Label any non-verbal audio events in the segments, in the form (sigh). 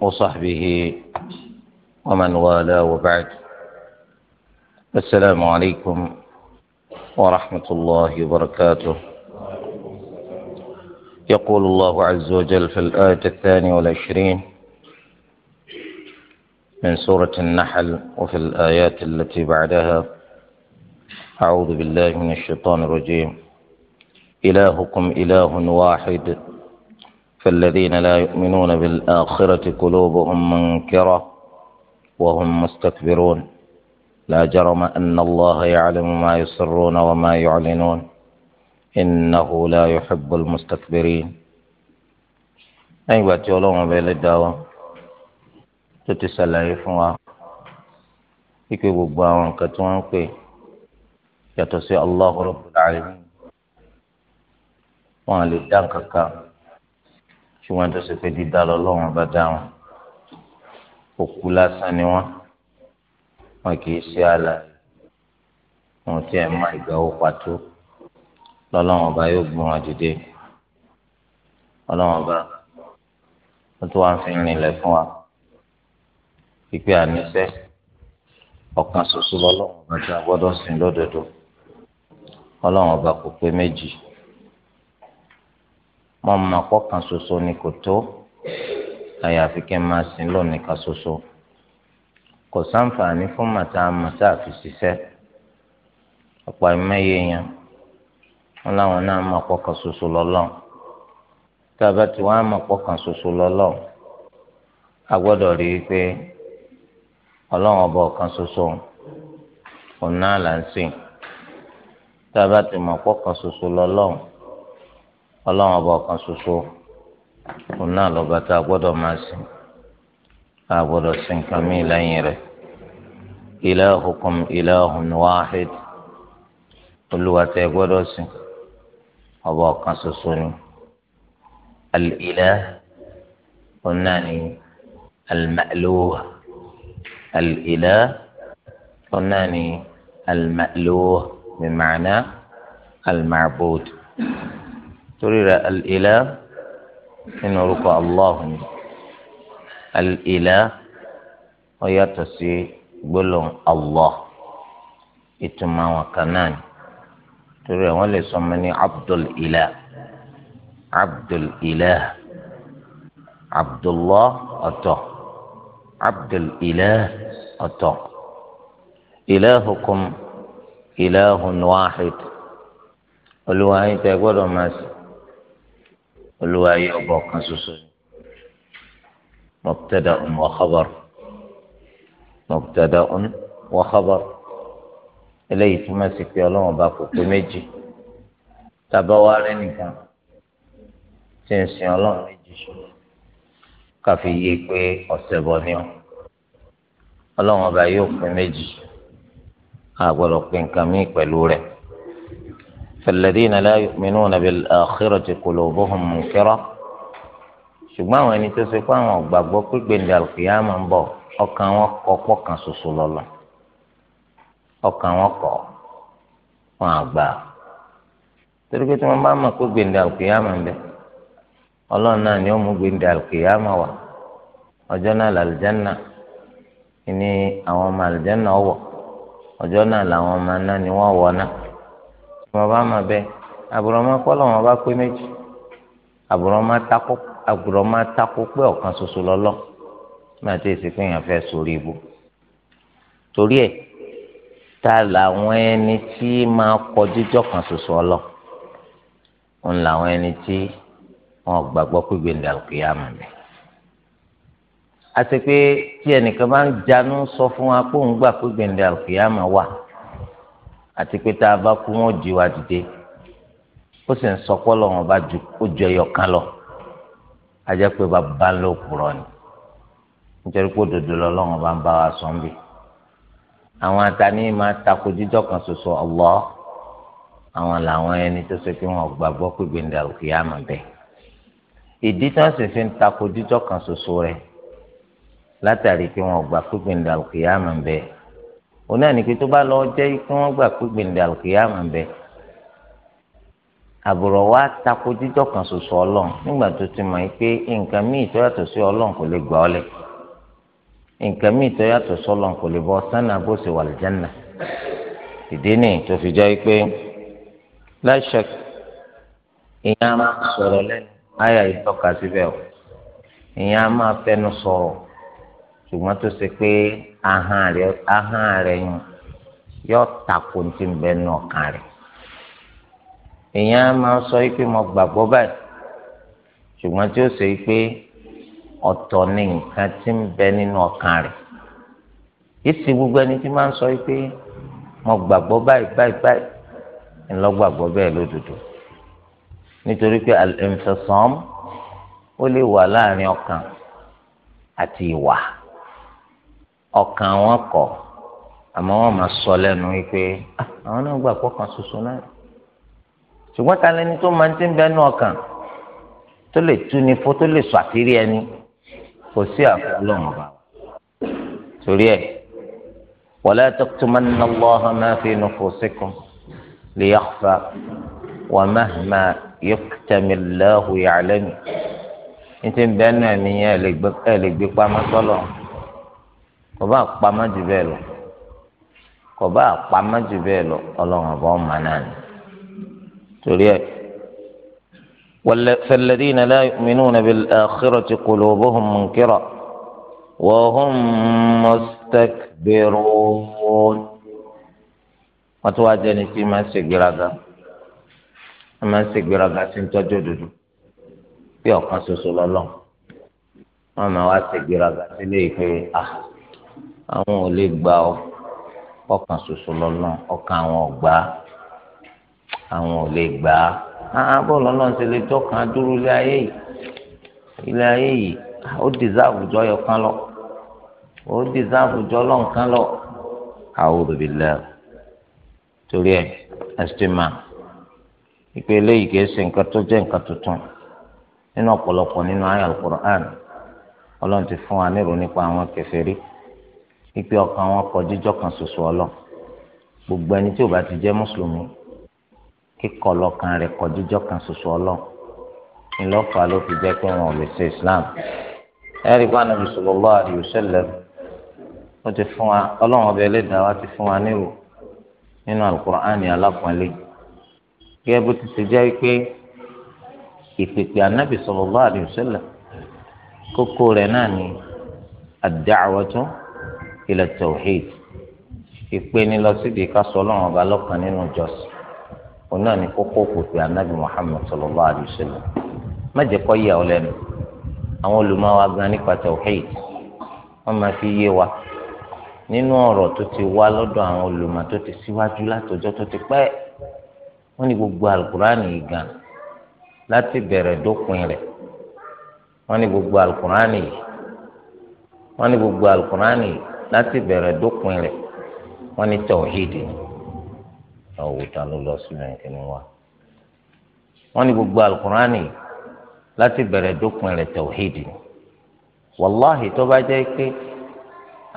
وصحبه ومن والاه وبعد السلام عليكم ورحمة الله وبركاته يقول الله عز وجل في الآية الثانية والعشرين من سورة النحل وفي الآيات التي بعدها أعوذ بالله من الشيطان الرجيم إلهكم إله واحد فالذين لا يؤمنون بالآخرة قلوبهم منكرة وهم مستكبرون لا جرم أن الله يعلم ما يسرون وما يعلنون إنه لا يحب المستكبرين أيوة تولون بالدعوة تتسلعي فوا ikpe gbogbo àwọn nǹkan يتسي الله رب العالمين yàtọ̀ sí ṣùgbọ́n tó ṣe pé dídá lọ lọ́wọ́n bá dá wọn òkú lásán ni wọn wọn kì í ṣe àlà wọn tí ẹ má ìgbàwó pàtó lọ́lọ́wọ́n ọba yóò gbọ́n wọn dìde ọlọ́wọ́n ọba wọn tó wá ń fi rìnlẹ̀ fún wa pípé àníṣe ọ̀kan ṣoṣo lọ́lọ́wọ́n ọba tí a gbọ́dọ̀ sìn lódodo ọlọ́wọ́n ọba kò pé méjì mọ mọ kọkàn ṣoṣo ni kò tó àyàfi kí n máa sin lónìí kan ṣoṣo kò sáǹfààní fún màtá màtá àfi ṣiṣẹ́ ọ̀pọ̀ ẹ̀mẹ́yẹ yẹn wọn láwọn náà mọ kọkàn ṣoṣo lọ́lọ́run tá a bá ti wá mọ kọkàn ṣoṣo lọ́lọ́run a gbọ́dọ̀ rí i pé ọlọ́run ọba ọ̀kan ṣoṣo òun náà là ń sìn tá a bá ti ọlọ́run ọba ọ̀kan ṣoṣo òun náà lọ́ba tá a gbọ́dọ̀ máa sìn a gbọ́dọ̀ sìn nǹkan míì lẹ́yìn rẹ̀ ilahukum ilahun wahid olúwa tẹ́ gbọ́dọ̀ sìn ọba ọ̀kan ṣoṣo ni al òun náà ni al-ma'luh òun náà ni al-ma'luh bi ma'na torí rẹ̀ alìlá nínú orúkọ Allahu ni alìlá ó yàtọ̀ sí gbólóhùn Allah ìtumọ̀ àwọn kan náà ni torí rẹ̀ wọ́n lè sọ ọmọ ní Abdul Ilah Abdul Ilah Abdullah ọ̀tọ̀ Abdul Ilah ọ̀tọ̀ ilahukum ilahun wahid tẹ gbọ́dọ̀ máa sè olúwa yẹ ọba ọ̀kan ṣoṣo mubtada'un wa khabar mubtada'un wa khabar eléyìí túmọ̀ sí pé ọlọ́run bá kò pé méjì tàbá rẹ nìkan tí ń sin ọlọ́run méjì káfí yé pé ọ̀sẹ̀ bọ̀ ni ọ́ ọlọ́run ọba yóò pé méjì àgbọ̀dọ̀ pé nǹkan míì pẹ̀lú rẹ̀. فالذين لا يؤمنون بالآخرة قلوبهم منكرة ṣùgbọ́n àwọn ẹni tó ṣe pé àwọn ọ̀gbàgbọ́ pípé ní alùpùpù ń bọ̀ ọkàn wọn kọ pọ̀kan ṣoṣo lọ́lọ́ ọkàn wọn kọ wọn àgbà torí pé tí wọ́n bá mọ̀ pé gbèǹdé alùpùpù ń bẹ ọlọ́run náà ni ó mú gbèǹdé alùpùpù wá ọjọ́ náà làlùjánà ni àwọn ọmọ àlùjánà wọ̀ ọjọ́ náà làwọn ọmọ náà ni wọ́n wọ̀ náà bàbá mà bẹ́ẹ̀ àbùrọ̀ máa kọ́ lọ́wọ́n bá pé méjì àbùrọ̀ máa takò àbùrọ̀ máa takò pé ọ̀kan ṣoṣo lọ́lọ́ náà tí èsì pé èèyàn fẹ́ sórí ibu torí ẹ̀ ta làwọn ẹni tí máa kọjú jọ̀kan ṣoṣo ọlọ́ ń làwọn ẹni tí wọn gbàgbọ́ pé gbèndé àlùkìyàmù bẹ́ẹ̀ àti pé tí ẹnìkan bá ń janú sọ fún wa pé òun gbà pé gbèndé àlùkìyàmù wà àti pé tá a bá kú wọn jí wa dìde ó sì ń sọpọ́ lọ́wọ́n bá ju ó ju ẹyọ kan lọ a jẹ́ pé bàbá ló kúrọ̀ ni nítorí pé òdodo lọ́wọ́n bá ń bá wa sọ ń bì àwọn àtàní máa takò jíjọ́ kan ṣoṣo Allah àwọn làwọn ẹni tó ṣe pé wọn gbàgbọ́ pé gbẹ̀ndà òkè àmọ̀ bẹ́ẹ̀ ìdí tí wọ́n sì fi ń takò jíjọ́ kan ṣoṣo rẹ̀ látàrí pé wọn gbà pé gbẹ̀ndà òkè àmọ̀ bẹ́ẹ̀ òun náà ní pé tó bá lọ jẹ́ kí wọ́n gbà pé gbèǹdà àlùkìyàmà ń bẹ àbùrọ̀ wa tako jíjọ́ kan ṣoṣo ọlọ́run nígbà tó ti mọ̀ pé nǹkan míì tó yàtọ̀ sí ọlọ́run kò lè gbà ọ́ lẹ̀ nǹkan míì tó yàtọ̀ sí ọlọ́run kò lè bọ́ sánà bó ṣe wà lẹ́jẹ̀nà ìdí nìyí tó fi jẹ́ pé láṣẹ ìyá máa sọ̀rọ̀ lẹ́nu àyà ìtọ́ka síbẹ̀ ìyá máa fẹnu sọ̀rọ̀ ṣùgbọ́n tó ṣe pé ahọ́n rẹ̀ ahọ́n rẹ̀ yun yóò takò tí ń bẹ nù ọkàn rẹ̀ èèyàn máa sọ pé mo gbàgbọ́ báyìí ṣùgbọ́n tí ó ṣe pé ọ̀tọ̀ ni nǹkan tí ń bẹ nínú ọkàn rẹ̀ yìí gbogbo ẹni tí máa ń sọ pé mo gbàgbọ́ báyìí báyìí báyìí ńlọgbàgbọ́ bẹ́ẹ̀ lódodo nítorí pé al ó lè wà láàrin ọkàn àti ìwà ọkàn wọn kọ̀ àmọ́ wọ́n máa sọ lẹ́nu wípé ah, àwọn náà gbà pọkàn ṣoṣo náà ṣùgbọ́n ta lẹni tó máa ń ti ń bẹnu ọkàn tó lè túni fó tó lè sọ àtìrí ẹni kò sí àfọlọ́mù bá torí ẹ wala taktumanna Allaha ma fi nufusikum liyakhfa wa mahma yuktami Allahu ya'lamu ní ti ń bẹnu ẹ̀mí yẹn ẹ̀ lè gbé pamọ́ sọ́lọ́mù kọba àpamọ́ jù bẹ́ẹ̀ lọ kọba àpamọ́ jù bẹ́ẹ̀ lọ ọlọ́run ọba ọmọ náà ni torí ẹ فالذين لا يؤمنون بالآخرة قلوبهم منكرة وهم مستكبرون wọ́n tún wá jẹ́ ní tí máa ń ṣe gbéraga wọ́n máa ń ṣe gbéraga sí ń tọ́jú òdodo bí ọ̀kan ṣoṣo lọ́lọ́ wọ́n máa wá ṣe gbéraga sílé ìpè ah àwọn ò lè gbà ọ ọkàn ṣoṣo lọ́nà ọkàn àwọn ọ̀gbà àwọn ò lè gbà á bọ́ọ̀lù ọlọ́run ṣe lè tọ́kàn dúró ilé ayé yìí ilé ayé yìí ó dìsáàbù jọ yọ kán lọ ó dìsáàbù jọ lọ́n kán lọ a'udhu billah torí ẹ ẹsítímà ìpè eléyìí kìí ṣe nǹkan tó jẹ́ nǹkan tuntun nínú ọ̀pọ̀lọpọ̀ nínú àyá quran ọlọ́run ti fún wa nírò nípa àwọn kèfèrí ipe ọkàn wọn kọ jíjọ kan ṣoṣo ọlọ gbogbo ẹni tí ò bá ti jẹ mùsùlùmí kíkọ lọkàn rẹ̀ kọ jíjọ kan ṣoṣo ọlọ ńlọfà ló fi jẹ pé wọn ò lè ṣe islam ẹrí pa nàbì sallallahu alaihi ó ti fún wa Ọlọ́run ọbẹ Ẹlẹ́dàá wa ti fún wa nírò nínú alukur'ani alápọnlé gẹ́gẹ́ bó ti ṣe jẹ́ pé ìpèpè ànábì sallallahu alaihi kókó rẹ̀ náà ni ad-da'watu. ila tawhid ìpeni lọ síbi ká sọ Ọlọ́run ọba lọ́kàn nínú ìjọsìn òun náà ní kókó òkùnkùn anabi Muhammad sallallahu alayhi wa sallam má jẹ́ yà ọ́ lẹ́nu àwọn olùmọ̀wá gan nípa tawhid wọ́n máa fi yé wa nínú ọ̀rọ̀ tó ti wá lọ́dọ̀ àwọn olùmọ̀ tó ti síwájú látọjọ́ tó ti gbogbo alukurani yìí gan láti bẹ̀rẹ̀ dópin rẹ̀ wọ́n ní gbogbo alukurani yìí láti bẹ̀rẹ̀ dópin rẹ̀ wọ́n ní tọ̀hídì ni ọ̀wọ́ ta ló lọ sílẹ̀ nìkan wá wọ́n ní gbogbo alukurani láti bẹ̀rẹ̀ dópin rẹ̀ tọ̀hídì ni wàláhì tó bá jẹ́ pé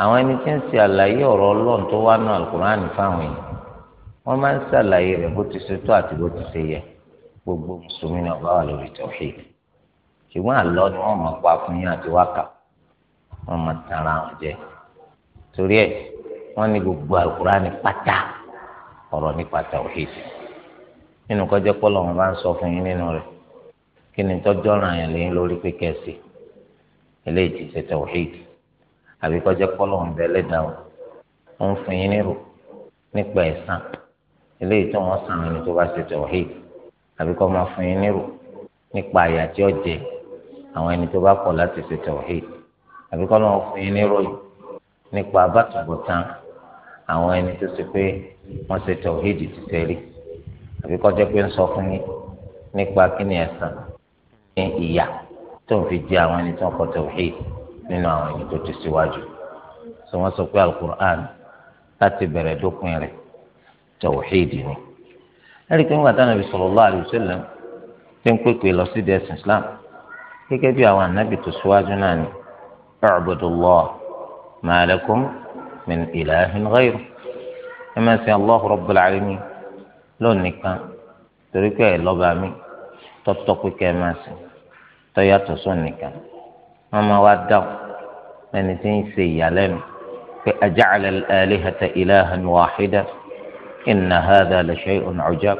àwọn ẹni tí ń ṣe àlàyé ọ̀rọ̀ ọlọ́run tó wá náà alukurani fáwọn yìí wọ́n máa ń ṣàlàyé rẹ̀ bó ti ṣe tó àti bó ti ṣe gbogbo mùsùlùmí náà bá wà lórí tọ̀hídì ṣùgbọ́n àlọ́ ni wọ́n pa fún yín àti tara jẹ́ torí ẹ wọn ní gbogbo alukurani pátá ọ̀rọ̀ nípa tawhid nínú kọjá pọlọ wọn bá ń sọ fún yín nínú rẹ ni tọjọ ràn yàn lẹ́yìn lórí pé kẹsì eléyìí ti ṣe tawhid àbí kọjá pọlọ o wọn fún yín nírò nípa ẹ̀san eléyìí tó wọn sàn ní tó bá ṣe tawhid àbí kọ máa fún yín nírò nípa àyà tí ó jẹ àwọn ẹni tó bá kọ̀ láti àbí nípa abátúbọ̀tán àwọn ẹni tó ṣe pé wọ́n ṣe tọ̀hídì ti tẹ̀lé àbí kọ́jọ́ pé ń sọ fún yín nípa kíni ẹ̀san ní ìyà tó ń fi jẹ àwọn ẹni tó ń kọ́ tọ̀hídì nínú àwọn ẹni tó ti síwájú sọ wọ́n sọ pé alukur'an láti bẹ̀rẹ̀ dópin rẹ̀ tọ̀hídì ni. ẹ̀rí pé ńgbà táwọn ẹbí sallallahu alaihi wasallam tí ń pèpè lọ sí dẹ́sìn Islam gẹ́gẹ́ bí àwọn ànábì tó síwájú náà ni ma lakum min ilahin ghayru ẹ máa sin Allahu Rabbul Alamin lónìí kan torí pé ẹ lọ́ba mi tọ́tọ́ pé kẹ́ ẹ máa sìn tọ́yàtọ̀ sónìí kan wọ́n máa wá dáhùn ẹni tí ń ṣe ìyàlẹ́nu pé aja'ala al-alihata ilahan wahida inna hadha la shay'un ujab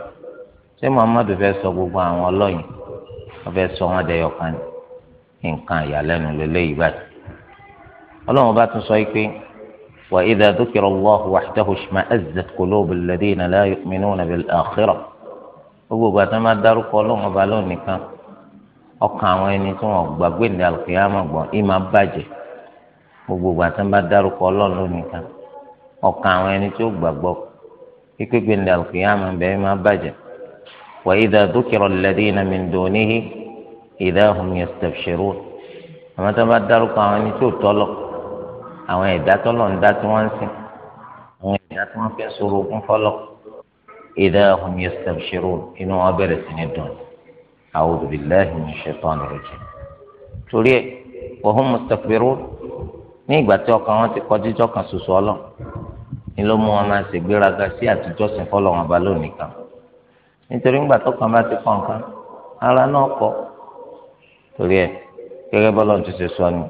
ṣé Muhammadu fẹ́ sọ gbogbo àwọn ọlọ́yin wọ́n fẹ́ sọ wọn dẹyọkan nǹkan ìyàlẹ́nu lélẹ́yìí báyìí ọlọ́run bá tún sọ yìí pé wà idha dhukira Allahu wahdahu ishma'azzat qulubul ladina la yu'minuna bil akhirah gbogbo ìgbà tó máa dárúkọ ọlọ́run ọba lónìí kan ọkàn àwọn ẹni tí wọn gbàgbé ní alùpùpù gbọ́n ì máa bàjẹ́ gbogbo ìgbà tó máa dárúkọ ọlọ́run lónìí kan ọkàn àwọn ẹni tí ó gbàgbọ́ kíkégbé ní alùpùpù àwọn ẹni tí ó tọ́lọ̀ àwọn ẹ̀dá tọ́lọ̀ ń dá tí wọ́n ń sìn àwọn ẹ̀dá tí wọ́n fẹ́ sọ̀rọ̀ ogún fọlọ́ ìdá ọ̀hún yẹn ṣàṣẹrò inú wọn bẹ̀rẹ̀ sí ní dùn a'udhu billahi minash shaitanir rajim torí ẹ̀ wọ́n mustakbirun ní ìgbà tí ọkàn wọn ti kọjú jọ́kan ṣoṣo ọlọ́ ni ló mú wọn máa ṣègbéraga sí àtijọ́ sìn fọlọ́ wọn bá lónìí kan nítorí ńgbà tó kàn bá ti kọ̀ ara náà kọ̀ torí ẹ̀ gẹ́gẹ́ bọ́lá ti ṣe sọ ni.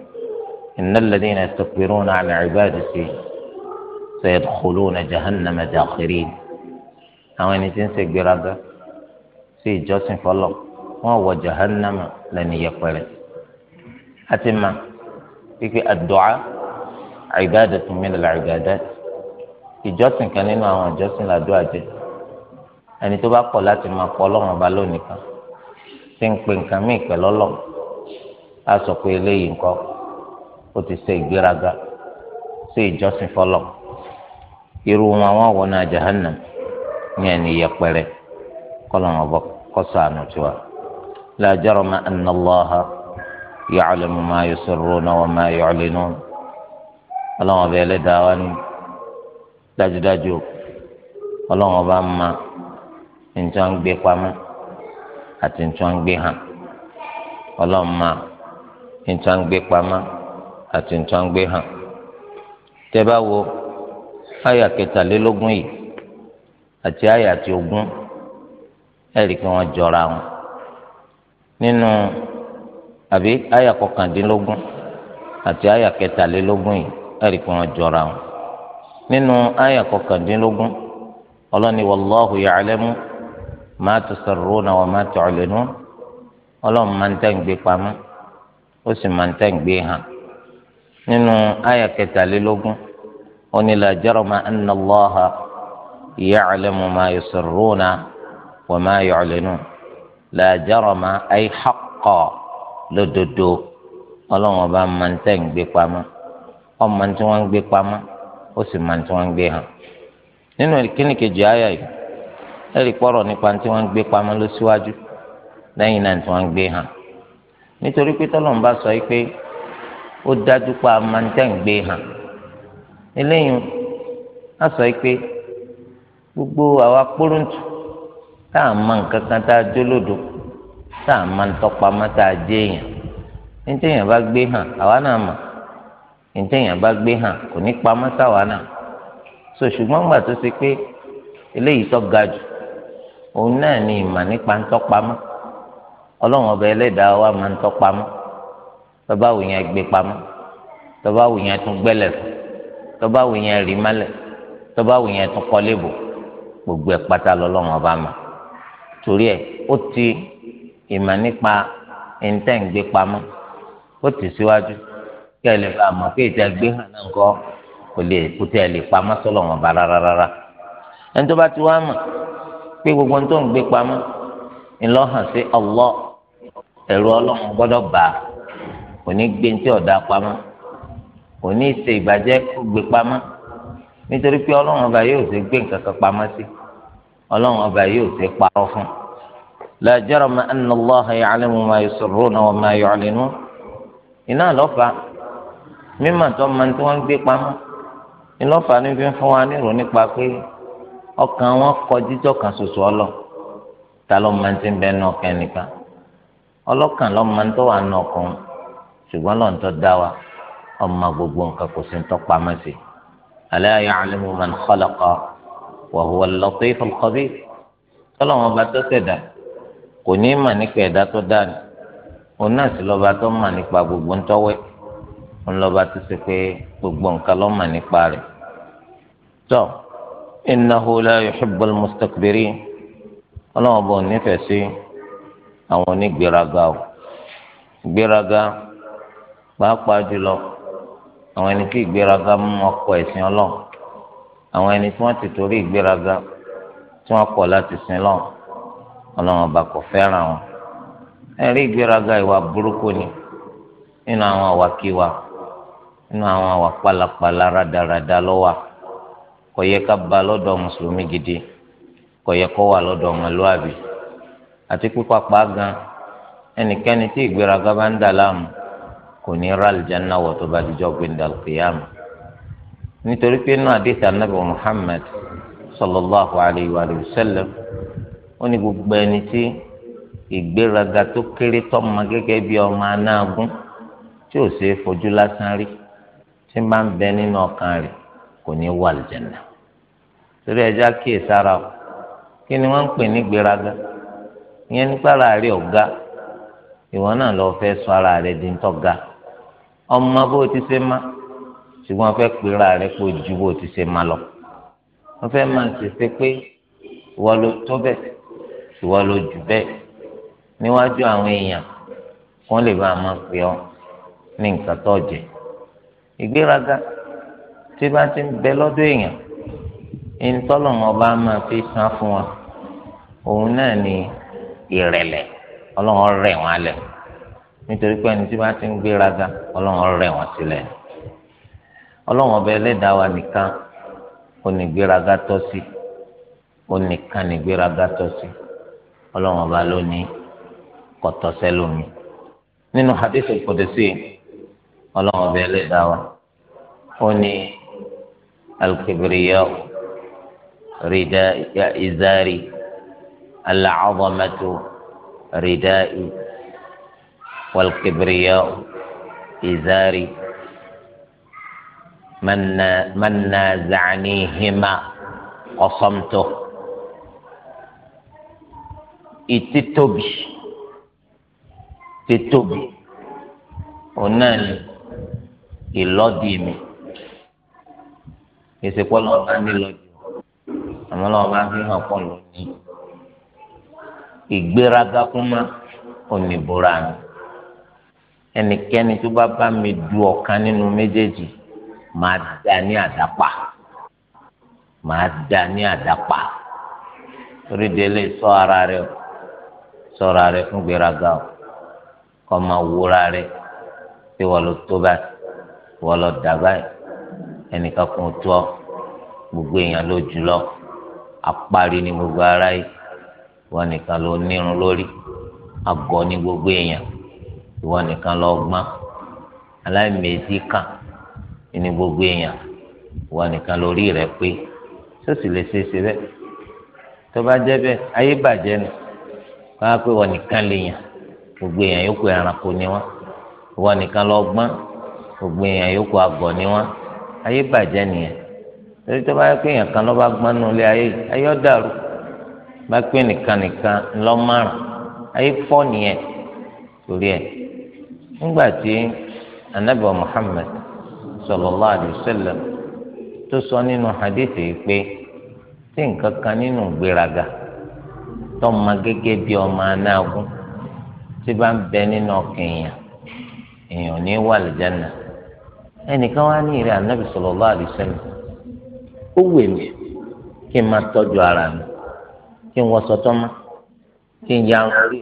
إن الذين يستكبرون عن عبادتي سيدخلون جهنم داخرين àwọn ẹni tí ń ṣe gbéraga sí ìjọsìn fọlọ wọn wọ jahannama lẹni yẹpẹrẹ àti ma pípé àdúà ibadatun min al-ibadat ìjọsìn kan nínú àwọn ìjọsìn làdúrà jẹ ẹni tó bá kọ̀ láti máa pọ Ọlọ́run ọba lónìí kan tí ń pe nǹkan míì pẹ̀lú Ọlọ́run á sọ pé eléyìí nǹkan ó ti ṣe ìgbéraga ṣe ìjọsìn fọlọ irú wọn wọn wọ náà jahannam ní ẹni yẹpẹrẹ kọlọmọ bọ kọsànù tiwa la jarama anna Allaha ya'lamu ma yusirruna wa ma yu'linun ọlọ́wọ́n bẹ ẹlẹ́dàá wa ni dájúdájú ọlọ́wọ́n bá ma ntí gbé pamọ́ àti ntí gbé hàn ọlọ́wọ́n ma ntí gbé pamọ́. àti nǹkan gbé hàn tẹ́ bá wo àyà kẹtàlélógún yìí àti àyà àti ogún ẹ rí i pé wọ́n jọra wọn nínú àbí àyà kọkàndínlógún àti àyà kẹtàlélógún yìí ẹ rí i pé wọ́n jọra wọn nínú àyà kọkàndínlógún ọlọ́ni wàlláhu ọlọ́run máa ń tẹ̀ ń gbé pamọ́ ó sì máa ń tẹ̀ ń gbé hàn. nínú àyà kẹtàlélógún ó ní la jarama anna Allaha ya'lamu ma yusirruna wa ma yu'linun la jarama ay haqqa lódodo ọlọ́run ọba máa ń tẹ̀ ń gbé pamọ́ ọ máa ń tí wọ́n ń gbé pamọ́ ó sì máa ń tí wọ́n ń gbé hàn nínú kíni kejì yìí ẹ̀rí pọ̀rọ̀ nípa tí wọ́n ń gbé pamọ́ lọ síwájú lẹ́yìn náà tí wọ́n ń gbé hàn nítorí pé tọ́lọ́run sọ yìí pé. ó dájú pa amantẹ́ǹgbé hàn eléyìí á sọ pé gbogbo àwa kpóròǹtù tá a mọ nǹkan kan tá a jólódo tá a taa ntọ́pamọ́ tá a jẹ́ èèyàn ntẹ̀yìn bá gbé hàn àwa náà mọ̀ bá gbé hàn kò ní pamọ́ sáwa náà so ṣùgbọ́n gbà tó ṣe pé eléyìí tó ga jù òun náà ni ìmọ̀ nípa ntọ́pamọ́ ọlọ́run ọba ẹlẹ́dàá tọba wò yẹn gbé pamọ́ tọba wò yẹn tún gbẹ́lẹ̀ fún tọba wò yẹn rí malẹ̀ tọba wò yẹn tún kọ́lé bò gbogbo ẹ̀ pátá lọ́lọ́run ọba mà torí ẹ̀ ó ti ìmọ̀ nípa ẹ̀ńtẹ́ ń gbé pamọ́ ó ti síwájú kí ẹ lè fa àmọ́ pé ìtẹ́ gbé hàn náà kọ́ kò lè kútẹ́ lè pamọ́ sọ́lọ́run ọba rárá rárá ẹni tó bá ti wá mọ̀ pé gbogbo ohun tó ń gbé pamọ́ ńlọ hàn sí ọlọ́ ẹ̀rọ ọlọ́run gbọ́dọ̀ bàá kò ní gbé ní tí ọ̀dà pamọ́ kò ní ṣe ìbàjẹ́ gbé pamọ́ nítorí pé ọlọ́run ọba yóò ṣe gbé nǹkan kan pamọ́ sí ọlọ́run ọba yóò ṣe parọ́ fún. la jarama anna Allaha ya'lamu ma yusirruna wa ma yu'linun iná lọ́fà mímọ̀ tó máa ń tí wọ́n ń gbé pamọ́ ìlọ́fà níbi ń fún wa nírò nípa pé ọkàn wọn kọ jíjọ́ kan ṣoṣo ọlọ́ ta ló máa ti bẹ́ẹ̀ náà kẹ́nìkan ọlọ́kàn ló máa tó wà náà kàn án ṣùgbọ́n lọ́n tó dá wa ọmọ gbogbo nǹkan kò sí ń tọ́ pamọ́ sí i ala ya'lamu man khalaqa wa huwa al-latif al-khabir tọ́lọ̀ wọn bá tó ṣẹ̀dá kò ní mà nípa ẹ̀dá tó dá ni òun náà sì lọ́ba tó mà nípa gbogbo ń tọ́wẹ́ òun lọ́ba tó ṣe pé gbogbo nǹkan lọ́ mà nípa rẹ̀ tọ́ innahu la yuhibbul mustakbirin ọlọ́wọ́n bọ̀ nífẹ̀ẹ́ sí àwọn onígbéraga o gbéraga. pàápàá jùlọ àwọn ẹni tí ìgbéraga mú ọkọ ẹ̀sìn ọlọ́run àwọn ẹni tí wọ́n ti torí ìgbéraga tí wọ́n kọ̀ láti sin lọ́run ọlọ́run ọba kò fẹ́ràn wọn ẹ̀rí ìgbéraga ìwà burúkú ni nínú àwọn àwàkiwà nínú àwọn àwà pálapàla rádaràda lọ́wà kò yẹ ká ba lọ́dọ̀ mùsùlùmí gidi kò yẹ kó wà lọ́dọ̀ ọmọlúwàbí àti pípa pàá gan ẹnikẹ́ni tí ìgbéraga bá ń dà láàmú kò ní ra aljanna wọ̀ tó bá dijọ́ gbẹ̀ndà kìyàmù nítorí pé inú àdéhùn anábì muhammed sallallahu alayhi wa sallam ó ní gbogbo ẹni tí ìgbéraga tó kéré tọ́mọ gẹ́gẹ́ bí ọmọ anágún tí ò ṣeé fojú lásán rí tí máa ń bẹ nínú ọkàn kò ní wà aljanna torí ẹja kíyè sára o kí ni wọ́n ń pè ní gbéraga ìyẹn nípa ara ọ̀gá ìwọ náà sọ ara di ọmọ bó ti ṣe má ṣùgbọ́n wọ́n fẹ́ pera rẹ̀ pé ju bó ti ṣe má lọ wọ́n fẹ́ máa ṣèṣe pé ìwọ ló tó bẹ́ẹ̀ ìwọ ló jù bẹ́ẹ̀ níwájú àwọn èèyàn wọ́n lè bá a máa pè ọ́ ní nǹkan tó jẹ ìgbéraga tí bá ti ń bẹ lọ́dọ̀ èèyàn ìtọ́lọ́mọ bá máa fi san fún wa òun náà ni ìrẹ̀lẹ̀ ọlọ́run rẹ̀ wọ́n á lẹ̀ nítorí pé ẹni tí bá ti ń gbéraga ọlọ́run rẹ̀ wọ́n sílẹ̀ ọlọ́run ọba ẹlẹ́dàá wa nìkan onígbéraga tọ́ sí onìkan nìgbéraga tọ́ sí ọlọ́run ọba ló ní kọ̀tọ́ sẹ́lómi nínú hadith al-Qudsi ọlọ́run ọba wa ó ní al rida izari al-azamatu ridai. والكبرياء إزاري من من نازعنيهما قصمته ìtítóbi títóbi ọ̀nà ìlọ́dì mi ìsìnkú ọlọ́ọ̀bá nílọ́dì àmọ́ ọlọ́ọ̀bá fi hàn pọ̀ lónìí ìgbéraga kúmá òní bóra mi ẹnikẹ́ni tó bá bá mi du ọ̀kan nínú méjèèjì màá dá ní àdápa màá dá ní àdápa torí délé sọ ara rẹ o sọra rẹ fún gbéraga o kọ́ máa wúra rẹ pé wọ́n lọ tó báyìí wọ́n lọ dà báyìí ẹnìkan kún tó ọ gbogbo èèyàn ló jùlọ apárí ni gbogbo ara yìí wọ́n nìkan ló nírun lórí àgọ́ ni gbogbo èèyàn. ìwọ nìkan lọ gbọ́n aláìmẹsì kàn ní gbogbo èèyàn ìwọ nìkan lórí rẹ pé tó sì lè ṣe é tó bá jẹ́ bẹ́ẹ̀ ayé nù pé ìwọ nìkan lè yàn gbogbo èèyàn yòókù ẹranko ni wọn ìwọ nìkan lọ gbọ́n gbogbo èèyàn yòókù àgọ̀ ni wọn ayé bàjẹ́ nìyẹn torí tó bá yẹ pé èèyàn ẹ. nígbà anabi muhammed sallallahu alayhi wa sallam tó sọ hadith yìí pe tí nǹkan kan nínú gbéraga tó ma gẹ́gẹ́ bí ọmọ anágún tí bá ń bẹ nínú ọkàn èèyàn èèyàn ní wà lìjánà ẹnìkan wá ní ìrẹ anabi sallallahu alayhi o sallam ó wù mí kí n máa ara mi kí n wọṣọ tó kí n ya àwọn mi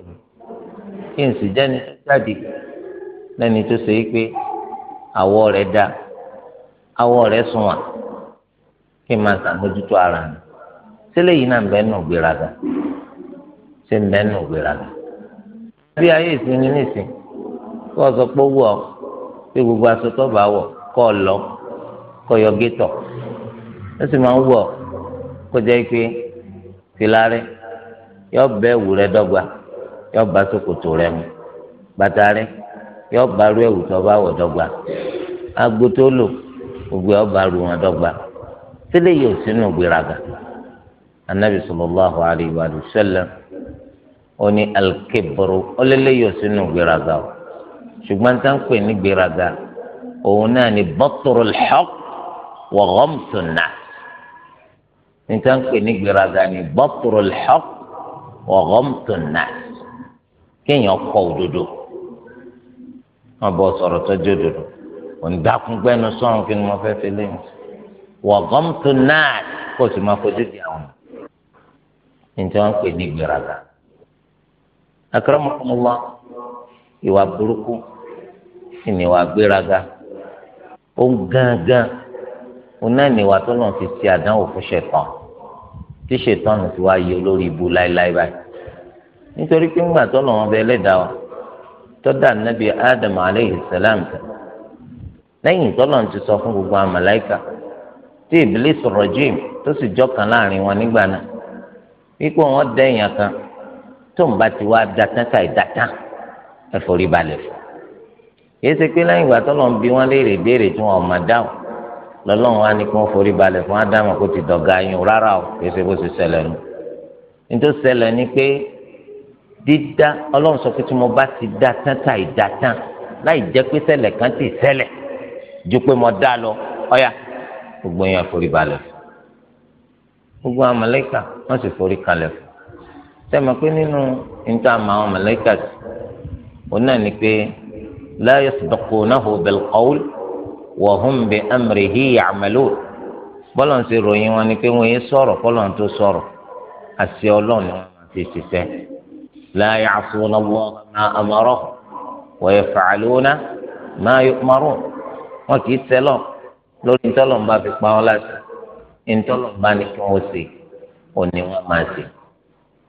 kí n sì jẹ́ni jáde. lẹ́ni tó ṣe é pé àwọ̀ rẹ̀ dá àwọ̀ rẹ̀ sunwọ̀n kí n máa ṣàmójútó ara mi sílẹ̀ yìí náà ń bẹ́ẹ̀ nù gbéraga ṣé ń bẹ́ẹ̀ nù gbéraga. bí ayé ìsinmi nìsín kí wọ́n sọ pé ó wù ọ́ pé gbogbo aṣọ tó bá wọ̀ kọ́ lọ kọ́ yọ gétọ̀ ó sì máa ń wù kó jẹ́ pé filarẹ́ yọ bẹ́ẹ̀ wù rẹ dọ́gba yọ bá ṣòkòtò rẹ mu bàtà rẹ yọ bá ru ẹ̀wù tó bá wọ̀ dọ́gba agbo tó lò gbogbo yọ bá ru wọn dọ́gba tẹ́lẹ̀ yóò sínú gbéraga anabi sallallahu alayhi wa sallam ó ní alkeboro ọlẹlẹ yóò sínú gbéraga o ṣùgbọ́n tá n pè ní gbéraga òun náà ni bọ́tòrò lḥọ́k wà gọ́mtò ní tá n pè ní gbéraga ni bọ́tòrò lḥọ́k wà gọ́mtò kéèyàn kọ̀ òdodo wọn bọ sọ̀rọ̀ tọjú dodo òǹdàkùn gbẹnu sọrùn kí ni mo fẹ́ fi léyìn wọ gọmtù náà kó o sì máa fojú di àwọn níta wọn pè ní gbèrágà akramakumullah ìwà burúkú ìní ìwà gbéraga ó ń gángan ó náà ní ìwà tó lọ́n ti ṣe àdánwò fún ṣẹ̀tàn tí ti wá yọ lórí ibu láéláé báyìí nítorí pé ńgbà tó lọ́n ọbẹ̀ ẹlẹ́dàá wa. tọ́da nàbì adam aleyhi sàlám lẹ́yìn ti sọ fún gbogbo amalaika tí iblis rajim tó sì jọ́kan láàrin wọn nígbà náà wọn dẹ́yìn kan tó ń bá ti wá dátán ká ìdátán ẹ̀fọ́rí balẹ̀ fún yìí ṣe pé lẹ́yìn ìgbà tọ́lọ́n bí wọ́n léèrè tí wọ́n ọ̀mà dáhùn lọ́lọ́run wá ní kí wọ́n forí fún adamu kó rárá o ṣe bó dídá ọlọ́run sọ pé tí mo bá ti dá tán tá ìdá tán láì jẹ́ pé ṣẹlẹ̀ kan ti ṣẹlẹ̀ ju pé mo dá lọ ọ̀yà gbogbo yẹn forí balẹ̀ gbogbo àwọn mọ̀lẹ́kà wọ́n sì forí kalẹ̀ fún sẹ́mi pé nínú níta àmọ́ àwọn mọ̀lẹ́kà sí òun náà ni pé la yasbiqunahu bil qawl wa hum bi amrihi ya'malun bọ́lọ̀ ń ròyìn wọn ni pé wọ́n yé sọ̀rọ̀ bọ́lọ̀ tó sọ̀rọ̀ àṣẹ ọlọ́run ni wọ́n ti ṣiṣẹ́. لا يعصون الله ما أمرهم ويفعلون ما يؤمرون وكيف سلام لو انتلهم ما في قولات انتلهم ما نكوسي ونوا ما سي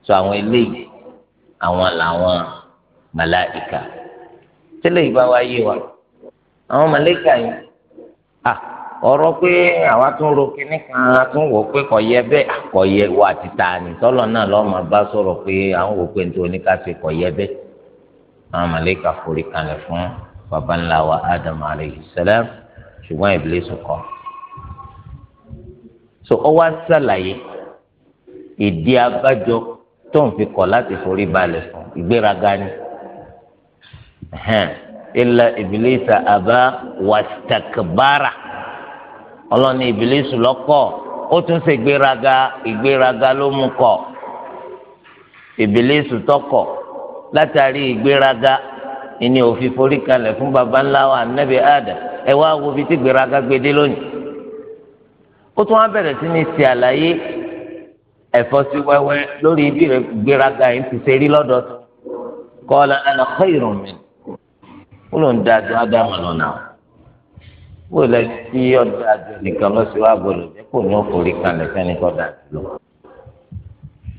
سواء إليه àwọn làwọn màláìka tẹ́lẹ̀ ìbá wa yé wa àwọn màláìka yìí ọ̀rọ̀ pé àwa tún ro kinní kan a tún wò pé kò yẹ bẹ́ẹ̀ kò yẹ wà títà ní tọ́lọ̀ náà lọ́ọ́ máa bá sọ̀rọ̀ pé à ń wò pé ní tòun ní ká ṣe kò yẹ bẹ́ẹ̀ àwọn forí kalẹ̀ fún baba ńlá wa Adam alayhi salam ṣùgbọ́n Iblis kọ̀ so ọ wá ṣàlàyé ìdí abájọ tó ń fi kọ̀ láti forí balẹ̀ fún ìgbéraga ni illa Iblisa àbá wàtàkbára ọlọ́ni ìbílísù lọ́kọ̀ ó tún ṣe ìgbéraga ìgbéraga ló mú kọ̀ ìbílísù tọkọ̀ látàrí ìgbéraga ìní òfin forí kalẹ̀ fún baba ńlá wa nẹ́bí àdà ẹ wá wo bí tí ìgbéraga gbede lónìí ó tún wá bẹ̀rẹ̀ sí ní ṣe àlàyé ẹ̀fọ́ sí wẹ́wẹ́ lórí bí ìgbéraga yìí ti ṣe rí lọ́dọ̀ kọ́ ọ́ la ana khairun min ó lóun dáa ju lọ́nà wò lẹ tí ọ̀dà àjọ nìkan lọ sí wàá gbọ́dọ̀ jẹ́ kó ní òfòrí kanlẹ̀ fẹ́ni kọ́ dà jùlọ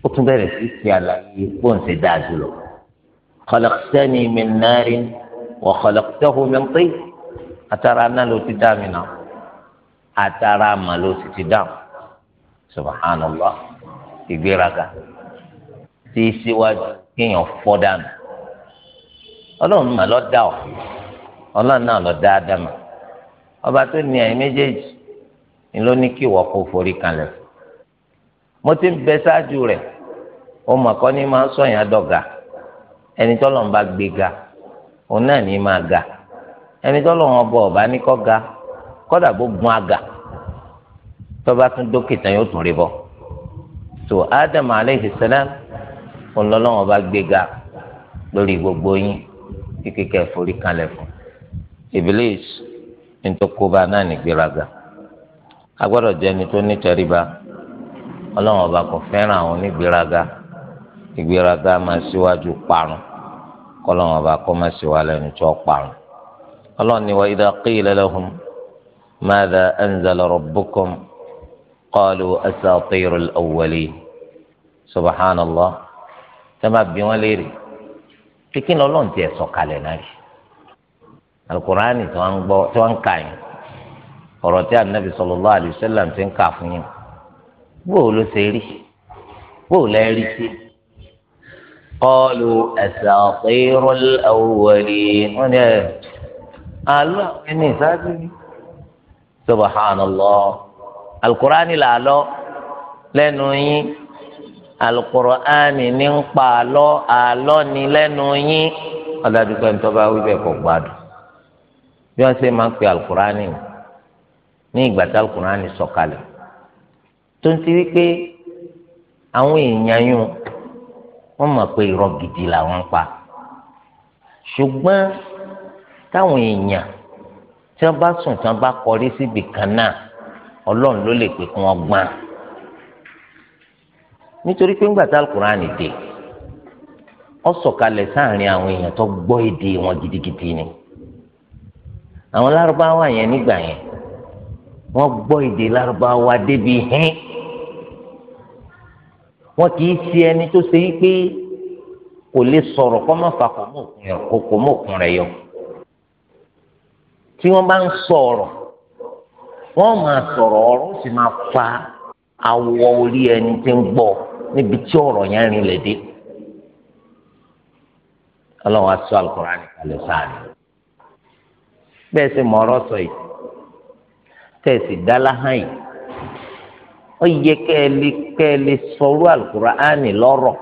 ó tún bẹ̀rẹ̀ sí ti àlàyé kó n ṣe dà jùlọ khalaqtani min narin wa khalaqtahu min tin àtàrà náà ló ti dá mi náà àtàrà àmà ló ti ti dá subhanallah ìgbéraga tí síwájú kéèyàn fọ́ dànù ọlọ́run mà ló dá ọ ọlọ́run náà ló dá ádámà ọba tó ní ẹ̀yin méjèèjì ni ló ní kí ìwọ kó forí kalẹ̀ mo ti ń bẹ ṣáájú rẹ̀ ó mọ̀ kọ́ ní máa ń sọ̀yìn adọ́ga ẹni tọ́lọ̀ ń bá gbé ga òun náà ní máa ga ẹni tọ́lọ̀ wọn bọ̀ ọ̀bá ní kọ́ ga kọ́dà bó gun àgà tọ́ba tún dókítà yóò tún rí bọ́ so Adam aleyhi salam òun lọ́lọ́wọ́n bá gbé ga lórí gbogbo yín kíkẹ́ forí kalẹ̀ fún Iblis ntokoba náà nígbéraga agbọ́dọ̀ jẹni tó nítẹríba Ọlọ́run ọba kò fẹ́ràn àwọn onígbéraga ìgbéraga máa síwájú parun kọlọ́run ọba kọ máa síwá lẹ́nu tó parun Ọlọ́run ni wa idha qila lahum madha anzala rabbukum qalu asatirul awwalin subhanallah tẹ́ bá bí wọ́n léèrè kíkín lọ́lọ́run tiẹ̀ sọ̀kalẹ̀ náà yìí alukurani tí wọ́n ń gbọ́ tí wọ́n ń kà yín ọ̀rọ̀ tí anabi sallallahu alaihi wasallam ti ń kà fún yín bóò ló ṣe rí bóò lẹ rí sí qalu asatirul awwalin wọ́n ní ẹ àlọ ẹni ìsáájú ni subhanallah alukurani là lọ lẹ́nu yín alukur'ani ní ń pa àlọ́ àlọ́ ni lẹ́nu yín ọ̀dàdúgbò ẹni tó bá wí kò gbádùn bí wọ́n ṣe máa ń pe alukurani ní ìgbà tí alukurani sọ̀kalẹ̀ tó ń ti rí pé àwọn èèyàn yún wọ́n mọ̀ pé irọ́ gidi làwọn ń pa ṣùgbọ́n táwọn èèyàn tí wọ́n bá sùn tí wọ́n bá kọrí síbi kan náà Ọlọ́run ló lè pè kí wọ́n gbọ́n nítorí pé ńgbà tí alukurani dé ó sọ̀kalẹ̀ sáàrin àwọn èèyàn tó gbọ́ èdè wọn gidigidi ni. Gidi àwọn lárúbáwá yẹn nígbà yẹn wọ́n gbọ́ èdè lárúbáwá débi hín wọ́n kì í ṣe ẹni tó ṣe wípé kò lè sọ̀rọ̀ kọ́ má fa kò mọ̀ òkun rẹ̀ yọ tí wọ́n bá ń sọ̀rọ̀ wọ́n máa sọ̀rọ̀ ọ̀rọ̀ sì máa fa awọ orí ẹni tí ń gbọ́ níbi tí ọ̀rọ̀ yẹn rinlẹ̀ dé ọlọ́run aṣọ àlùkùránì kalẹ̀ sáà ni. bẹ́ẹ̀ sì mọ sọ yìí tẹ̀sí dálá hàn yìí ó yẹ kẹ́ ẹ lè kẹ́ ẹ lè sọ̀rọ̀ àlùkùránì lọ́rọ̀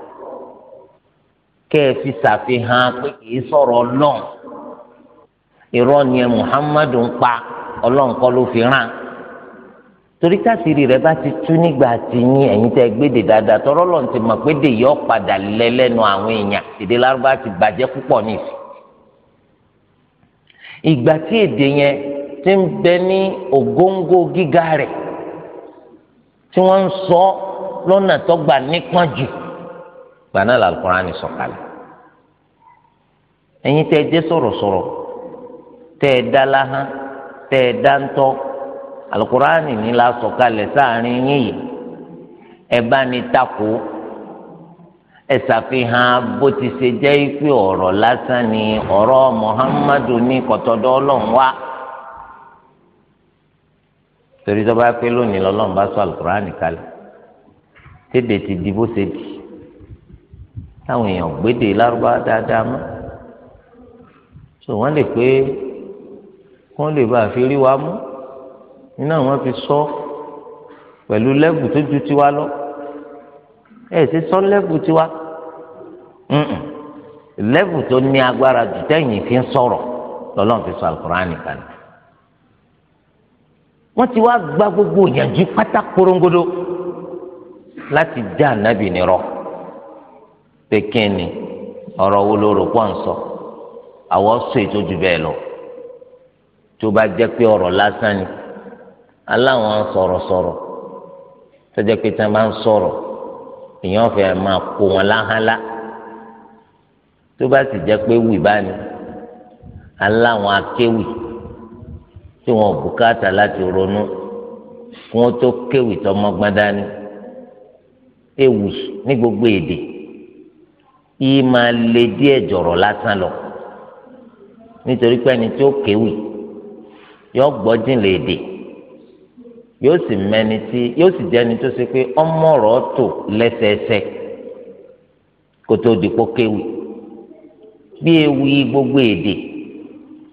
kẹ́ ẹ pé ni ẹ Muhammadu ń pa ọlọ́nkọ́ ló fi rán torí káṣíìrì rẹ bá ti tú nígbà tí yín ẹ̀yin tẹ́ gbéde dáadáa tọ́rọ́ lọ́n ti mọ̀ pé dèyí ọ̀ lẹ́lẹ́nu ti bàjẹ́ púpọ̀ nìyí. ìgbà tí èdè yẹn ti ń bẹ ní ògóńgó gíga rẹ̀ tí wọ́n ń sọ lọ́nà tó gbà nípọn jù gbà náà làlùkùránì sọ̀kalẹ̀ ẹ̀yin tẹ́ ẹ jẹ́ ẹ láhán ẹ ni la sọ̀kalẹ̀ sáàrin yín yìí ẹ bá ní takò. ẹ ṣàfihàn bó ti ṣe jẹ́ pé ọ̀rọ̀ lásán ni ọ̀rọ̀ Muhammadu ní kọ̀tọ́dọ́ ọlọ́run wá. torí tó bá pé lónìí lọ́lọ́run bá sọ àlùkùránì kalẹ̀ tébè ti di bó ṣe di táwọn èèyàn gbédè lárúbá dáadáa mọ́ so wọ́n lè pé kán lè bá àfi rí wa mú iná wọn fi sọ pẹ̀lú lẹ́bù tó ju tiwa lọ. ẹ ṣe sọ lẹ́bù tiwa lẹ́bù tó ní agbára jù tẹ́yìn fi ń sọ̀rọ̀ lọ́lọ́run fi sọ alukur'an nìkan wọ́n ti wá gba gbogbo ìyànjú pátá korongodo láti dá ànábì nírọ́ pé kí ni ọ̀rọ̀ wo ló rò pọ̀ ń sọ àwọn sọ ètò jù bẹ́ẹ̀ lọ tó bá jẹ́ pé èèyàn ma máa kó wọn láhánlá tó bá sì jẹ pé wì báni aláwọn akéwì tí wọn bùkátà láti ronú kí wọn tó kéwì tó mọ́gbọ́n dání ewì ní gbogbo èdè yìí máa lè díẹ̀ jọrọ lásán lọ nítorí pé ẹni tó kéwì yọ gbọ́ jìnlẹ̀ èdè. yóò sì mẹni tí yóò sì jẹni tó ṣe pé ọmọ ọ̀rọ̀ tò lẹ́sẹẹsẹ kó tó dìpọ kéwì bí ewì gbogbo èdè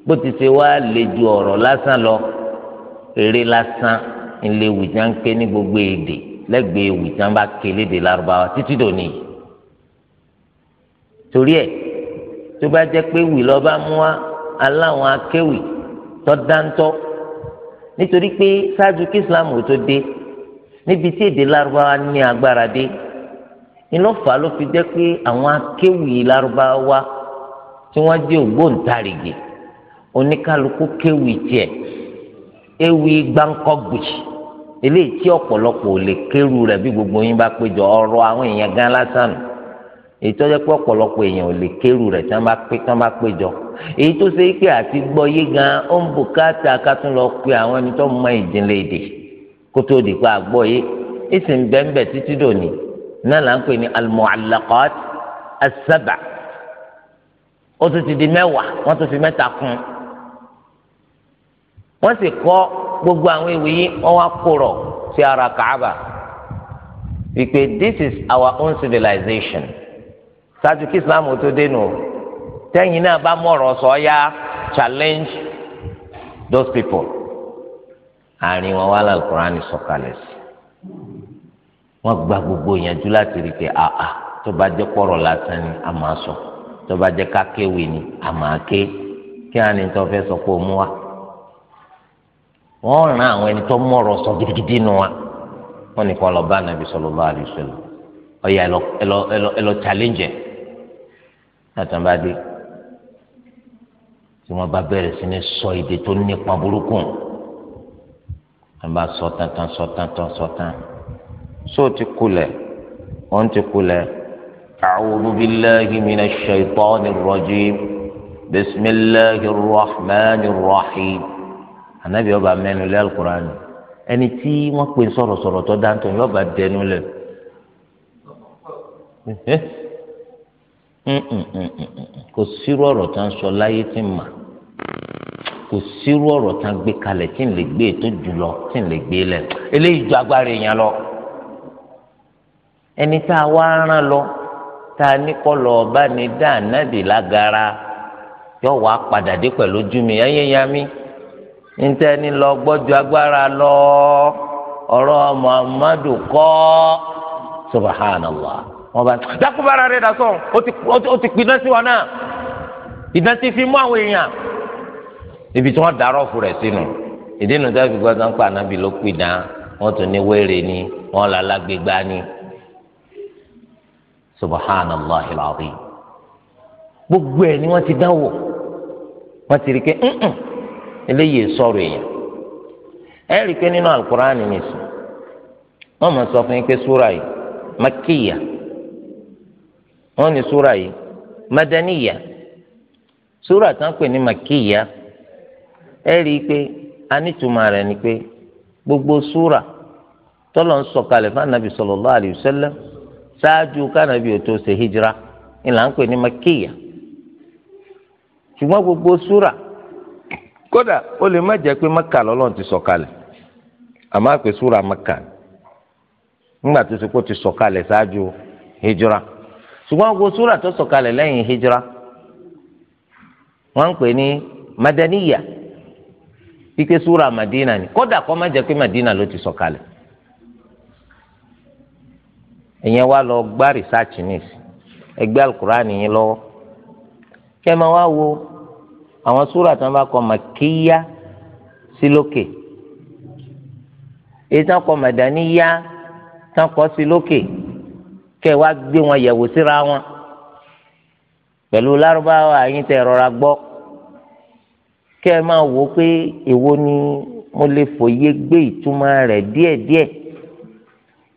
bó ti ṣe wá lè ju ọ̀rọ̀ lásán lọ eré lásán ilé ewì tí wọn ń ké ní gbogbo èdè lẹ́gbẹ̀ẹ́ ewì tí wọn bá ké lédè lárúbáwá títí dòní yìí torí ẹ̀ tó bá jẹ́ pé ewì lọ bá mú wa aláwọn akéwì tó dáńtọ́ nítorí pé ṣáájú kí islam ò tó dé níbi tí èdè lárúbáwá ní agbára dé ìlọ́fà ló fi jẹ́ pé àwọn akéwì lárúbáwá tí wọ́n jẹ́ ògbóǹtarìgì oníkálukú kéwì tiẹ̀ ewì gbáǹkọ́gbì eléyìí tí ọ̀pọ̀lọpọ̀ ò lè kéwì rẹ̀ bí gbogbo yín bá péjọ ọ̀rọ̀ àwọn èèyàn gan lásán nù èyí tó jẹ́ pé ọ̀pọ̀lọpọ̀ èèyàn ò lè kérù rẹ̀ tí wọ́n bá pé tí wọ́n bá pé jọ èyí tó ṣe pé àti gbọ́ yé gan ó ń bùkátà ká tún lọ pe àwọn ẹni tó mọ ìjìnlẹ̀ èdè kó tó di pé àgbọ̀ yé ìsìn bẹ́ẹ̀nbẹ́ẹ̀ títí dòní náà là ń pè ní al-mu'allaqat ó tún ti di mẹ́wàá wọ́n tún fi mẹ́ta kún wọ́n sì kọ́ gbogbo àwọn ìwé yìí wọ́n wá kúrọ̀ sí ara Kaaba wípé this is our own civilization ṣáájú kí islam tó dénú tẹ́yìn náà bá mọ̀rọ̀ sọ ya challenge those people àárín wọn wá lálùkùránì sọ̀kalẹ̀ sí wọn gba gbogbo ìyànjú láti rí i pé àà tó bá jẹ́ pọ̀rọ̀ lásán ni a máa sọ tó bá jẹ́ kákéwì ni a máa ké kí á ní tó fẹ́ sọ pé ó mú wa wọn ràn àwọn ẹni tó mọ̀rọ̀ sọ gidigidi nù wa wọn nìkan lọ bá nàbì sallallahu alaihi wasallam ọyà ẹ lọ ẹ lọ ẹ lọ challenge ẹ látàn bá dé tí wọ́n bá bẹ̀rẹ̀ sí ní sọ èdè tó nípa burúkú wọ́n bá sọ tantan sọ tantan sọ tan sóò ti kulẹ̀ wọ́n ti kulẹ̀ a'udhu billahi minash shaytanir rajim bismillahir rahmanir rahim anabi ọba mẹ́nu lé alukur'an ẹni tí wọ́n pè sọ̀rọ̀sọ̀rọ̀ tó dáńtọ̀ yọba dẹnu lẹ̀. Mm, mm, mm, kò sírú ọ̀rọ̀ tá à ń sọ láyé tí ń mà kò sírú ọ̀rọ̀ tá à ń gbé kalẹ̀ tí ń lè gbé tó jùlọ tí ń lè gbé lẹ̀ eléyìí ju agbára èèyàn lọ ẹni tá a wá rán lọ tá a ní kọ́ lọ bá ní dá ànábì lágara yóò wá padà dé pẹ̀lú ojú mi ẹyẹ ya mi níta ẹni lọ gbọ́ agbára lọ ọ̀rọ̀ Muhammadu kọ́ subhanallah. wọn bá dákúbára rẹ dasọ ó ti pinna sí wa náà ìdán ti fi mú àwọn èèyàn ibi tí wọn darọ fún rẹ sínú ìdí nu dábì gbọ́dọ̀ ń pa ànábì ló pè dán wọn tún ní wéèrè ni wọn là lágbègbà ni subhanallah ilahi gbogbo ẹ ni wọn ti dánwò wọn ti rí i pé nnn eléyìí sọ̀rọ̀ èèyàn ẹ rí i pé nínú alukur'an nìyí sùn wọn mọ sọ fún yín pé súra yìí makiya. wọ́n ní súra yìí madaniya sura tán pè ní makiya ẹ rí i pé anítùmọ̀ rẹ̀ ni pé gbogbo sura tọ́lọ̀ ń sọ̀kalẹ̀ fún anabi sallallahu alayhi wa sallam ṣáájú kánabi ò ṣe hijira ìlà ń pè ní makiya gbogbo sura kódà o lè má jẹ́ pé maka lọ́lọ́run ti sọ̀kalẹ̀ àmọ́ àpè súra maka nígbà tó ṣe kó ti sọ̀kalẹ̀ ṣáájú hijira. ṣùgbọ́n gbogbo súrà tó sọ̀kalẹ̀ lẹ́yìn hijira wọ́n ń pè ní madaniya pípé súrà madina ni kódà kó má jẹ́ pé madina ló ti sọ̀kalẹ̀ ìyẹn wá lọ gbá rìsáàcì nìsí ẹgbẹ́ alukurani yín lọ́wọ́ kẹ́ máa wá wo àwọn súrà tí wọ́n bá kọ màkíyá sí lókè èyí madaniya tí wọ́n kọ kẹ́ wá gbé wọn yẹ̀wò síra wọn pẹ̀lú lárúbáwá yín tẹ́ rọra gbọ́ kẹ́ máa wò pé èwo ni mo lè fòye gbé ìtumọ̀ rẹ̀ díẹ̀díẹ̀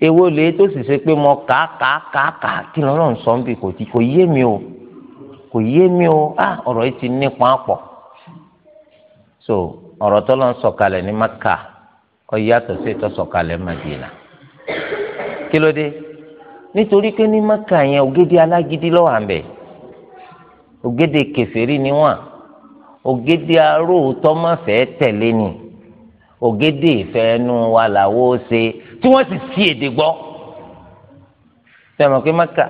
èwo lè tó sì ṣe pé mo kà á kà á kà á kà á kí lọ́rọ̀ ń sọ ń kò tí kò yé mi o kò yé mi o ah ọ̀rọ̀ yìí ti nípa pọ̀ so ọ̀rọ̀ tó lọ ń sọ̀kalẹ̀ ní Maka ó yàtọ̀ sí ìtọ́sọ̀kalẹ̀ Madina kí ló dé nítorí pé ní maka yẹn ògèdè alágídí lọ́wọ́ àmbẹ̀ ògèdè kèfèrí ni wọ́n ògèdè aróòótọ́ má fẹ́ tẹ̀lé ni ògèdè ìfẹ́nu wa làwọ́ ṣe tí wọ́n sì sí èdè gbọ́ fẹ́ràn pé maka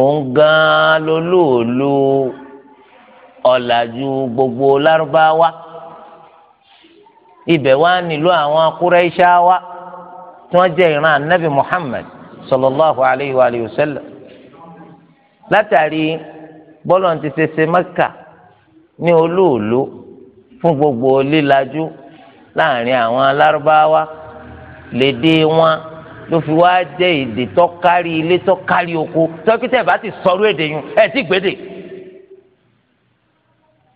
òun gan-an lolóòlò ọ̀làjú gbogbo lárúbáwá ibẹ̀ wá nílò àwọn akúrẹ́ṣáwá tí wọ́n jẹ́ ìran anabi Muhammad sallallahu alayhi wa alihi wa sallam látàrí bọ́lọ̀ ti ṣe ṣe mẹ́kà ní olóòló fún gbogbo lílajú láàrin àwọn alárúbáwá lédè wọn ló fi wá jẹ́ èdè tó kárí ilé tó kárí oko tọ́kítẹ̀ bá ti sọ̀rọ̀ èdè yun ẹ̀ ti gbèdè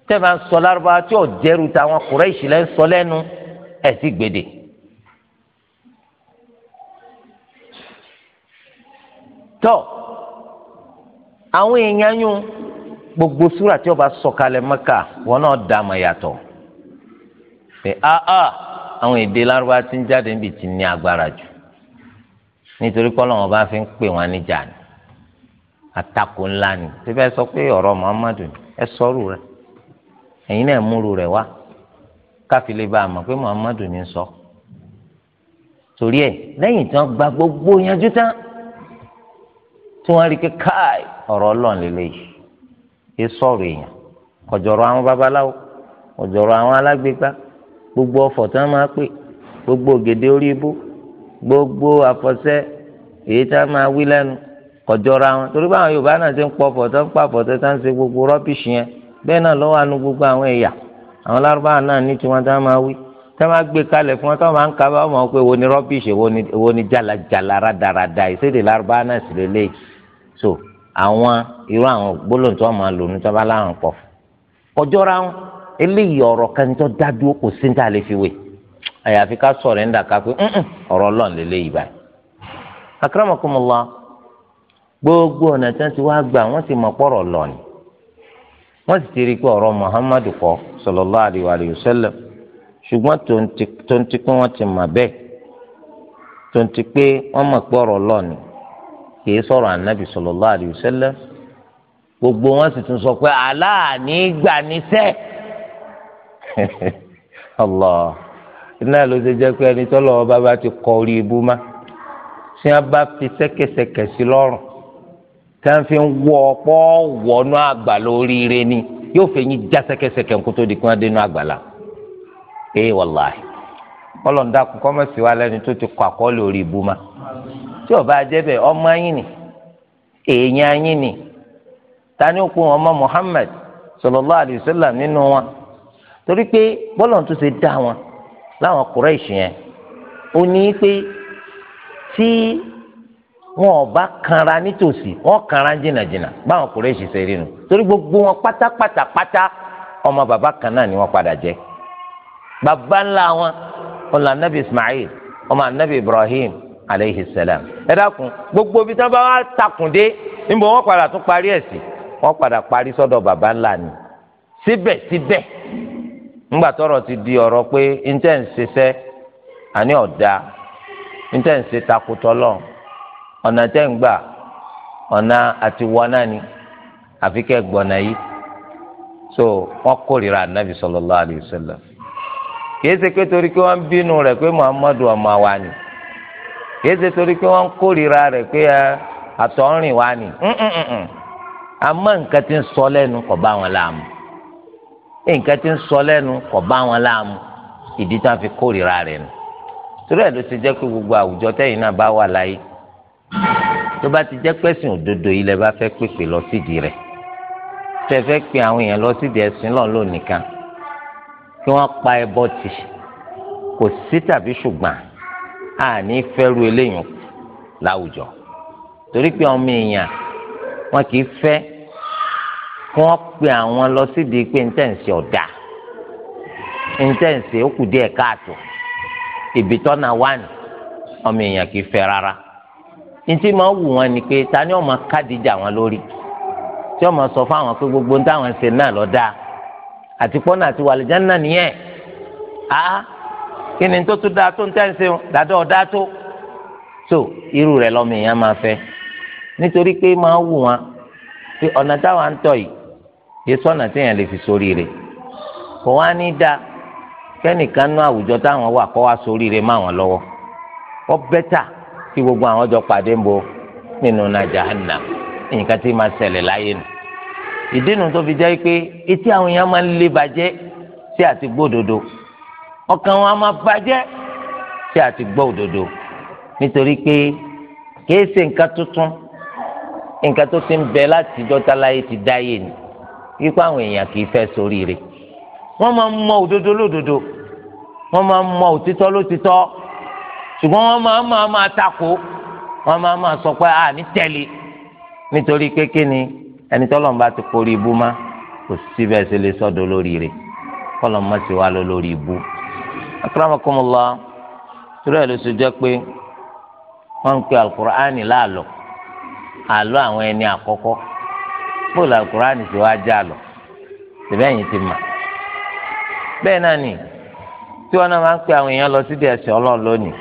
tẹ́ bá ń sọ lárúbáwá tí ò jẹ́rù táwọn Kùrẹ́ṣì lẹ́ ń sọ lẹ́nu ẹ̀ ti gbèdè. tọ! àwọn èèyàn yún gbogbo sura tí ó bá sọ̀kalẹ̀ mẹ́kà wọn náà dà yàtọ. yàtọ̀ pé áá ah, ah, àwọn èdè lárúbá tí ń jáde níbi tí ní agbára jù nítorí kọ́lọ́ wọn bá fi ń pè wọn níjà ni Atako ńlá ni tí bẹ́ẹ̀ sọ pé ọ̀rọ̀ Muhammadu ẹ sọ́rù rẹ̀ ẹ̀yin náà múru rẹ̀ wá káfílẹ̀ bá a mọ̀ pé Muhammadu ní sọ torí ẹ, lẹ́yìn tí wọ́n gba gbogbo yanjú tán tí wọ́n rí i pé káì ọ̀rọ̀ ọlọ́run lélẹ́yìí é sọ̀rọ̀ èèyàn kọ̀jọ̀rọ̀ àwọn babaláwo kọ̀jọ̀rọ̀ àwọn alágbègbà gbogbo ọ̀fọ̀ tí wọ́n máa pè gbogbo ògèdè orí ibú gbogbo àfọ̀sẹ́ èyí tí wọ́n máa wí lẹ́nu kọ̀jọ̀rọ̀ àwọn torí báwọn Yorùbá náà ti ń pọ̀ ọ̀fọ̀ tó ń pa àfọ̀sẹ́ tó ń ṣe gbogbo rọ́bìṣì yẹn bẹ́ẹ̀ náà lọ́wọ́ àánú gbogbo àwọn ẹ̀yà àwọn lárúbáwá náà ní tiwọn tí wọ́n máa wí tẹ́ máa gbé kalẹ̀ fún wọn tọ́ máa ń kaba ọmọ pé wo ni rọ́bìṣì wo ni jàlàjàlà rádaràda ìsédè lárúbáwá náà sì lélẹ́yìí so àwọn irú àwọn gbólóhùn tí wọ́n máa bá láwọn pọ̀ kọjọ́ra wọn eléyìí ọ̀rọ̀ kan dájú kò sí ní tá fi wé àyàfi ká sọ̀rọ̀ ká pé báyìí. gbogbo ọ̀nà tí wọ́n ti wá gbà wọ́n mọ̀ pọ̀rọ̀ lọ́ọ̀nì wọ́n ti rí i pé ọ̀rọ̀ muhammadu wa sallam ṣùgbọ́n tó ń ti pé wọ́n ti mọ̀ bẹ́ẹ̀ tó ń ti pé wọ́n mọ̀ lọ́ọ̀nì kì í sọ̀rọ̀ ànábì sallallahu alaihi wasallam gbogbo wọn sì tún sọ pé aláàní gbà níṣẹ́ (laughs) Allah iná ló ṣe jẹ́ pé ẹni tọ́lọ́ ọba bá ti kọ orí ibú má tí wọ́n bá fi ṣẹ́kẹ̀ṣẹkẹ̀ sí lọ́rùn tí wọ́n fi ń wọ ọ̀pọ̀ wọnú àgbà lóríire ni yóò fẹ́ yín já ṣẹ́kẹ̀ṣẹkẹ̀ kó tó di kí wọ́n dénú àgbàlá ee eh, wàláhì ọlọ́ọ̀dà kọ́mọ̀sí wa lẹ́ni tó ti kọ àkọọ́lẹ̀ orí ibú má. tí ó bá jẹ́ bẹ́ẹ̀ ọmọ yín ni èèyàn yín ni tani ó kún ọmọ Muhammad sallallahu alaihi wasallam nínú wọn torí pé bọ́lọ̀ tó ṣe dá wọn láwọn Kùráìṣì yẹn ó ní pé tí wọn ò bá kanra nítòsí wọn kanra jìnnàjìnnà báwọn Kùráìṣì ṣe rí nu torí gbogbo wọn pátápátá pátá ọmọ Baba kan náà ni wọn padà jẹ bàbá ńlá wọn ọlọ anabi Ismail ọmọ anabi Ibrahim aleyhi salam ẹ dákun gbogbo ibi tí wọn bá níbo wọn padà tún parí ẹ wọn padà parí sọ́dọ̀ baba ńlá ni síbẹ̀síbẹ̀ ńgbà tọ́rọ̀ ti di ọ̀rọ̀ pé njẹ ń ṣiṣẹ́ àní ọdá njẹ ń ṣe takùtọlọ ọ̀nà tẹ́ ń ọ̀nà àti wọ náà ni àfi gbọ̀nà yìí so wọn kórìíra anabi sallallahu alaihi wasallam kì í ṣe pé torí pé wọn bínú rẹ̀ pé muhammadu ọmọ wa ni. kìí ṣe torí pé wọ́n ń kórìíra rẹ̀ pé àtọ̀rìn wa ni àmọ́ nǹkan tí ń sọ lẹ́nu kò bá wọn láàmú nǹkan tí ń sọ lẹ́nu kò bá wọn láàmú ìdí tí wọ́n fi kórìíra rẹ̀ nù torí ẹ̀ ló ti jẹ́ pé gbogbo àwùjọ tẹ́yìn náà bá wà láyé tó bá ti jẹ́ pẹ́sìn òdodo yìí lẹ bá fẹ́ pèpè lọ sídìí rẹ̀ tẹ́ fẹ́ pe àwọn èèyàn lọ sídìí ẹ̀sìn lọ́n lónìí kan kí wọ́n pa ẹbọ tì kò sí tàbí ṣùgbọ́n ní fẹ́rù eléyìn láwùjọ torí pé ọmọ èèyàn wọn kì í fẹ́ kí wọ́n pe àwọn lọ sídìí pé ntẹ̀sí ọ̀dà ntẹ̀sí ó kù díẹ̀ káàtó ìbítọ́ náà wà ní ọmọ èèyàn kì fẹ́ rárá máa wù wọn ni pé ta ni ọmọ kini ni tó tún dáa tó ń tẹ́sí o dàdọ́ ọ̀dá tó so irú rẹ̀ lọ́mọ èèyàn máa fẹ́ nítorí pé máa wù wọn pé ọ̀nà táwa ń tọ̀ yìí yé sọ́nà téèyàn lè fi sórí rẹ̀ kò wá ní da kẹ́nìkan nú àwùjọ táwọn wà kọ́ wá sórí rẹ̀ wọn lọ́wọ́ ọ bẹ́tà kí gbogbo àwọn jọ pàdé ń bo nínú jahannam nǹkan tí máa ṣẹlẹ̀ láyé nù ìdí nu tó fi jẹ́ pé etí àwọn èèyàn máa ọkàn wọn a máa bàjẹ́ tí a ti gbọ́ òdodo nítorí pé kìí ṣe nǹkan tuntun nǹkan tó ti ń bẹ láti dọ́tàláyé ti dáyé ni wípé àwọn èèyàn kìí fẹ́ ṣoríire wọ́n máa ń mọ òdodo lódodo wọ́n máa ń mọ òtítọ́ lótítọ́ ṣùgbọ́n wọ́n máa máa máa takò wọ́n máa máa sọ pé a ní tẹ̀lé nítorí pé kí ni ẹni tọ́lọ́run bá ti kórìí ibú má kò síbẹ̀ ṣe lè sọ́dọ̀ lóríire kọ́lọ́n mọ́ sí wa lọ lórí ibú akramakumullah torí ẹ̀ ló ṣe jẹ́ pé wọ́n ń pe alukur'ani láàlọ́ àlọ́ àwọn ẹni àkọ́kọ́ bóòlù alukur'ani ti wá já lọ tẹ̀bẹ́yìn ti mà bẹ́ẹ̀ náà nì tí wọ́n náà máa ń pe àwọn èèyàn lọ sídìí ẹ̀sìn ọlọ́run lónìí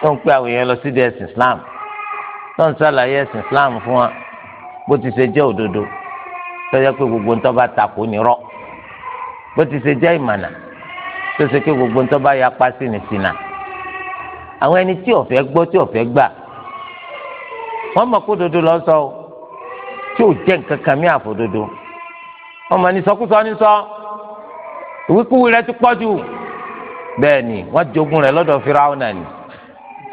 tó pe àwọn èèyàn lọ sídìí ẹ̀sìn Islam tó ń sàlàyé ẹ̀sìn Islam fún wa bó ti ṣe jẹ́ òdodo tó yẹ pé gbogbo ń tọ́ bá takò nírọ́ bó ti ṣe jẹ́ ìmànà tó ṣe pé gbogbo nítorí bá yapa sí ni ṣìnà àwọn ẹni tí ó fẹ́ gbọ́ tí ó fẹ́ gbà wọ́n mọ̀ kó dodo lọ sọ tí ò jẹ́ nǹkan kan mí àfòdodo wọ́n mọ̀ ní sọkúsọ ní sọ ìwíkúwí rẹ ti pọ̀ jù bẹ́ẹ̀ ni wọ́n jogún rẹ̀ lọ́dọ̀ Firaun náà ni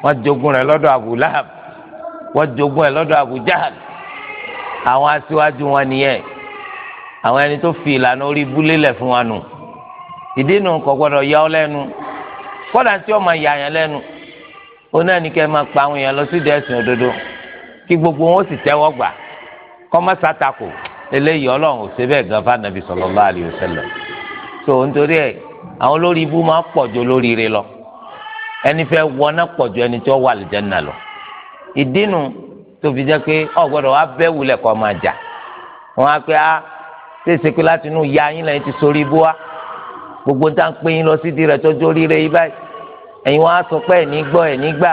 wọ́n jogún rẹ̀ lọ́dọ̀ Abu wọ́n jogún rẹ̀ lọ́dọ̀ Abu àwọn aṣíwájú wọn nìyẹn àwọn ẹni tó fi ìlànà orí ibú lélẹ̀ fún wa nù ìdínú kò gbọdọ̀ yà ọ́ lẹ́nu kódà tí ó máa yà yàn lẹ́nu ó náà ní kẹ́ máa pa àwọn èèyàn lọ sí dẹ́sìn òdodo kí gbogbo wọn sì tẹ́wọ́ gbà kọ́ má eléyìí ọlọ́run ò ṣe bẹ́ẹ̀ gan fanabi sallallahu alaihi wasallam so nítorí ẹ̀ àwọn olórí ibú máa pọ̀ ju olóríire lọ ẹni fẹ́ wọná pọ̀ ju ẹni tí wọ́n wà lìjẹ́nà lọ ìdínú tó fi jẹ́ pé ọ̀ gbọ́dọ̀ wá bẹ́ wulẹ̀ kọ́ máa jà wọ́n á pé á ah, ṣèṣe pé látinú ya yín lẹ́yìn ti sórí ibú wa gbogbo tá à ń pè yín lọ sídìí rẹ̀ tọ́jú oríire yìí báyìí ẹ̀yin wọn á sọ pé ẹ̀ ní gbọ́ ẹ̀ ní gbà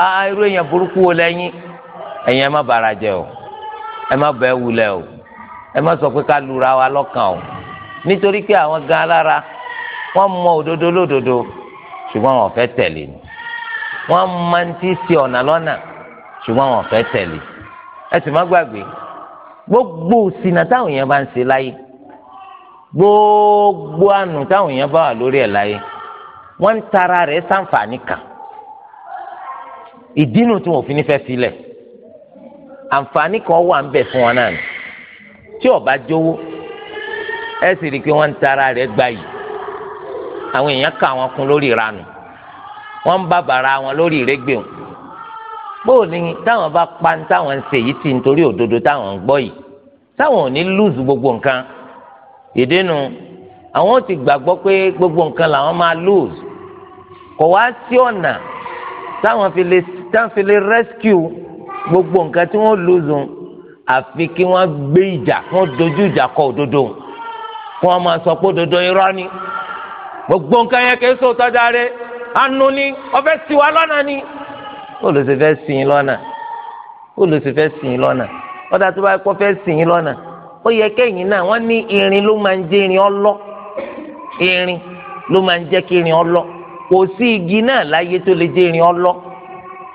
á irú èèyàn burúkú wo lẹ́yìn ẹ̀yin ẹ má bàrà jẹ́ o ẹ má bẹ́ẹ̀ wulẹ̀ o ẹ má sọ pé ká lura wa lọ́kàn o nítorí pé àwọn gan alára wọ́n mọ òdodo lódodo ṣùgbọ́n wọn fẹ́ tẹ̀lé ni wọ́n máa ń ti ṣe ọ̀nà lọ́nà ṣùgbọ́n wọn fẹ́ tẹ̀lé ẹ sì má gbàgbé gbogbo òsìnà táwọn bá ń ṣe láyé gbogbo àánú táwọn èèyàn bá wà lórí ẹ̀ láyé wọ́n ń tara rẹ̀ sáǹfààní kan ìdínú tí wọn ò fi ní fẹ́ filẹ̀ àǹfààní kan wà ń bẹ fún wọn náà ni tí ọba jówó ẹ sì rí i pé wọ́n ń tara rẹ̀ gba yìí àwọn èèyàn kà wọ́n kún lórí ìranù wọ́n ń bàbàrà wọn lórí ìrẹ́gbẹ̀ wọn bóò ní táwọn bá pa táwọn ń ṣe yìí ti nítorí òdodo táwọn ń gbọ́ yìí táwọn ò ní lùzù gbogbo nǹkan ìdínú àwọn ti gbàgbọ́ pé gbogbo nǹkan làwọn máa lose kò wá sí ọ̀nà táwọn fi lè táwọn fi lè rescue gbogbo nǹkan tí wọ́n lose òun àfi kí wọ́n gbé ìjà wọ́n dojú ìjà kọ òdodo kí wọ́n máa sọ pé òdodo irọ́ ni gbogbo nǹkan yẹn kìí sòótọ́ dáre anu ni ọfẹ́ sí wa lọ́nà ni olùsèfẹ́ sìn lọ́nà olùsèfẹ́ sìn lọ́nà ọ̀dà tó bá kọ́ fẹ́ sìn lọ́nà ó yẹ kẹ́yìn náà wọ́n ní irin ló máa ń jẹ́ irin ọlọ́ irin ló máa ń jẹ́ kí irin ọlọ́ kò sí igi náà láyé tó lè jẹ́ irin ọlọ́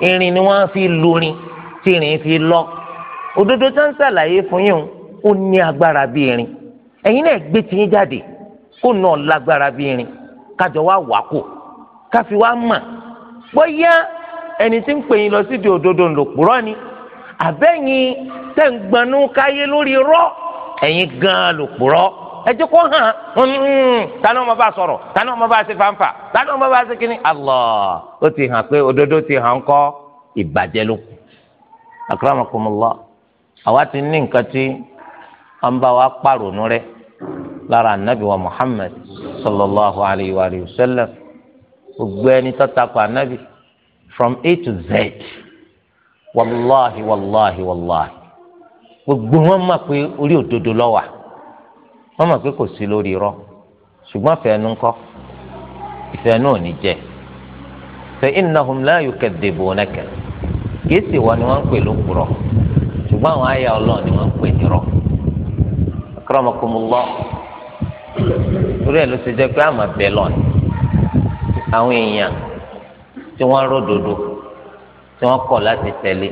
irin ni wọ́n fi lurin tí irin fi lọ. òdodo tó ń ṣàlàyé fún yín ó ní agbára bí irin ẹ̀yin náà gbé tiyín jáde kó náà lágbára bí irin kájọ wá wà kó káfi wá mà bóyá ẹni tí ń pè yín lọ sídìí òdodo ńlò púrọ́ ni àbẹ́yìn tẹ̀ ń gbanú káyé lórí rọ́ọ̀ ẹ̀yin gan lòpùrọ́ ẹjẹ kó hàn hmm, hmm. tani ọmọ bá sọ̀rọ̀ tani ọmọ bá ṣe fanfa tani ọmọ bá ṣe kínní Allah ó ti hàn pé òdodo ti hàn kọ́ ìbàjẹ́ ló kù akramakumullah àwa ti ní nǹkan tí a ń bá wa pàrònú rẹ lára anabi wa Muhammad sallallahu alayhi wa sallam gbogbo ẹni tó takò anabi from A to Z wàláhi wàláhi wàláhi gbogbo wọn mọ̀ pé orí òdodo ló wà wọn mọ̀ pé kò sí lórí irọ́ ṣùgbọ́n fẹẹnu ńkọ́ ìfẹẹnu ò ní jẹ fa innahum la yukadhibunaka kìí sì wọ ni wọn ń pè lókùrọ ṣùgbọ́n àwọn àyà Ọlọ́run ni wọn ń pè nírọ́ akramakumullah torí ẹ̀ ló ṣe jẹ́ pé àmọ́ bẹ́ẹ̀ lọ́ni àwọn èèyàn tí wọ́n ródòdó tí wọ́n kọ̀ láti tẹ̀lé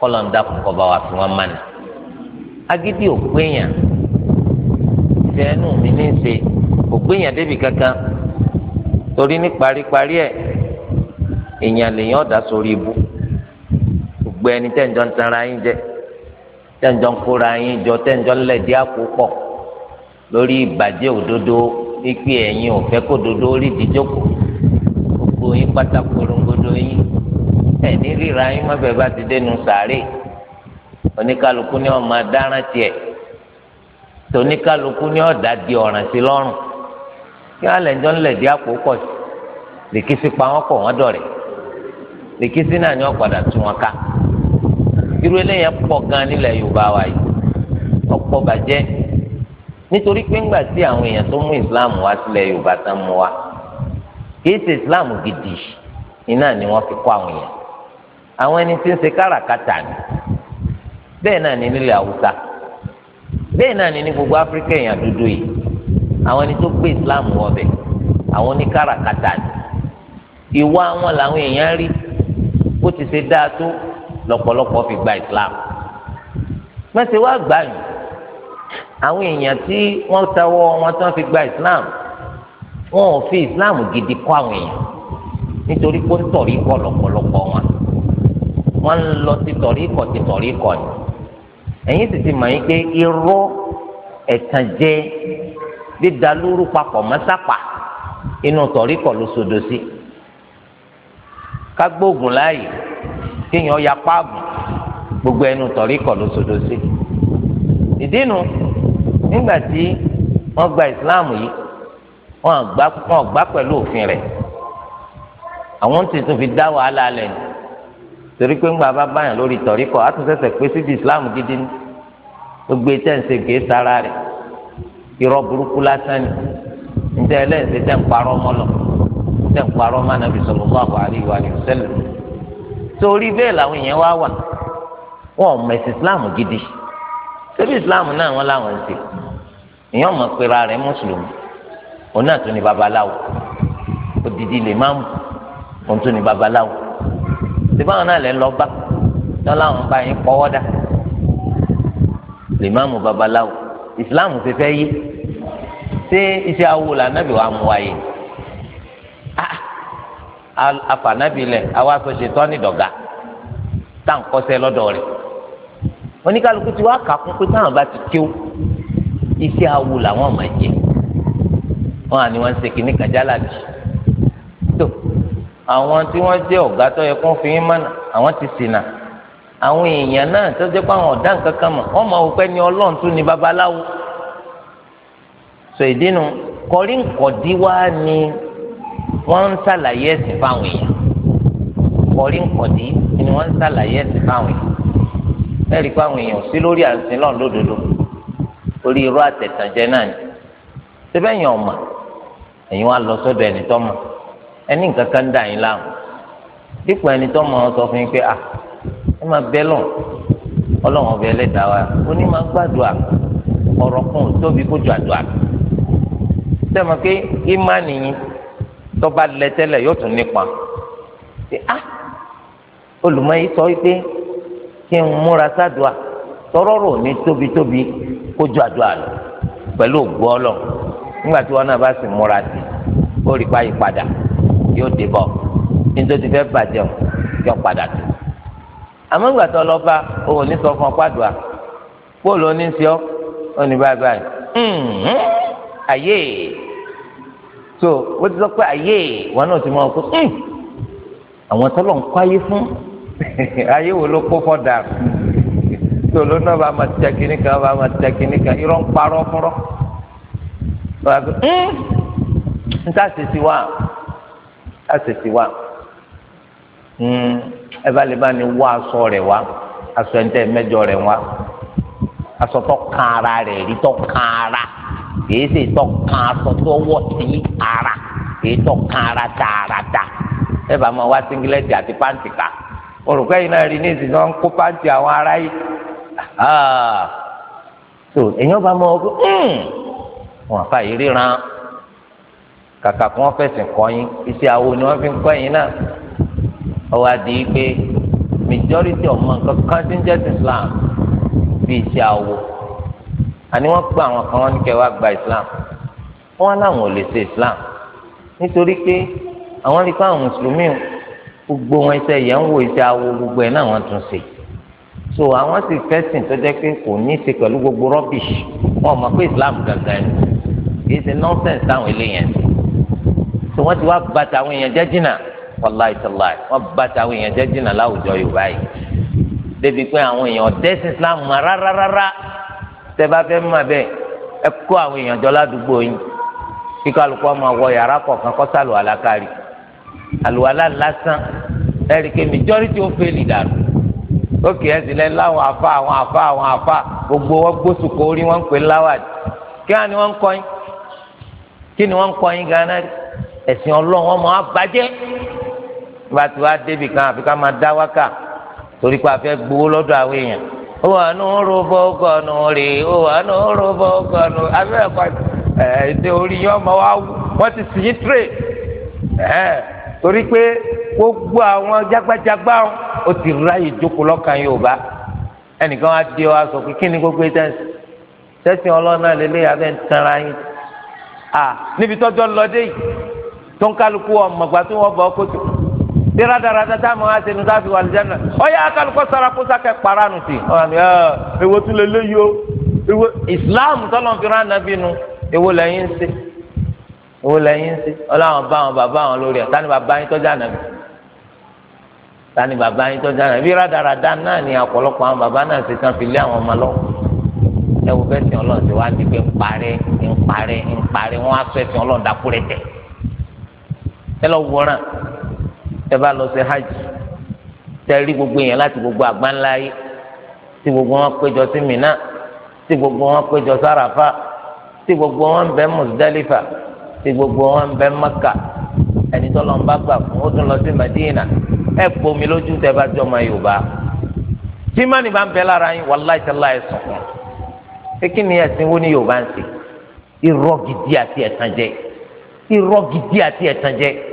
kọ́lọ̀ ń bá wa fi wọ́n mánà agídí òpéyàn tẹnu mi ní í ṣe òpéyàn débi kankan torí ní paríparí ẹ èèyàn lèèyàn ọ̀dà sórí ibú gbogbo ẹni tẹ́ǹjọ́ ń tanra yín jẹ tẹ́ǹjọ́ ń kóra yín jọ tẹ́ǹjọ́ ń lẹ̀dí àpò pọ̀ lórí ìbàjẹ́ òdodo pípé ẹ̀yin òfẹ́ kó dodo rí ìdíjókòó gbogbo yín pátákó rongodo yín ẹ̀ ní ríra yín mọ́bẹ̀ẹ́ bá ti dénú sàárè oníkálukú ni ọmọ adáran tiẹ̀ toníkálukú ni ọ̀dà di ọ̀ràn sí lọ́rùn kí wọ́n lẹ̀ ń jọ́ ńlẹ̀ di àpò pọ̀ sí lèkìsí pa wọ́n pọ̀ wọ́n dọ̀rẹ́ lèkìsí náà ni wọ́n padà tún wọn ká irú eléyẹn pọ̀ gan nílẹ̀ Yorùbá wa yìí ọ̀pọ̀ bàjẹ́ nítorí pé ńgbà tí àwọn èèyàn tó mú Islam wá sílẹ̀ Yorùbá tán mú wa kì ṣe Islam gidi iná ni wọ́n fi kọ́ àwọn èèyàn àwọn ẹni tí ń ṣe káràkátà ni bẹ́ẹ̀ náà ní nílẹ̀ haúsá bẹ́ẹ̀ náà ni ní gbogbo áfíríkà èèyàn dúdú yìí àwọn ẹni tó gbé islam wọbẹ̀ àwọn oníkàràkátà ni ìwà wọn làwọn èèyàn rí bó ti ṣe dáa tó lọ́pọ̀lọpọ̀ fi gba islam mẹ́sẹ̀ wá gbà yìí àwọn èèyàn tí wọ́n tawọ́ wọn tí fi gba islam wọn ò fi islam gidi kọ́ àwọn èèyàn nítorí pé ń tọ̀rí kọ́ lọ́pọ̀lọpọ̀ wọn wọ́n ń lọ sí tọ̀rí kọ́ sí tọ̀rí kọ́ yìí ẹ̀yin sì ti mọ̀ yín pé irọ́ ẹ̀tàn jẹ dídalúrú papọ̀ mọ́sápà inú tọ̀ríkọ̀ ló sodo sí kágbóògùn láàyè kéèyàn ya páàgùn gbogbo ẹnu tọ̀ríkọ̀ ló sodo sí ìdínú nígbà tí wọ́n gba ìsìláàmù yìí wọ́n gbà pẹ̀lú òfin rẹ̀ àwọn tí fi dá wàhálà lẹ́nu torí pé ńgbà bá báyàn lórí tọ̀ríkọ̀ àtúnṣẹ̀ṣẹ̀ pé síbi islam gidi ni gbogbo ìtẹ̀sẹ̀ gé sara rẹ̀ irọ́ burúkú lásán ni ntẹ̀ ẹlẹ́sẹ̀ tẹ̀ ń parọ́ mọ́ lọ tẹ̀ ń parọ́ mọ́ anabi sallallahu alaihi wa sallam torí bẹ́ẹ̀ làwọn èèyàn wá wà wọn ò mẹ̀sì islam gidi síbi islam náà wọn làwọn ń ṣe èèyàn mọ̀ pé ra rẹ̀ mùsùlùmí òun náà tún ni tún ni babaláwo síbáwọn náà lẹ́ ń lọ bá tán láwọn bá yín pọ́wọ́ dà lèmáàmù babaláwo ìsìláàmù ti fẹ́ yí ṣé iṣẹ́ awo là nábì wàá mú wáyé ah, ah, afànábì lẹ̀ àwa sọ ṣètọ́ nídọ̀gà tá à ń kọ́sẹ́ lọ́dọ̀ rẹ̀ oníkálukú ti wá kà kún pé táwọn bá ti kíw iṣẹ́ awo làwọn máa jẹ wọn àni wọn ṣe kìnnìkan jálàjì tó àwọn tí wọ́n jẹ́ ọ̀gá tó yẹ kó fi yín mọ́nà àwọn ti ṣìnà àwọn èèyàn náà tó jẹ́ pé àwọn ọ̀dá nǹkan kan mọ̀ wọ́n máa wò pé ní tún ni babaláwo sọ ìdínú kọrí nkọ̀dí wá ni wọ́n ń ṣàlàyé ẹ̀sìn fáwọn èèyàn kọrí nkọ̀dí ni wọ́n ń ṣàlàyé ẹ̀sìn fáwọn èèyàn ẹ̀rí pé àwọn èèyàn sí lórí àǹsìn náà lódodo orí irú àtẹ̀tànjẹ náà ni síbẹ̀ yẹn ọ̀mà ẹ̀yin wá lọ sọ́dọ̀ ẹni tó mọ̀ ẹni nǹkan kan dà yín láàmú dípò ẹni tó mọ ọ sọ fún yín pé à ẹ máa bẹ lọ Ọlọ́run ọbẹ Ẹlẹ́dàá wa ó ní máa gbàdúrà ọ̀rọ̀ kan tóbi kó ju àdúrà sẹmọ pé ìmánì yín tọba lẹ tẹ́lẹ̀ yóò tún nípa ṣe á olùmọ̀ yìí sọ wípé kí n múra sádùá tọrọ rò ní tóbi-tóbi kó ju àdúrà lọ pẹ̀lú ògbó Ọlọ́run nígbà tí wọn náà bá sì múra sí i ó rí pa yí padà tí ó dé bọ̀ nítorí fẹ́ bàjẹ́ yọ padà tó àmọ́ ìgbà tó lọ bá òun ní sọ fún ọ pàdùà bóòlù ó ní sí ọ ó ní báyìí báyìí àyè so ó ti sọ pé àyè wọn náà ti mọ ọkọ àwọn tọ́lọ̀ ń kọ́ ayé fún (laughs) ayé wo ló kó fọ́ dà tó ló náà bá máa tẹ kínní kan bá máa tẹ kínní kan irọ́ ń parọ́ fọ́rọ́ nígbà tó ń ń àṣìṣì wa hmm, ẹ bá lè bá ní wá aṣọ rẹ̀ wá aṣọ ẹ̀ńtẹ́ mẹ́jọ rẹ̀ wá aṣọ tó kan ara rẹ̀ rí tó kan ara kìí ṣe tó kan aṣọ tó wọ̀ sí ara kìí tó kan ara tààràtà ẹ bá máa wá singilẹ́tì àti pàǹtì ká olùkọ́ yìí náà rí ní ìsìn náà ń kó pàǹtì àwọn ará yìí ah. so èèyàn bá mọ ọgbọ́n wọn àfa yìí ríran kàkà kí wọ́n fẹ̀sìn kọ́ yín awo ni wọ́n fi ń kọ́ yín náà ọwọ́ adì pé majority of man kan ti ń jẹ́ Islam bí iṣẹ́ awo àní wọ́n gba àwọn kan wọ́n ní kẹ́ wá gba Islam wọ́n láwọn ò lè ṣe Islam nítorí pé àwọn rí i pé àwọn mùsùlùmí gbogbo wọn iṣẹ́ yẹn ń wo iṣẹ́ awo gbogbo ẹ̀ náà wọ́n tún ṣe so àwọn sì fẹ́sìn tó jẹ́ pé kò ní í ṣe pẹ̀lú gbogbo rubbish wọn mọ̀ pé Islam gangan ni kì í ṣe nonsense táwọn eléyẹn ṣe tó wọ́n ti wá bàtà àwọn èèyàn jẹ́ jìnnà wàláì tàláì wọ́n bàtà àwọn èèyàn jẹ́ jìnnà láwùjọ Yorùbá yìí débi pé àwọn èèyàn dẹ́sìn Islam rárárárá tẹ́ bá fẹ́ mọ̀ bẹ́ẹ̀ ẹ kó àwọn èèyàn jọ ládùúgbò yín kí kálukú ọmọ wọ yàrá kọ̀ọ̀kan kọ́ sálù alákàrí àlùwalá lásán ẹ̀rí majority of fẹ́ẹ̀lì dànù ókè ẹ̀sìn lẹ́ láwọn afá àwọn afá àwọn afá gbogbo wọn gbósùkò orí wọn ń pè láwàdì kí wọn ni wọn kọ́ yín kí ni wọn kọ́ yín gan ẹ̀sìn ọlọ́run ọmọ abajẹ́ bá ti wá débi kan àfi ká máa dá wákà torí pé a fẹ́ gbowó lọ́dọ̀ àwọn èèyàn ó wà ní orúbọ gọnù rè ó wà ní orúbọ gọnù abẹ́ẹ̀kọ́ ètò orí yẹn ọmọ wa wọ́n ti sìn ín tírè torí pé gbogbo àwọn jágbájágbá ó ti ráyè jókòó lọ́kàn Yorùbá ẹnìkan á di wa sọ pé kí ni gbogbo ẹ̀ tẹ́sí tẹ́sí ọlọ́run náà lélẹ́yìn abẹ́ ń tanra yín à níbi tọ́jọ́ lọ dé yìí tó ń kálukú ọmọ ìgbà tí wọ́n bọ̀ ọ́ kótó tí rádaràdá tá a mọ̀ á ṣe nu wà lìjánà ọ̀yà kálukú saraku sákẹ́ paranu sí ọ̀hún ewo tún lè léyìí o ewo Islam tọ́lọ́ fi rán nàbí nu ewo lẹ́yìn ń ṣe ewo lẹ́yìn ń ṣe ọlọ́run bá àwọn bàbá àwọn lórí ẹ̀ tani bàbá yín tọ́jà nàbí tani bàbá yín tọ́jà nàbí bí rádaràdá náà ni ọ̀pọ̀lọpọ̀ àwọn bàbá náà ṣe tán fi lé àwọn ọmọ lọ́wọ́ ẹ wo fẹ́ sìn ọlọ́run ti wá di pé ń parẹ́ ń parẹ́ ń parẹ́ wọ́n á sọ ẹ̀sìn ọlọ́run dákúrẹ́tẹ̀ ẹ lọ wòran ẹ bá lọ sí hajj tẹ rí gbogbo yẹn láti gbogbo àgbáńlá yìí tí gbogbo wọn péjọ sí Mina tí gbogbo wọn péjọ sárafa tí gbogbo wọn bẹ Muzdalifa tí gbogbo wọn bẹ Maka ẹni tó lọ ń bá gbà fún ó tún lọ sí Madina ẹ gbomi lójú tẹ bá jọmọ Yorùbá tí mánì bá ń bẹ lára yín wàláì tẹ láì sùn fún un ni ẹsìn wo ni Yorùbá ń ṣe irọ́ gidi àti ẹ̀tànjẹ irọ́ gidi àti ẹ̀tànjẹ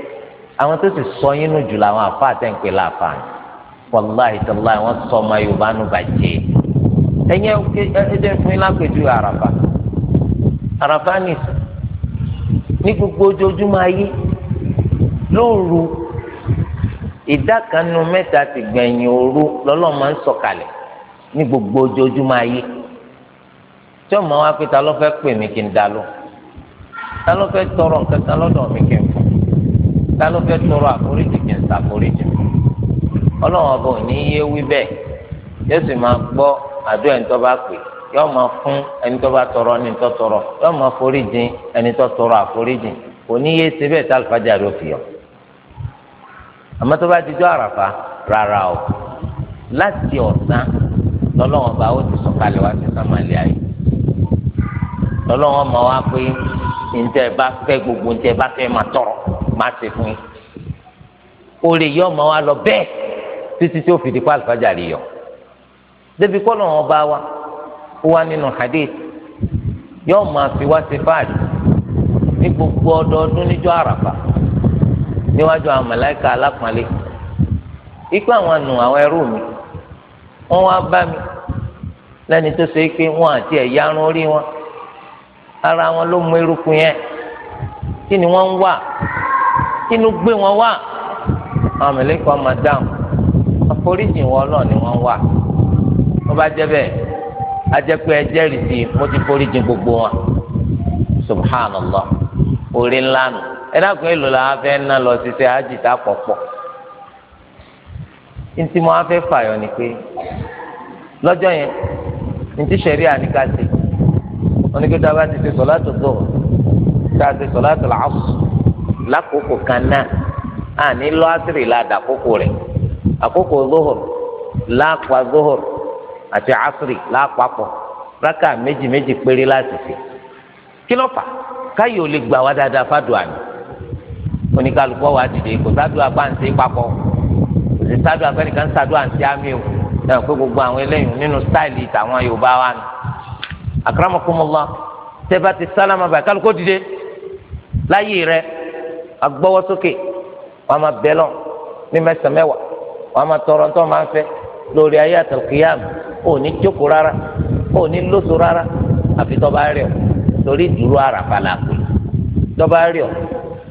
àwọn tó sì sọ yín nù jù làwọn àfa àtẹ̀ǹpẹ̀ làfà wàláhì tàlá wọn sọ ọmọ yorùbá nù bàjẹ́ ẹ̀yẹ ẹ̀jẹ̀ fún yín lápẹ̀jù àràfà àràfà nì ní gbogbo ojoojúmọ́ ayé lóru ìdá kan nu mẹ́ta ti gbẹ̀yìn òru lọ́lọ́ máa ń sọ̀kalẹ̀ ní gbogbo ojoojúmọ́ ayé tí ọmọ wa pé ta ló fẹ́ pè mí kí n dá ta ló fẹ́ tọrọ nǹkan kan lọ́dọ̀ mi kí ta ló fẹ́ tọrọ àforíjì kì í ṣàforíjì mi ọlọ́run ọba ò ní yé wí bẹ́ẹ̀ yóò sì máa gbọ́ àdúrà ẹni tó bá pè yóò máa fún ẹni tó bá tọrọ ẹni tó tọrọ yóò máa foríjì ẹni tó tọrọ àforíjì kò ní yé ṣe bẹ́ẹ̀ tá fi yọ àmọ́ tó bá ti jọ́ o láti ọ̀sán lọ́lọ́wọ́n bá ó ti sọ̀kalẹ̀ wá sí sàmàlẹ́ ayé lọ́lọ́wọ́n máa wá pé ǹjẹ́ bá fẹ́ gbogbo ǹjẹ́ bá fẹ́ máa tọrọ máa ṣe fún yín orí yọ ọmọ wa lọ bẹ́ẹ̀ títí tí ó fi di pa àlùfáàjà rí yọ débi kọ́ lọ́wọ́ bá wa ó wá nínú hadith yọ máa fi wá ṣe fáàrí ní gbogbo ọdọọdún níjọ́ àràfà níwájú àwọn màláíkà alápọ̀nlé ikú àwọn ànú àwọn ẹrú mi wọ́n wá bá mi lẹ́ni tó ṣe pé wọ́n àti ẹ̀yà arún orí wọn ara wọn ló mú eruku yẹn kí ni wọ́n ń wà inú gbé wọn wá àwọn mẹlẹkọ máa dáhùn àforíjì wọn náà ni wọn wà wọn bá jẹ bẹ́ẹ̀ ajẹpẹ ẹjẹrìí sí mo ti foríjì gbogbo wọn subhanallah orí ńlá nù ẹ dákun èlò làwọn afẹ ńlá lọ sí sẹ àjìtá pọpọ ntí mo afẹ fàyọ ni pé lọ́jọ́ yẹn ntí sẹrí àníkàsí oníkẹtà bá ti ṣe sọlá tó tó tá a ṣe sọlá tó làásù lákòókò kan náà àní lọ àṣírí la dà àkókò rẹ̀ àkókò zohor láàpá zohor àti àṣírí láàpapọ̀ rákà Raka méjì péré láti fi kí ló fà káyọ̀ lè gbà wá dáadáa fàdùà ni oníkàlùkọ́ wa dìde kò sádùá pàǹtí papọ̀ kò sí sádùá pẹ́ẹ́nìkan sádùá àǹtí àmì o náà pé gbogbo àwọn eléyìí nínú stáìlì tàwọn yorùbá wa ni akramakumullah tẹ́ bá ti sálámà báyìí kálukó dìde láyé agbọ́wọ́ sókè wọ́n máa bẹ́ lọ ní mẹ́sàn-án mẹ́wàá wọ́n máa tọrọ ntọ́ máa ń fẹ́ lórí ayé àtàkìyàm ò ní jókòó rárá ò ní lóso rárá àfi tó bá rẹ̀ ọ́ torí dúró àràfà là pé tó bá rẹ̀ ọ́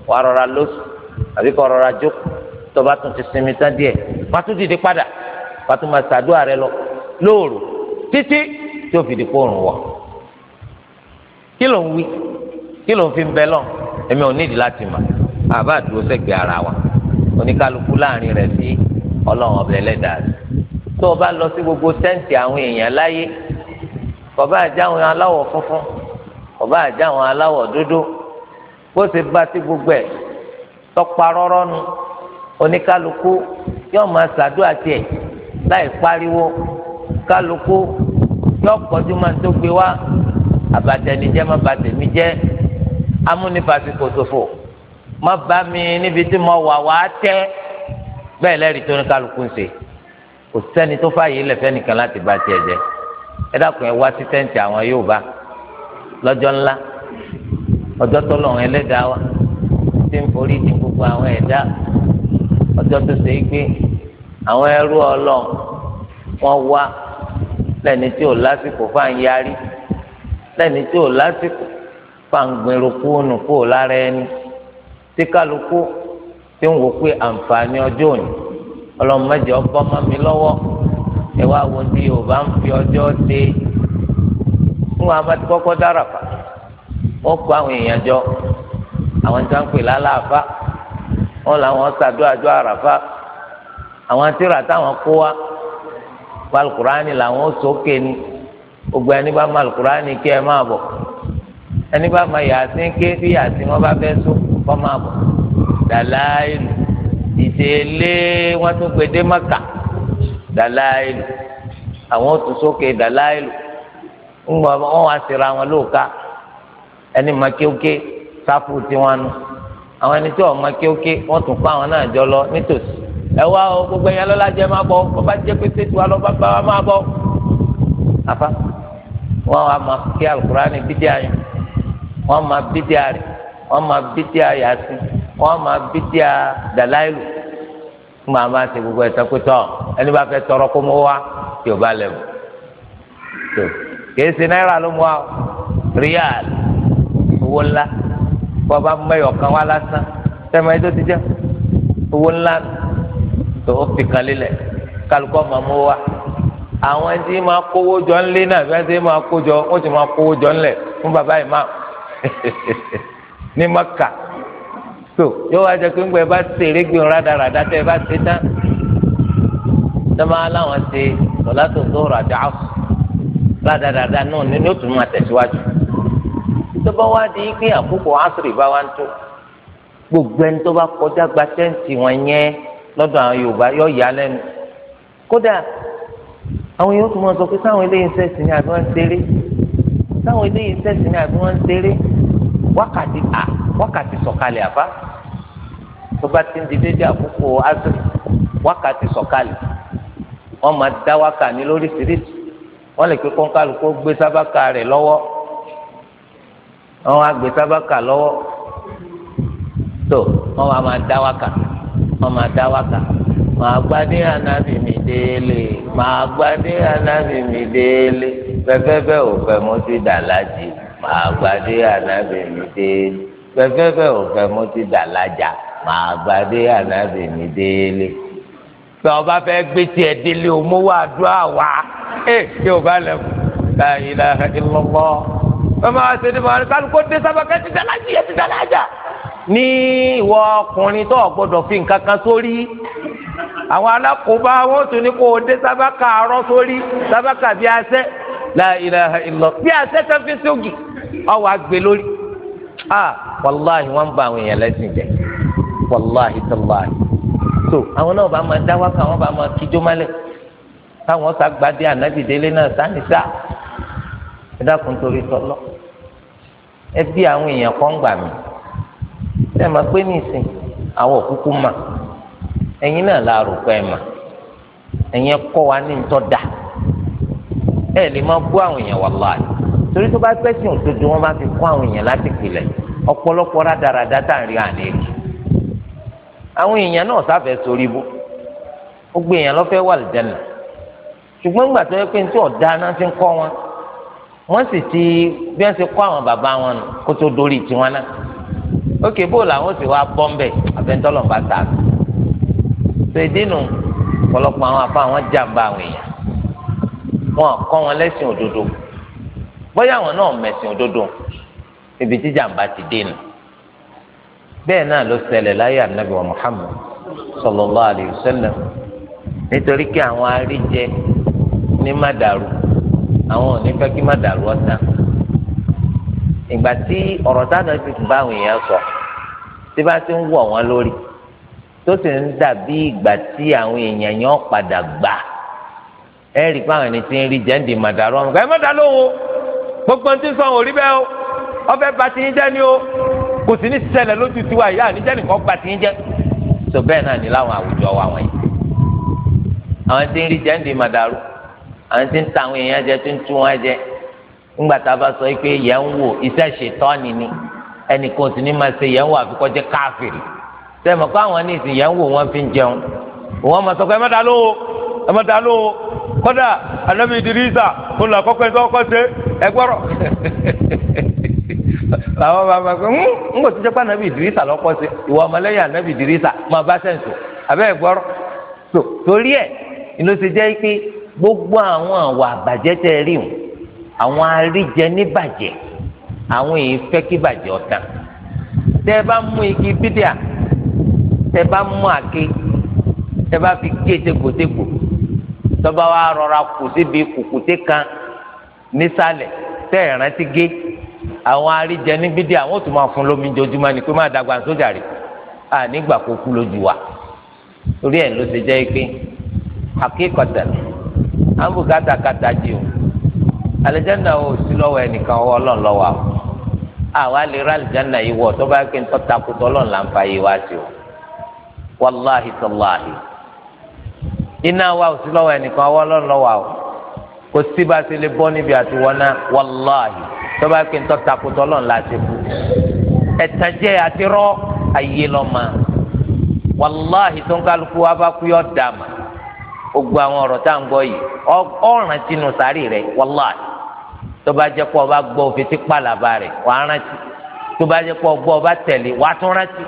wàá rọra lóso àbí kọ́ rọra jókòó tó bá tún ti sinmi tán díẹ̀ wàá tún padà wàá tún máa ṣàdúrà rẹ lóòrò títí tó fi di kóòrùn wọ̀ kí ló ń wí kí ló ń fi ń bẹ lọ èmi ò láti mọ̀ àbá àdúró sẹ́gbẹ̀ẹ́ ara wa oníkálukú láàrin rẹ̀ sí ọlọ́run ọbẹ̀ ẹlẹ́dàá rẹ̀ tó o bá lọ sí gbogbo tẹ́ǹtì àwọn èèyàn láyé kọ̀bá àjẹ́ àwọn aláwọ̀ funfun kọ̀bá àjẹ́ àwọn aláwọ̀ dúdú bó ṣe bá sí gbogbo ẹ̀ tọ́pa rọ́rọ́ nu oníkálukú yóò máa ṣàdúrà tiẹ̀ láì pariwo kálukú yóò kọjú máa tó gbé wá àbàtẹnijẹ́ má bàtẹ̀mí amúnibàtí kò ṣòfò ma ba mi níbi tí mo wà wá tẹ́ bẹ́ẹ̀ lẹ́rìí tó ní kálukú ń ṣe kò sẹ́ni tó fààyè lẹ́fẹ́ nìkan láti bá tiẹ̀ jẹ ẹ dákun ẹ wá sí tẹ́ǹtì àwọn Yorùbá lọ́jọ́ ńlá ọjọ́ tó lọ́rùn ẹlẹ́dàá wa tí ń forí di gbogbo àwọn ẹ̀dá ọjọ́ tó ṣe é gbé àwọn ẹrú ọlọ́run wọ́n wá lẹ́ni tí ò lásìkò fáà ń yarí lẹ́ni tí ò lásìkò fáà ń gbin eruku nù lára ẹni tí kálukú tí ń wò pé àǹfààní ọjọ́ òní ọlọ́mọdé ọgbọ́n mọ́ mi lọ́wọ́ ẹ wá wo tí yorùbá ń fi ọjọ́ dé fún wa bá ti kọ́kọ́ dára pa wọ́n kó àwọn èèyàn jọ àwọn tí wọ́n ń pè lálàáfà wọ́n làwọn ṣàdúrà jọ àràfà àwọn tíra táwọn kó wa balukurani làwọn ó sókè ni gbogbo ẹni bá malukurani kí ẹ máa bọ̀ ẹni bá ma yàtí ké bí yàtí wọn bá fẹ́ sókè kọ́ máa bọ̀ dàláìlù ìdèlé wọn tún pè dé mọ́kà dàláìlù àwọn tún sókè dàláìlù ńgbọ wọn wá síra wọn lóòka ẹni máa kéwké sáfù tiwọn nu àwọn ẹni tí wọn máa kéwké wọn tún kó àwọn náà jọ lọ nítòsí ẹ wá o gbogbo ẹ̀yà lọ́la jẹ máa bọ̀ bàbá jẹ pété tiwa lọ bàbá wa máa bọ̀ afa wọn wá máa kí alukurani bídíà yẹn wọn máa bídíà rẹ̀ wọ́n máa bídíà yàtí wọ́n máa bídíà dàláìlù fún màmá àti gbogbo ẹ̀ sọ́kútọ̀ ẹni bá fẹ́ tọrọ kó mú wá tí ò bá lẹ̀bù tó kìí ṣe náírà ló mú wa ríàl owó ńlá wọ́n bá mẹ́yọ̀ kan wá lásán tẹ́mọ̀ ẹ́ tó ti jẹ́ owó ńlá tó ó fi kan lélẹ̀ kálukọ́ máa mú wa àwọn ẹni tí máa kówó jọ ńlé náà bí wọ́n ti máa kó jọ wọ́n ti máa kówó jọ ńlẹ̀ fún bàbá ìmáà. (laughs) ní maka so yóò wá jẹ pé ńgbà ẹ bá ṣe erégbè rádaràdá tẹ ẹ bá ṣe tán dábàá láwọn ṣe sọlá tó tó ràdá rádaràdá náà ní ní òtún máa tẹ̀síwájú tó bá wá di pé àkókò asiri bá wá ń tó gbogbo ẹni tó bá kọjá gba tẹ́ǹtì wọn yẹn lọ́dọ̀ àwọn Yorùbá yóò yà lẹ́nu kódà àwọn yóò tún máa sọ pé sáwọn eléyìí ń sẹ́sìn ní àbí wọ́n ń ṣeré sáwọn eléyìí ń sẹ́sìn ní àbí wọ́n ń ṣeré wákàtí a, wákàtí sọ̀kalẹ̀ àbá tó bá ti ń di déédéé àkókò azri wákàtí sọ̀kalẹ̀ wọ́n máa dá wákà ní lóríṣiríṣi wọ́n lè pe kọ́ńkálukó gbé sábàkà rẹ̀ lọ́wọ́ wọ́n á gbé sábàkà lọ́wọ́ tó wọ́n wá máa dá wákà wọ́n máa dá wákà màá gbá ní ànábì mi déélé màá gbá ní ànábì mi déélé fẹ́fẹ́ ò fẹ́ mo ti dà lájì màá gbadé ànábì mi dé fẹ́fẹ́fẹ́ òfẹ́ mo ti dà lájà màá gbadé ànábì mi délé tọ́ ọba fẹ́ gbé tiẹ̀ délé o mo wà dúró àwa ẹ̀ kí o bá lẹ́kùn la ilaha illallah bàbá wa ṣe ní bàbá wa kálukó dé sábà kẹ́ ti dà lájà yẹ ti dà lájà ní ìwọ ọkùnrin tó gbọ́dọ̀ fi nǹkan kan sórí àwọn alákòóbá wọn tún ní kó o dé sábà kàárọ̀ sórí sábà kàbí asẹ́. la ilaha illa bí asẹ́sẹ́ fi sóògì ọwọ́ àgbè lórí ah wàláhi wọ́n ń àwọn èèyàn lẹ́sìn jẹ wàláhi so àwọn náà bá máa dáwọ́ kan wọ́n bá máa kíjó mọ́lẹ̀ káwọn sàgbàdé ànábìdélé náà sáni sá ẹ ẹ bí àwọn èèyàn kan gbà mí ẹ pé nìsín àwọn òkúkú mà ẹ̀yin náà la ẹ mà ẹ̀yin kọ́ wa ní ntọ́ ẹ lè máa bú àwọn èèyàn wàláì torí tó bá pẹ́sìn òdodo wọn bá fi kó àwọn èèyàn láti pilẹ̀ ọ̀pọ̀lọpọ̀ rádaràdá tá à ń rí àná èkì àwọn èèyàn náà sáfẹ́ sórí bó ó gbé èèyàn lọ́fẹ́ wà lìjẹ́nà ṣùgbọ́n gbà tó yẹ pé tí ọ̀dá náà ti ń kọ́ wọn wọ́n sì ti bí wọ́n ti kọ́ àwọn bàbá wọn nù kó tó dórí tiwọn náà ókè bó làwọn sì wá bọ́m̀bẹ̀ àfẹ́ńtọ́lọ́m̀bá tà sí. ṣèdínú ọ̀pọ̀lọpọ̀ àwọn afá wọn jàǹbá àwọn èèyàn wọn kọ́ wọn lẹ́sìn òdodo bóyá àwọn náà mẹ̀sìn òdodo ibi tí jàǹbá ti dé nù bẹ́ẹ̀ náà ló ṣẹlẹ̀ láyé ànábì wa Muhammad sallallahu alayhi wa sallam nítorí kí àwọn aríjẹ ní má dàrú àwọn ò ní fẹ́ kí má dàrú ọ̀tá ìgbà tí ọ̀rọ̀ táwọn ti bá àwọn èèyàn sọ tí bá ti ń wọ̀ wọ́n lórí tó sì ń dàbí ìgbà tí àwọn èèyàn yẹn padà gbà ẹ rí i pé àwọn ẹni tí ń rí jẹ́ǹdì màdàrú ọmọ ẹ má dá lóhùn gbogbo ohun tí ń sọ òrí bẹ́ẹ̀ o ọbẹ̀ bá ti ń jẹ́ ni o kò sí ní ṣẹlẹ̀ lójú tiwa ìyá àníjẹ́ nìkan gbà ti ń jẹ́ tó bẹ́ẹ̀ náà ní láwọn àwùjọ wa wọ̀nyí àwọn tí ń rí jẹ́ǹdì màdàrú àwọn tí ń ta àwọn èèyàn jẹ tí ń tú wọn jẹ ńgbà tá a bá sọ pé yẹn ń wò iṣẹ́ ṣètọ́ni ni ẹnìkan sì ní máa ṣe yẹn ń wò àfikọ́ jẹ́ káfìrì sẹ́mi kó àwọn ní ìsìn yẹn ń wò wọ́n fi ń jẹun wọ́n máa sọ pé ẹ má dá lóhùn ẹ má dá lóhùn kọ́dà anabi idirisa òun là kọ́kọ́ ẹ̀sọ́ kọ́ ṣe ẹgbọ́rọ̀ (laughs) làwọn bàbá hmm, pé ń gbòtí jẹ́pẹ́ anabi idirisa lọ́kọ́ ṣe ìwà ọmọlẹ́yìn anabi idirisa máa bá sẹ́ǹsì abẹ́ ẹ̀gbọ́rọ̀ tó torí ẹ̀ inú ti jẹ́ pé gbogbo àwọn àwọ̀ àbàjẹ́ tẹ́ rí wọn àwọn aríjẹ níbàjẹ́ àwọn èyí fẹ́ kí bàjẹ́ ọ̀tàn tẹ́ bá mú igi bídíà tẹ́ bá mú àké tẹ́ bá fi gé tegbòtegbò tọ́ba wa rọra kù síbi kùkùté kan nísàlẹ̀ tẹ́ ẹ̀ gé àwọn aríjẹ níbí àwọn tó máa fún lómi jojúmọ́ ni pé má dàgbà sójà rè à nígbà kó kú wa torí ẹ̀ ló ṣe jẹ́ pé à ń o àlìjáná o sí lọ́wọ́ ẹnìkan ọwọ́ ọlọ́run lọ́wọ́ àwọn àwa lè ra yìí wọ̀ tọ́ba iná wa ò sí lọ́wọ́ ẹnìkan ọwọ́ ọlọ́run lọ́wọ́ o kò sí bá a ṣe lè bọ́ níbi àti wọná wàláhì tó bá pè ń tọ́ takùtọ̀ ọlọ́run la ṣe kú ẹ̀tàn àti rọ́ ayé lọ́mọ wàláhì tó ń kálukú wa dàmà gbogbo àwọn ọ̀rọ̀ tá à ń gbọ́ yìí ọ̀ràn tinú sáré rẹ̀ wàláhì tó bá jẹ́ pé ọba gbọ́ òfin tí pàlàbà rẹ̀ wàá rántí tó bá jẹ́ pé ọba tẹ̀lé wàá tún rántí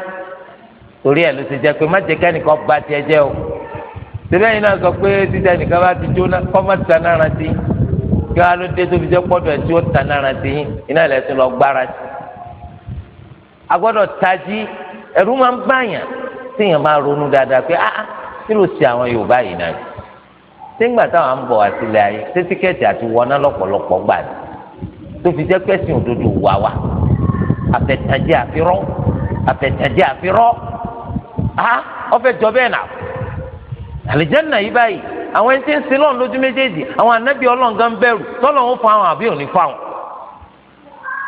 torí ẹ̀ ló ti jẹ́ pé má jẹ́ kẹ́nìkan gba tiẹ̀ jẹ́ o síbẹ̀ yìí náà sọ pé títa nìkan bá ti jóná kọ́mọ́ ta nára sí kí wọ́n á ló dé tó fi jẹ́ pọ́dọ̀ ẹ̀ tí ó ta nára sí iná ilẹ̀ tó lọ gbára sí. a gbọ́dọ̀ tají ẹ̀rú máa ń báyàn téèyàn máa ronú dáadáa pé ah kí ló ṣe àwọn Yorùbá yìí náà sígbà táwọn ń bọ̀ àtìlẹ̀ ayé ṣé tíkẹ́ẹ̀tì àti wọná lọ́pọ̀lọpọ̀ gbà ní tó fi jẹ́ pẹ́sìn òdodo wà wá àfẹ̀tàjẹ́ àfirọ́ àfẹ̀tàjẹ́ àfirọ́ ah ọ fẹ́ àlìjánà yìí báyìí àwọn ẹni tí ń sin lọ́n lójú méjèèjì àwọn anábì ọlọ́n gan bẹ̀rù tọ́lọ̀ ń fa àwọn àbí òní fa àwọn.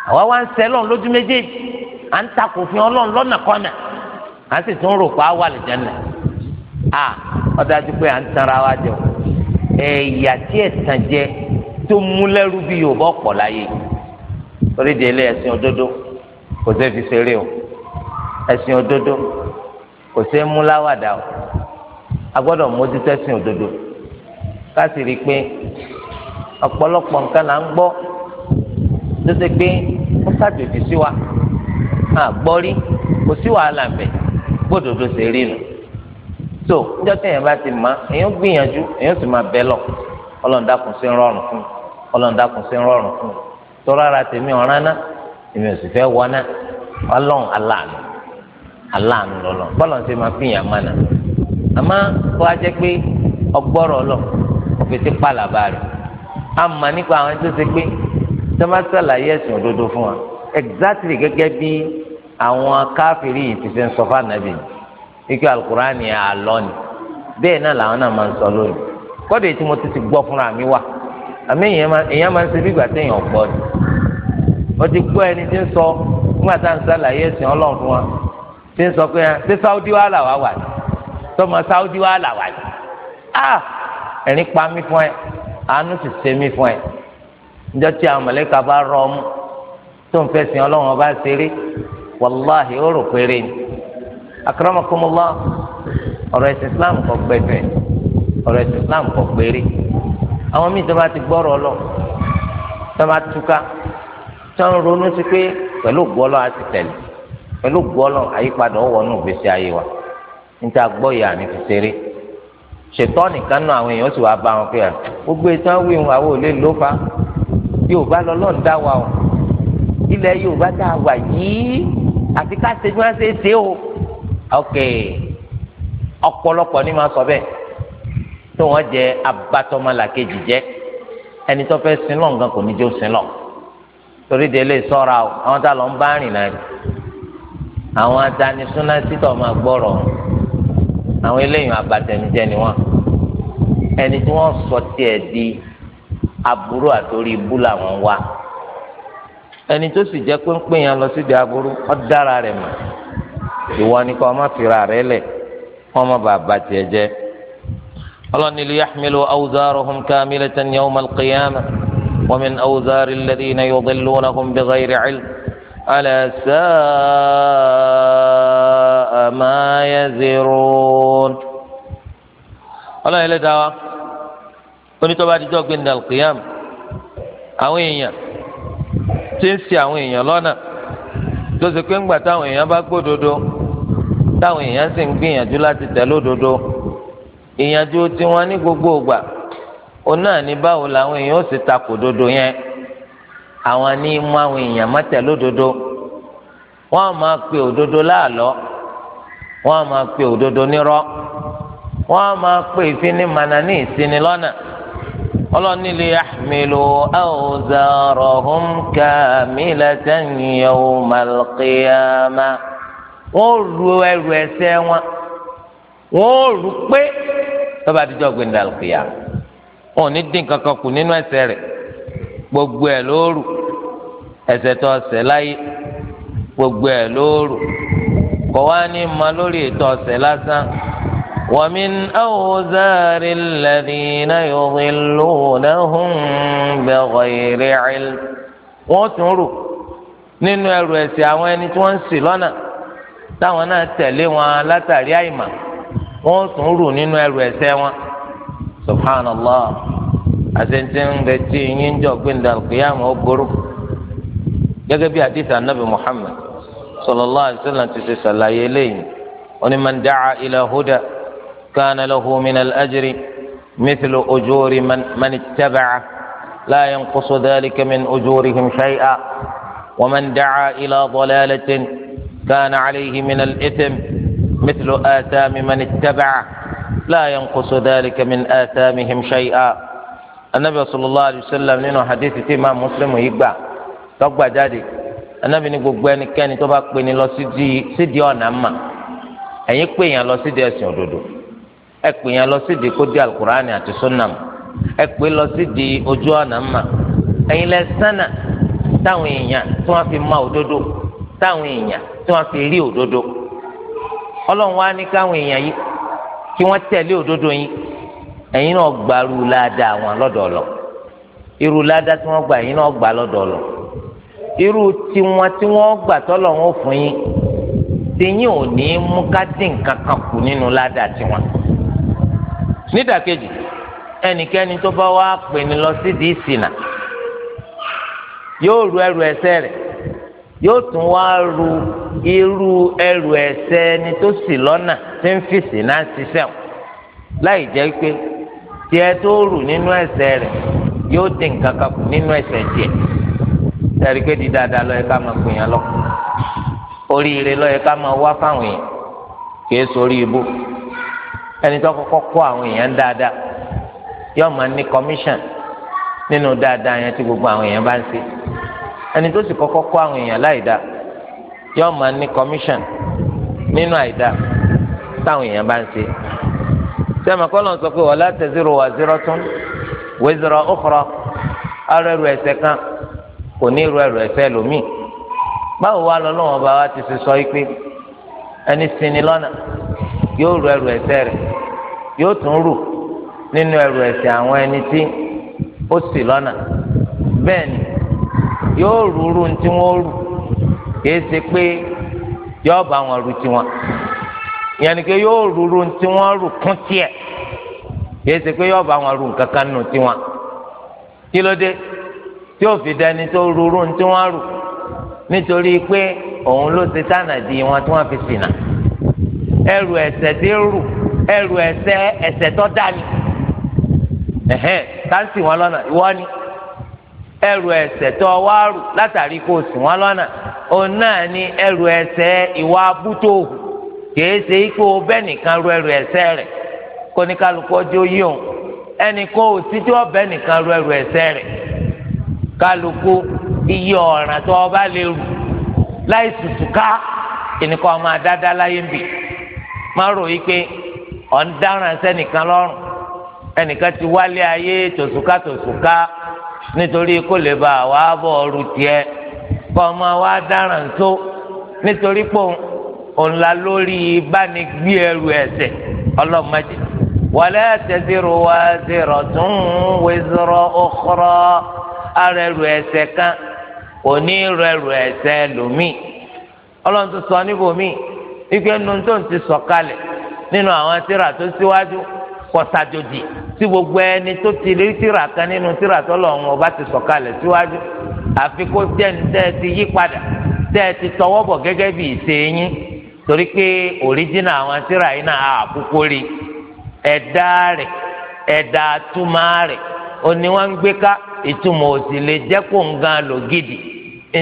àwa wá ń sẹ́ lọ́n lójú méjèèjì à ń takò fún ọlọ́n lọ́nà kọ́nà à sì tún rò pa wà àlìjánà. a ọ̀dájú pé à ń tanra wa jẹ ẹ̀yà tí ẹ̀sán jẹ tó mú lẹ́rú bí Yorùbá ọ̀pọ̀ láyé torí de ẹ̀sìn òdodo kò sẹ́ fi ṣeré o ẹ̀sìn òdodo kò sẹ́ mú láwàdà o agbọ́dọ̀ mójútó ẹ̀sìn òdodo káàsì rí i pé ọ̀pọ̀lọpọ̀ nǹkan là ń gbọ́ tó ṣe pé ó ṣàjòjì sí wa àgbọ́ rí kò sí wàhálà ń bẹ gbódòdó ṣe rí nu tó níjọ́ tí èèyàn bá ti mọ̀ èèyàn gbìyànjú èèyàn sì máa bẹ́ lọ ọlọ́ọ̀dàkùn sí rọrùn fún ọlọ́ọ̀dàkùn sí rọrùn fún tọ́rọ ara tèmi ọ̀ràn náà èmi ò sì fẹ́ wọ́n náà ọlọ́run aláàánú aláàánú lọ́lọ́ bọ́lọ̀ ń ṣe máa fi yàn mánà àmọ́ kó a jẹ́ pé ọgbọ́rọ̀ lọ òfìsí pàlàbà rẹ̀ a mọ̀ nípa àwọn tó ṣe pé sọ́mà sàlàyé ẹ̀sìn òdodo fún wa exactly gẹ́gẹ́ bí àwọn káfíìrì yìí ti ṣe ń sọ fún ànábì ike alukurani àlọ́ ni bẹ́ẹ̀ náà làwọn náà máa ń sọ lónìí kọ́dà tí mo ti ti gbọ́ fúnra mi wà àmì èèyàn máa ń ṣe bí ìgbà téèyàn gbọ́ ni mo ti gbọ́ ẹni tí ń sọ nígbà tá à ń sàlàyé ẹ̀sìn ọlọ́run fún wa tí ń sọ pé ṣé sáúdí wàhálà wà wà ni sọmọ Saudi wa là wáyé a ẹ̀rín pa mí fún ẹ àánú sì ṣe mí fún ẹ níjọ́ tí àwọn mọ̀lẹ́ka bá rọ ọmú tó ń fẹ́ sìn ọlọ́run ọba ṣeré wàláhì ó rò péré ni akramakumullah ọ̀rọ̀ ẹ̀sìn Islam kò gbẹ̀fẹ̀ ọ̀rọ̀ ẹ̀sìn Islam kò péré àwọn míì tó bá ti gbọ́rọ̀ lọ tó bá túká tó ń ronú sí pé pẹ̀lú gbọ́lọ́ àti tẹ̀lé pẹ̀lú gbọ́lọ́ àyípadà ọ̀wọ́ nù gbèsè ayé wa níta gbọ́ ìyá mi fi ṣeré ṣètọ́ nìkan náà àwọn èèyàn sì wá bá wọn pé ah, gbogbo ìtàn wíwọn àwọn ò ló fa yorùbá lọ́lọ́run dá wa o ilẹ̀ yorùbá tá a wà yìí àti ká ṣe bí wọ́n ṣe ṣe o ok ọ̀pọ̀lọpọ̀ ni máa sọ bẹ́ẹ̀ tó wọ́n jẹ abatọmọlàkejì jẹ ẹni tó fẹ́ sin lọ́n gan kò ní jó sin lọ́n torí de lè sọ́ra o àwọn tá lọ ń bá rìn náà àwọn atanisúná sítọ̀ máa gbọ́rọ̀ o àwọn eléyìí abatẹnijẹ ni wọn ẹni tí wọn sọ tiẹ̀ di aburú àtòrí ibú làwọn wá ẹni tó sì jẹ́ pé ń pè yẹn lọ síbi aburú ọ dára rẹ̀ mọ̀ ìwọ ni kò ọmọ fìrà rẹ̀ lẹ̀ kò ọmọ bàbá tiẹ̀ jẹ́ ọlọ́ni lè yàḥmìlú awzárahum kámilatan yawmal qiyamah wa min awzári alladhina yudillunahum bighayri ilm ala saa. ما يزرون ọlọ́run ẹlẹ́dàá wa onítọ́ba àdìjọ́ gbé ní alqiyam àwọn èèyàn tí ń ṣì àwọn èèyàn lọ́nà tó ṣe pé ńgbà táwọn èèyàn bá gbódodo táwọn èèyàn sì ń gbìyànjú láti tẹ̀lé òdodo ìyànjú tí wọ́n ní gbogbo ògbà òun náà ní báwo làwọn èèyàn ó sì takò dodo yẹn àwọn ní mú àwọn èèyàn má tẹ̀lé òdodo wọ́n máa pe òdodo láàlọ́ wọ́n á máa pe òdodo nírọ́ wọ́n á máa pe ìfini mànà ìsinmi lọ́nà ọlọ́ni lè yàmìlò awzarahum kamilatan yawmal qiyamah wọ́n ru ẹrù ẹ̀ṣẹ̀ wọn wọ́n rú pé bàbá àtijọ́ wọn ò ní dín kankan kù nínú ẹ̀ṣẹ̀ rẹ̀ gbogbo ẹ̀ lóòrù ẹ̀ṣẹ̀ tó gbogbo ẹ̀ kọ wá ní ma lórí ètò ọ̀sẹ̀ lásán. ومن أوزار الذين يضلونهم بغير علم wọ́n tún rò nínú ẹrù ẹ̀ṣẹ̀ àwọn ẹni tí wọ́n ń ṣì lọ́nà táwọn náà tẹ̀lé wọn látàrí àìmọ̀ wọ́n tún rò nínú ẹrù ẹ̀ṣẹ̀ wọn. subhanallah àtẹ̀ntẹ̀ ń retí yín jọ gbẹ̀ndàlùkìyàmù ó burú gẹ́gẹ́ bí àdìsá nàbì muhammad sallallahu alaihi wasallam ti ṣe ṣàlàyé lẹ́yìn oní man da'a ila huda kana lahu min al-ajri mithlu ujuri man ittaba'a la yanqusu dhalika min ujurihim shay'a wa man da'a ila dalalatin kana alayhi min al-ithm mithlu athami man ittaba'a la yanqusu dhalika min athamihim shay'a anabi sallallahu alaihi wasallam nínú hadithi tí imaamu muslim yìí anábì ní gbogbo ẹnikẹ́ni tó bá pè ní lọ sídìí ọ̀nà mà ẹ̀yin pè yàn lọ sídìí ẹ̀sìn òdodo ẹ pè yàn lọ sídìí kó di alukurani àti sunnam ẹ pè lọ sídìí ojú ọ̀nà mà ẹ̀yin lẹ sánà táwọn èèyàn tí wọ́n fi mọ òdodo táwọn èèyàn tí wọ́n fi rí òdodo ọlọ́run wá ní káwọn èèyàn yìí kí wọ́n tẹ̀lé òdodo yín ẹ̀yin náà gbàrú ládàá wọn lọ́dọ̀ irú ládàá tí wọ́n gbà ẹ̀yin náà gbà lọ́dọ̀ irú tiwọn tí wọ́n gbà tọ́lọ̀ wọn fún yín tẹ̀yìn ò ní mú ká nǹkan kan kù nínú ládàá tiwọn. nídàkejì ẹnikẹ́ni tó bá wá pè ní lọ yóò ru ẹrù ẹ̀ṣẹ̀ rẹ̀ yóò tún wá ru irú ẹrù ẹsẹ ẹni tó ṣì lọ́nà tí ń fìsì náà ṣiṣẹ́ o láì jẹ́ pé tiẹ̀ tó rù nínú ẹ̀ṣẹ̀ rẹ̀ yóò dín nǹkan sẹ́ẹ̀rí pé di dáadáa lọ́yẹ ká máa pè lọ oríire lọ́yẹ ká máa wá fáwọn èèyàn sọ sórí ibú ẹni tó kọ́kọ́ kó àwọn èèyàn dáadáa yóò máa ní commission nínú dáadáa yẹn tí gbogbo àwọn èèyàn bá ń ṣe ẹni tó sì kọ́kọ́ kó àwọn èèyàn láìda yóò máa ní commission nínú àìda táwọn èèyàn bá ń ṣe sẹ́mi kọ́lọ́n sọ pé wala taziru waziratun wizra ukhra arẹ́rù ẹ̀ṣẹ̀ kan. kò ní irú ẹrù ẹ̀fẹ́ lómìn báwo wá lọ lọ́wọ́ bá wa ti ṣe sọ pé ẹni sinmi lọ́nà yóò rù ẹrù ẹsẹ rẹ. yóò tún rù nínú ẹrù ẹ̀ṣẹ̀ àwọn ẹni tí ó sì lọ́nà bẹ́ẹ̀ ni yóò rù rù tí wọ́n rù kìí ṣe pé yóò bá wọn rù tiwọn ìyẹn ni pé yóò rù rù tí wọ́n rù kún tiẹ̀ kìí ṣe pé yóò bá wọn rù nǹkan nù tiwọn kí ló dé. tí ó fi dẹni tó rúurú ní tí wọ́n rù nítorí pé òun ló ti tànàdì wọn tí wọ́n fi ṣìnà ẹrù ẹsẹ tí rù ẹrù ẹsẹ ẹsẹ tó dání ẹ̀hẹ́n táǹsì wọn lọ́nà ìwọ ni ẹrù ẹ̀ṣẹ̀ tó wá rù látàrí kó o wọn òun náà ni ẹrù ẹsẹ ìwà abútó kìí ṣe ikú bẹ́ẹ̀ nìkan ru ẹrù kálukú iye ọ̀ràn tó ọba lè rù láì tutù ká ẹnìkan ọmọ àdáadáa láyé ń bì má rò yí pé ọ̀n dáràn sẹ́nìkan lọ́rùn ẹnìkan ti wálé ayé tòṣùká tòṣùká nítorí kó lè bá àwa bọ̀ ọrù tiẹ̀ kọ́ ọmọ wa dáràn tó nítorí pò òun la lórí ìbánigbé ẹrù ẹ̀ṣẹ̀ ọlọ́mọdé wala taziru waziratun wizra ukhra. arẹrù ẹ̀ṣẹ̀ kan kò rẹrù ẹ̀ṣẹ̀ lomi Ọlọ́run tó sọ ike nu tó ti sọ̀kalẹ̀ nínú àwọn tíra tó síwájú kọsàjòjì tí gbogbo ẹni tó ti rí kan nínú tíra tó lọ́run ọba ti sọ̀kalẹ̀ síwájú àfi kó tẹ́ ti yí padà tẹ́ ti tọwọ́ bọ̀ gẹ́gẹ́ bí ìṣe yín torí pé òríjìnà àwọn yìí náà rí ẹ̀dá rẹ̀ ìtumọ̀ òsì lè jẹ́ kó ń gan lò gidi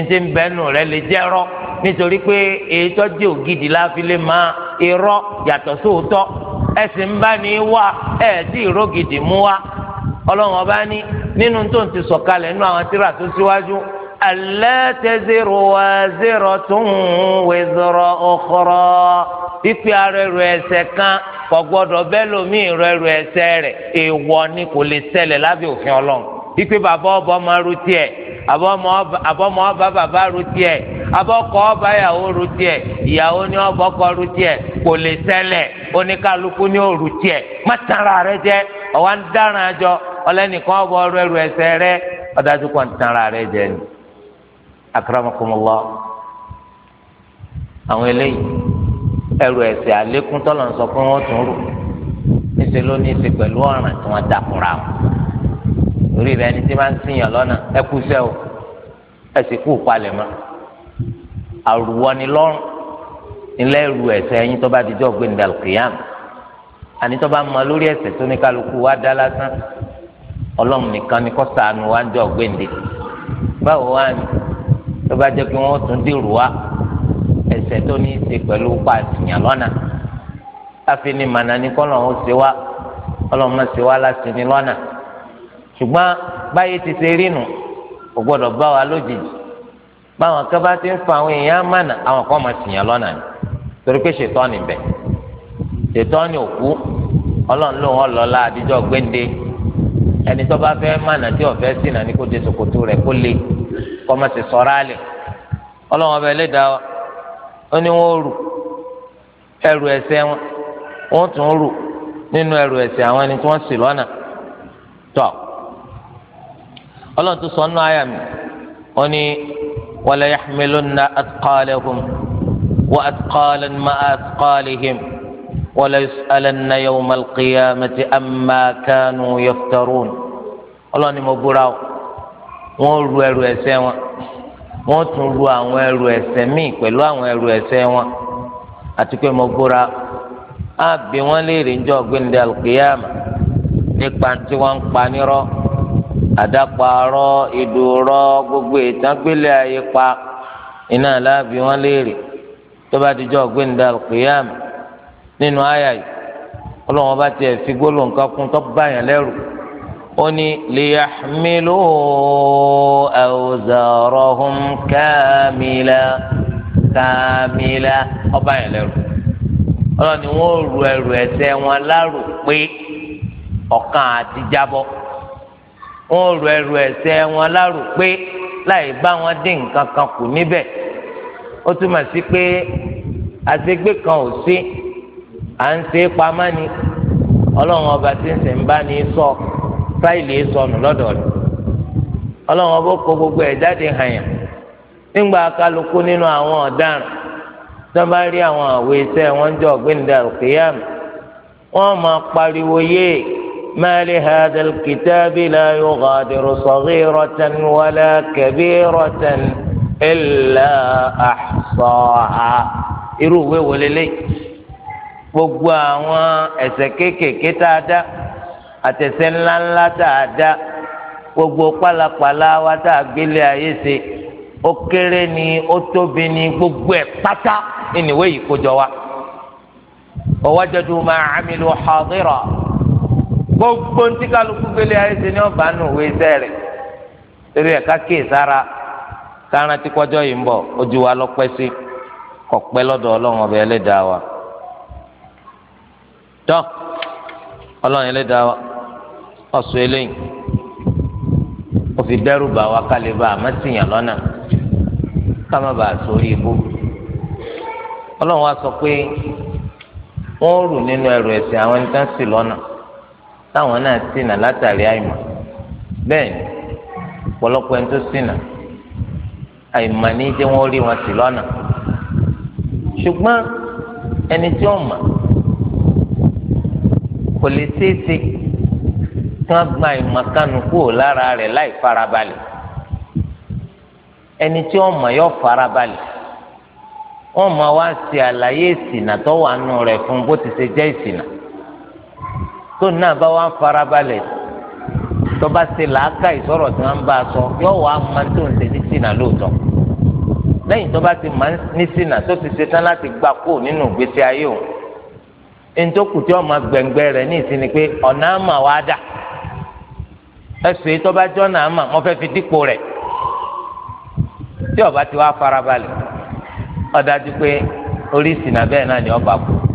ntí ń bẹ́nu rẹ lè jẹ́ rọ nítorí pé ètò jẹ́ ògidì láfi lè máa irọ́ yàtọ̀ sóòótọ́ ẹ̀sìn ń bá ní wá ẹ̀ tí ìró gidi mú wá ọlọ́run ọba ní nínú tó ń ti sọ̀kalẹ̀ nínú àwọn tíra tó síwájú alla taziru waziratun wizra ukhra pípẹ́ ara ẹrù ẹ̀ṣẹ̀ kan kò bẹ́ẹ̀ lómi ìrọ̀ ẹrù rẹ̀ èèwọ̀ ni kò lè ṣẹlẹ̀ lábẹ́ òfin ọlọ́run ikpe bàbá ọba e. ma ru tiẹ àbọ ọmọ ọba bàbá ru tiẹ àbọ ọkọ ọba ìyàwó ru tiẹ ìyàwó ni ọbọ kọ ru tiẹ kò lè ṣẹlẹ̀ oníkàlùkù ni ó tiẹ má tanra rẹ jẹ ọwọ ń dáràn jọ ọlẹnìkan ọrọ ẹrù ẹsẹ rẹ ọdájú kan rẹ jẹ ni àwọn eléyìí ẹrù ẹsẹ tọlọ ń sọ pé wọn tún rù níṣẹ torí ibẹ̀ ẹni tí máa ń sìyàn lọ́nà ẹ kú sẹ́ o ẹ sì kú palẹ̀ mọ́ àrùwọ́ ni lọ́rùn nílẹ̀ ẹrù ẹ̀ṣẹ̀ ẹ̀yin tó bá dijọ́ gbé nígbà kìyàm àní tó bá mọ lórí ẹ̀ṣẹ̀ tó ní kálukú wá dá lásán ọlọ́run nìkan ni kó ṣàánú wá ń jọ gbéǹde báwo wá ni tó bá jẹ́ pé wọ́n tún dèrò wá ẹ̀ṣẹ̀ tó ní í ṣe pẹ̀lú pàṣẹyàn lọ́nà láfi ni màná ni kọ́ lọ́run ṣe wá ọlọ́run má ṣe wá láti ní lọ́nà. ṣùgbọ́n báyé ti ṣe rí nu kò gbọ́dọ̀ bá wa lójijì báwọn kan bá ti ń fa àwọn èèyàn mànà àwọn kan máa ṣìyàn lọ́nà ni torí pé ṣètọ́ ni bẹ̀ ṣètọ́ ni òkú ọlọ́run ló wọn lọ la gbéńdé ẹni tó bá fẹ́ mànà tí ọ̀fẹ́ sì ní kó rẹ̀ kó le kó má ti sọ̀rọ̀ ọlọ́run ọbẹ̀ lè dá ọlọ́run tó sọ nínú àyà mi ó ní wala yahmilunna atqalahum wa atqalan ma atqalihim wala yus'alanna yawmal qiyamati amma kanu yaftarun ọlọ́run ni mo búra o wọ́n ru ẹrù ẹ̀ṣẹ̀ wọn wọ́n tún ru àwọn ẹrù ẹ̀ṣẹ̀ míì pẹ̀lú àwọn ẹrù ẹ̀ṣẹ̀ wọn àti pé mo búra á bí wọ́n léèrè ń jọ gbẹ̀ndẹ̀ alùkìyàmà nípa tí wọ́n ń pa nírọ́ àdàpàrọ̀ ìdúró gbogbo ìtànpélé ayé pa iná aláàbí wọn léèrè tó bá ti jọ gbẹ̀ndà kìyàm nínú àyà yìí ọlọ́wọ́n bá tiẹ̀ fi gbólóhùn kan kún tó báyàn lẹ́rù ó ní liyahmilu awzarahum kamila kamila ó báyàn lẹ́rù ọlọ́ni wọn ò ru ẹrù ẹ̀ṣẹ̀ wọn lárò pé ọ̀kan àti jábọ́ wọn rù ẹrù ẹ̀ṣẹ̀ wọn lárò pé láì bá wọn dín nǹkan kan kù níbẹ̀ ó túmọ̀ sí pé àṣegbé kan ò sí à ń ṣe é pamọ́ ni ọlọ́run ọba tí ń sè ń bá ní sọ fáìlì sọnù lọ́dọ̀ rẹ̀ ọlọ́run ọba kó gbogbo ẹ̀ jáde hàn yàn nígbà kálukú nínú àwọn ọ̀daràn tó bá rí àwọn àwòṣe wọn jọ gbẹ̀ndà òkèèyàn wọn máa pariwo yéè. ما لهذا الكتاب لا يغادر صغيرة ولا كبيرة إلا أحصاها irúwé وللي. lélẹ̀ gbogbo àwọn ẹ̀ṣẹ̀ kéékèèké tá a dá àtẹ̀ṣẹ̀ ńláńlá tá a dá gbogbo pálapàla wa tá a gbélé ayé ṣe ó kéré ni ó tóbi ni gbogbo ẹ̀ pátá ìníwé yìí kó jọ wa. wa wajadu ma amilu hadira. gbogbo ntí kálukú gbélé ayé ṣe ní ọba nù wé sẹ́rẹ̀ torí ẹ̀ka kéè sára kárán tí kọjọ́ yìí ń bọ̀ ojú wa lọ́pẹ́ sí kọ̀pẹ́ lọ́dọ̀ ọlọ́run ọba ẹlẹ́dàá wa tọ́ ọlọ́run ẹlẹ́dàá wa eléyìí kálí bá ká má bàa sórí ọlọrun wa sọ pé wọ́n rù nínú ẹrù ẹ̀sìn àwọn ẹni tán sì táwọn náà ṣìnà látàrí àìmọ̀ bẹ́ẹ̀ ni pọ̀lọpọ̀ ẹni tó ṣìnà àìmọ̀ ní jẹ́ wọ́n rí wọn sí lọ́nà ṣùgbọ́n ẹni tí ó mọ̀ kò lè ṣeéṣe kí wọ́n gba àìmọ̀ kanu kúrò lára rẹ̀ láì farabalẹ̀ ẹni tí ó mọ̀ yóò farabalẹ̀ wọ́n mọ̀ wá sí àlàyé ìsìnà tó wà nù rẹ̀ fún bó ti ṣe jẹ́ ìsìnà. tó náà bá wà ń tọba si bá ṣe làákà ìsọ̀rọ̀ tí a sọ yóò wá máa tó ń ṣe ní sínà lóòótọ́ lẹ́yìn tó ti máa ní sínà tó ti ṣe tán láti gbà kó nínú ìgbésí ayé ntòkù tí wọ́n máa gbẹ̀ngbẹ́ rẹ̀ ní ìsinmi pé ọ̀nà àmà dà ẹsùn yìí jọ́ àmà wọ́n fẹ́ fi dípò rẹ̀ tí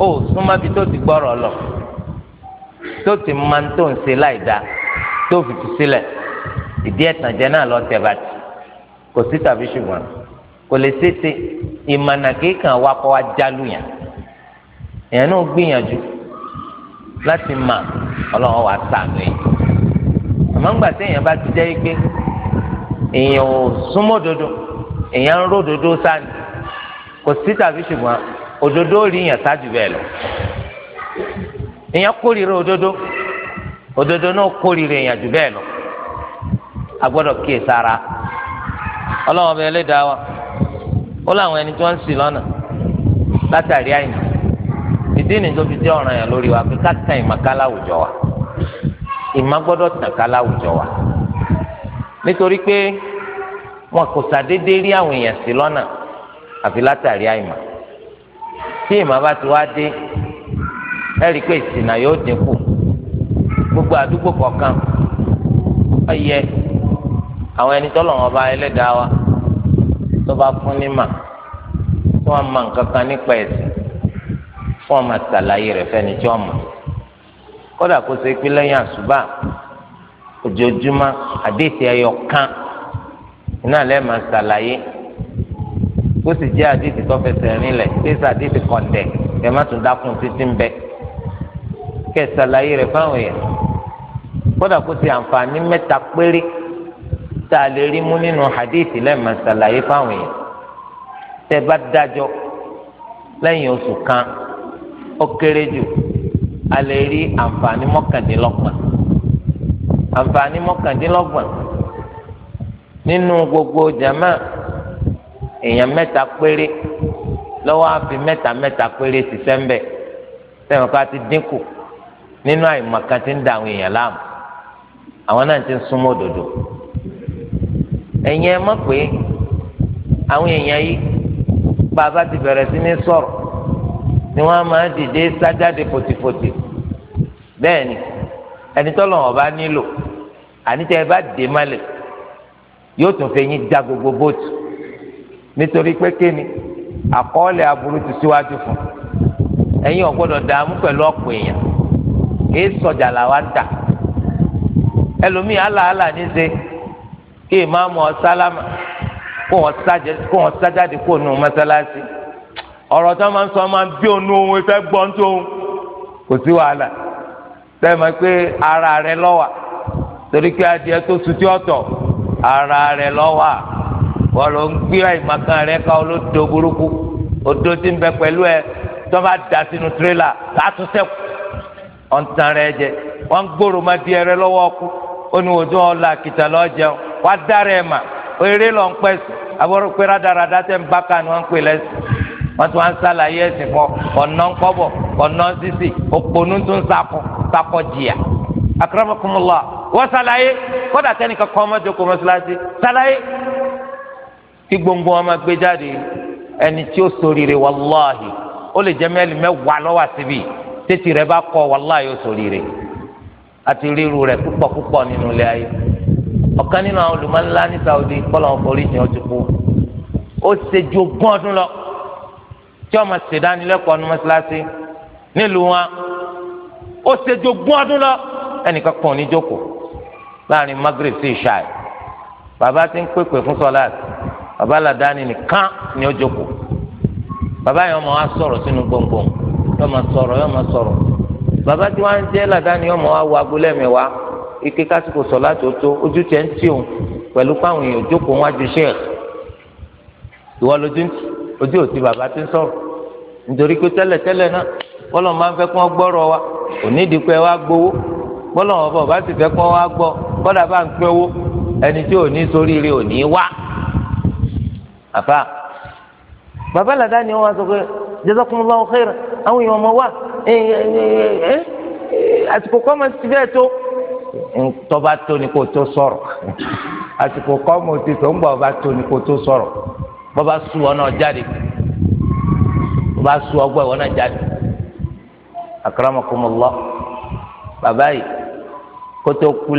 ó súnmọ́ bí tó ti gbọ́rọ̀ lọ tó ti máa ń tó ń ṣe láì dáa tó fi tu sílẹ̀ ìdí ẹ̀tànjẹ náà lọ tẹ̀ bá ti kò sí tàbí ṣùgbọ́n kò lè ṣèṣe ìmọ̀nà kéèkàn wa kọ́ wa jálù yàn èèyàn náà gbìyànjú láti mà ọlọ́run wa sànù yìí àmọ́ ńgbà tí èèyàn bá ti jẹ́ pé èèyàn ò súnmọ́ òdodo èèyàn ń ró òdodo sáni kò sí tàbí ṣùgbọ́n òdodo rí yàn sáájú bẹ́ẹ̀ lọ èèyàn kórìíra òdodo òdodo náà kórìíra èèyàn jù bẹ́ẹ̀ lọ a gbọ́dọ̀ sára ọlọ́wọ́n bẹ ẹlẹ́dàá wa ó láwọn ẹni tí wọ́n ń lọ́nà látàrí àyìnbó ìdí ni tó fi ọ̀ràn yẹn lórí wa pé wa ìmọ̀ gbọ́dọ̀ tàn wa nítorí pé wọn kò sàdédé rí àwọn èèyàn lọ́nà àfi látàrí àyìnbó tí ìmọ̀ bá ti wá dé ẹ i pé ìsìnà yóò dínkù gbogbo àdúgbò kọ̀ọ̀kan ó yẹ àwọn ẹni tọ́lọ̀ wọn bá ẹlẹ́dàá wa tó bá fún ní mà tó wọn mọ nǹkan kan nípa ẹ̀sìn fún ọmọ àtàlàyé fẹ́ni kan iná lẹ́ẹ̀ máa bó sì jẹ́ àdìsí tó fẹsẹ̀ rinlẹ̀ kéésì àdìsí kọ̀ǹdẹ̀ ẹ má tún dákun títí ń bẹ kẹsàlàyé rẹ fáwọn èèyàn kódà kó ti àǹfààní mẹ́ta péré tá a lè rí mú nínú àdìsí lẹ́ẹ̀mọ́ sàlàyé fáwọn èèyàn tẹ́ bá dájọ́ lẹ́yìn oṣù kan ó kéré jù a lè rí àǹfààní mọ́kàndínlọ́gbọ̀n àǹfààní mọ́kàndínlọ́gbọ̀n nínú gbogbo jama èèyàn mẹ́ta péré lọ́wọ́ àfi mẹ́ta mẹ́ta péré ti sẹ́ńbẹ̀ sẹ́wọ̀n ká ti dínkù nínú àìmọ̀kan ti ń da àwọn èèyàn láàmú àwọn náà ti ń súnmọ́ òdòdó ẹ̀yin ẹ mọ̀ pé àwọn èèyàn yìí bàbá ti bẹ̀rẹ̀ sí ní sọ̀rọ̀ ni wọ́n máa dìde sájáde fòtìfòtì bẹ́ẹ̀ ni ẹni tọ́lọ̀ wọn bá nílò ànítẹ́ ẹ bá dé má lè yóò tún fẹ́ yín já gbogbo bóòtù nítorí pé kéènì àkọọ́lẹ̀ aburú ti síwájú fún ẹ̀yin ò gbọ́dọ̀ dààmú pẹ̀lú ọ̀pọ̀ èèyàn kì í sọjà làwa ń tà ẹlòmíì àlàálà ní ṣe kí ìmáàmù ọ̀sálámà kó wọn sájáde kó nù mọ́sálásí ọ̀rọ̀ tó máa ń sọ máa ń bí òun òun tó òun kò sí wàhálà pé ara rẹ lọ́wà torí adìẹ tó ara rẹ lọ́wà. wọ́n lọ ń gbé àyìnbákan rẹ ká olódo burúkú odo ti ń bẹ pẹ̀lú ẹ tó bá da sínú tirẹ́là látúnṣe ọ̀n tan rẹ jẹ wọ́n gbòòrò má di ẹrẹ lọ́wọ́ ọkú ó ní ojú ọ̀la kìtà lọ́ọ́ jẹun wá dára ẹ̀ mà eré sí pé ń bá ń pè wọ́n tún wá ń sàlàyé ẹ̀sìn fún ọ̀nà ọ̀nà òpònú sakọ sakọ jìyà wọ́n sàlàyé kọ́dà kọ́ ọmọdé kí gbogbo wọn máa gbé jáde ẹni tí ó ṣoríire wàláhì ó lè jẹ mẹ́lì mẹ́wàá lọ́wọ́ síbi tètè rẹ bá kọ wàláhì ó ṣoríire àti ríru rẹ púpọ̀ púpọ̀ nínú ilé ayé ọ̀kan nínú àwọn olùmọ̀nlá ní Saudi kọ́lọ̀ ọ̀fọ̀rí ni ó ti kú ó ṣe ju ogún ọdún lọ tí ọmọ ṣèdánilẹ́kọ̀ọ́ ní mọ́ṣáláṣí nílùú wọn ó ṣe ju ogún ọdún lọ ẹnìkan kan ò ní jókòó láàrin Maghrib sí ìṣáì bàbá ti ń pèpè fún sọláàtì baba aládàáni nìkan ni ó jókòó baba yẹn ọmọ wa sọ̀rọ̀ sínú gbọ̀ngbọ̀n yọọ ma sọ̀rọ̀ yọọ ma sọ̀rọ̀ baba tí wọn jẹ aládàáni ọmọ wa wo agbolẹ mẹwa ike kásìkò sọ láti ọ̀tọ̀ ojú tẹ ń tì òun pẹ̀lú káwọn èèyàn jókòó wájú sheikh ìwọ lójú ojú òsì baba ti ń sọ̀rọ̀ nítorí pé tẹ́lẹ̀tẹ́lẹ̀ náà bọ́lọ̀ máa ń fẹ́ kí wọ́n gbọ́rọ̀ wa òní ìdìpẹ́ wa gbowó bọ́lọ̀ wọn bọ̀ bá sì fẹ́ kí wọ́n wá gbọ́ bọ́dà bá ń pẹ́ owó ẹni tí òní sóríire òní wá àfa bàbá làdá ni wọn sọ pé jazakumullahu khairan àwọn èèyàn ọmọ wa àsìkò kọ́ ma ti bẹ́ẹ̀ tó tọ́ba tó ni kò tó sọ̀rọ̀ àsìkò kọ́ mo ti tó ń gbà ọba tó ni kò tó sọ̀rọ̀ bọ́ba sùn ọ náà jáde bọ́ba sùn ọgbà ìwọ náà jáde akramakumullah bàbá yìí kótó kú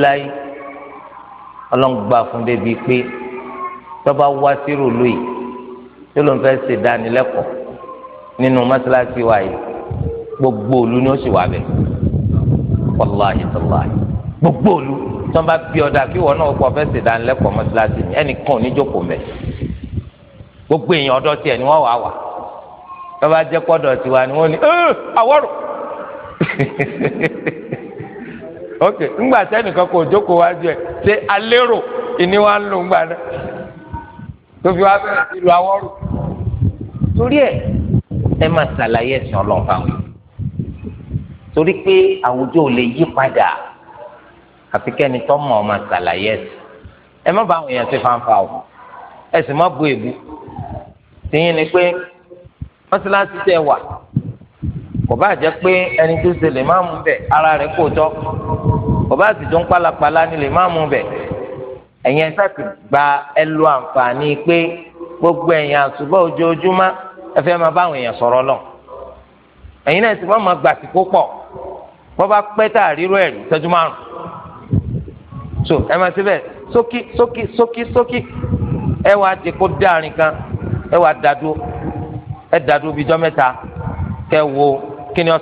ọlọ́ngbà fún débi pé. tọ́ba wá sírò lóyè tó ló ń fẹ́ ṣe dánilẹ́kọ̀ọ́ nínú mọ́ṣáláṣí wa yìí gbogbo òlu ni ó sì wà bẹ́ẹ̀ wàláhì tàláhì gbogbo òlu tó ń bá bí ọ̀dà kí wọ́n náà kọ́ fẹ́ ṣe dánilẹ́kọ̀ọ́ mọ́ṣáláṣí ni gbogbo èèyàn ọ̀dọ́ tiẹ̀ ni (laughs) ok ńgbà sẹ́nìkan kò jókòó tó fi wá bẹ̀rẹ̀ sí lu awọ́rù torí ẹ̀ ẹ máa ṣàlàyé ẹ̀sìn ọlọ́run fáwọn torí pé àwùjọ ò lè yí padà àfi kẹ́ni tó mọ̀ ọ́ máa ṣàlàyé ẹ̀sìn ẹ má bá àwọn èèyàn ṣe fáńfà o ẹ sì má bu èbu tìyín ni pé mọ́ṣáláṣí tẹ wà kò bá jẹ́ pé ẹni tó ṣe lè má mú bẹ̀ ara rẹ̀ kò tọ́ kò bá sì tún pálapàla ni lè má mú bẹ̀ ẹ̀yin ẹ̀sà ti gba ẹ lo àǹfààní pé gbogbo ẹ̀yin àṣùbọ̀ ojoojúmọ́ ẹ fẹ́ máa bá àwọn èèyàn sọ̀rọ̀ lọ ẹ̀yin náà sì máa ma gbà síkó pọ̀ wọ́n bá pẹ́ tá a rírọ̀ ẹ̀rí ìtọ́jú márùn so ẹ máa síbẹ̀ sókí sókí sókí sókí ẹ wàá di kó dáàrin kan ẹ wàá dàdú ẹ dàdú bíjọ́ mẹ́ta kẹ wo kí ni ó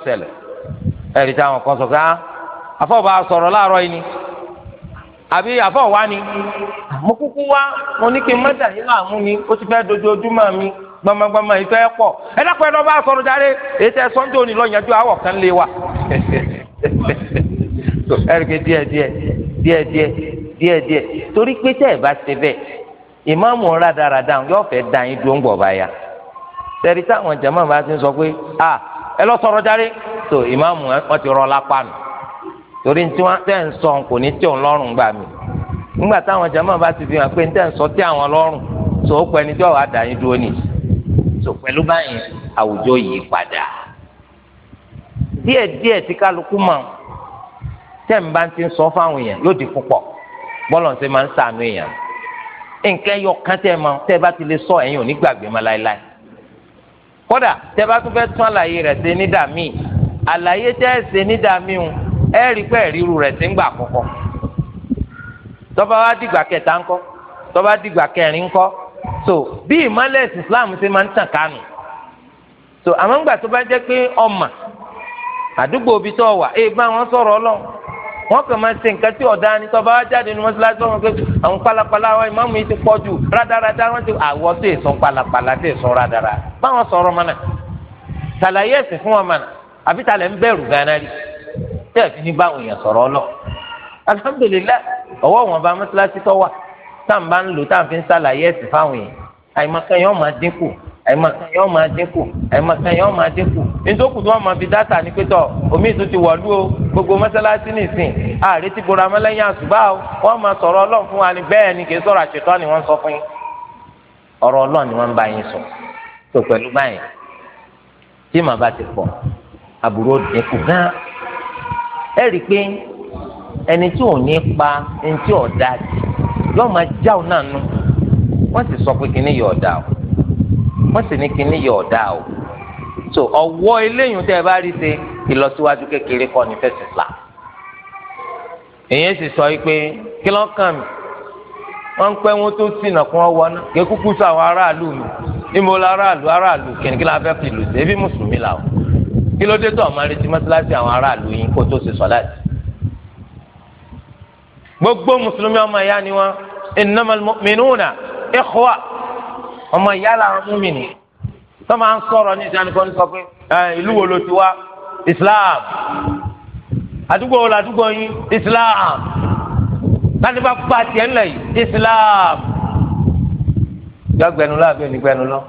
ẹ̀rí táwọn kan sọ pé ah, sọ̀rọ̀ láàárọ̀ yìí ni àbí àbọ̀ wá ni mo kúkú wá mo ní kí n mẹ́ta yín láàmú ni ó ti fẹ́ dojoojúmọ́ mi gbamagbama ìfẹ́ pọ̀ ẹ dákun ẹ lọ́ bá sọ̀rọ̀ jáde èyí tẹ sọ́njọ́ òní lọ́yànjú àwọ̀ kan lé wa (laughs) ẹ̀rìkẹ́ díẹ̀ díẹ̀ díẹ̀ díẹ̀ díẹ̀ díẹ̀ torí pé tẹ́ ẹ̀ bá ṣe bẹ́ẹ̀ ìmáàmù ọ̀rá dáradára yóò fẹ́ da yín dúró ń bọ̀ báyà tẹ̀rí táwọn jàmáà bá ti sọ pé ah ẹ lọ sọ̀rọ̀ jáde tó ìmáàmù wọn ti rọ torí tí wọ́n tẹ̀ ń sọ kò ní tí òun lọ́rùn gbà mí nígbà táwọn jama bá ti fi hàn pé tẹ̀ ń sọ tí àwọn lọ́rùn tó o pẹ́ níjọ́ wa dà yín dúró nì tó pẹ̀lú báyìí àwùjọ yìí padà díẹ̀díẹ̀ tí kálukú mọ̀ tẹ̀ ń bá ti sọ fáwọn èèyàn yóò di púpọ̀ bọ́lọ̀ ṣe máa ń sàánú èèyàn nǹkan ẹyọ kan tẹ́ mọ̀ tẹ́ bá ti lè sọ ẹ̀yin ò gbàgbé mọ́ láéláé kódà tẹ́ bá tún fẹ́ tún àlàyé rẹ̀ ṣe nídàá míì àlàyé tẹ́ ẹ̀ ṣe nídàá míì ẹ rí pé rẹ̀ ti ń gbà tọ́ba wa dìgbà kẹta ńkọ́ tọ́ba dìgbà kẹrin ńkọ́ so bí ìmọ̀lẹ̀ Islam ṣe máa ń tàn so àmọ́ ńgbà tó bá jẹ́ pé ọmọ àdúgbò tó wà ẹ bá wọn sọ̀rọ̀ ọlọ́run wọn kàn máa ṣe nǹkan tí ọ̀dà ni tọ́ba wa jáde ní mọ́ṣáláṣí wọn pé àwọn pálapàla wọn ti pọ̀ jù rádaràdá wọn ti àwọ̀ tó èso pálapàla tó èso rádaràdá báwọn tẹ́ẹ̀fì ní báwọn èèyàn sọ̀rọ̀ ọlọ alihamudulilayi ọwọ́ wọn bá mọ́tíláṣí tó wà táà ń bá ń lò táà ń fi ń sàlàyé ẹ̀sìn fáwọn èèyàn àìmọ̀kan yóò máa dínkù àìmọ̀kan yóò máa dínkù àìmọ̀kan yóò máa dínkù nítòkù tí wọ́n máa fi dáta ní pétọ́ omi ìtún ti wọ̀lú o gbogbo mọ́sálásí nìsín ààrẹ ti bora mọ́lẹ́yìn àṣùbà o wọ́n máa sọ̀rọ̀ ọlọ́run fún wa ni kìí sọ̀rọ̀ ni wọ́n sọ ni wọ́n ń bá yín sọ tó pẹ̀lú báyìí gan ẹ rí i pé ẹni tí ò ní pa ẹni tí ò da jù yóò máa já ò náà nu wọ́n sì sọ pé kíní yóò da o wọ́n sì ní kíní yóò da o so ọwọ́ eléyìí tẹ́ ẹ bá rí ṣe ìlọsíwájú kékeré kọ́ ní fẹ́sì fà èyí sì sọ yìí pé kí ló kàn mí wọ́n ń pẹ́ wọn tó sìnà kí wọ́n wọná kékúkú sọ àwọn aráàlú mi ìmọ̀lá aráàlú aráàlú kìnìkìnlá fẹ́ fi lù sí ebi mùsùlùmí làwọn kí ló dé tó àwọn máa retí mọ́sálásí àwọn aráàlú yín kó tó ṣe sọ́láàtì. gbogbo mùsùlùmí ọmọ ìyá ni wọn innamal mu'minuna ikhwa ọmọ ìyá làwọn mùmínì tó máa ń sọ̀rọ̀ ní ìsànìkan ní sọ pé ìlú wo ló ti wá Islam àdúgbò wo làdúgbò yín Islam láti bá pa tiẹ̀ ńlẹ̀ yìí Islam yọ gbẹnu láàbẹ̀ nígbẹnu lọ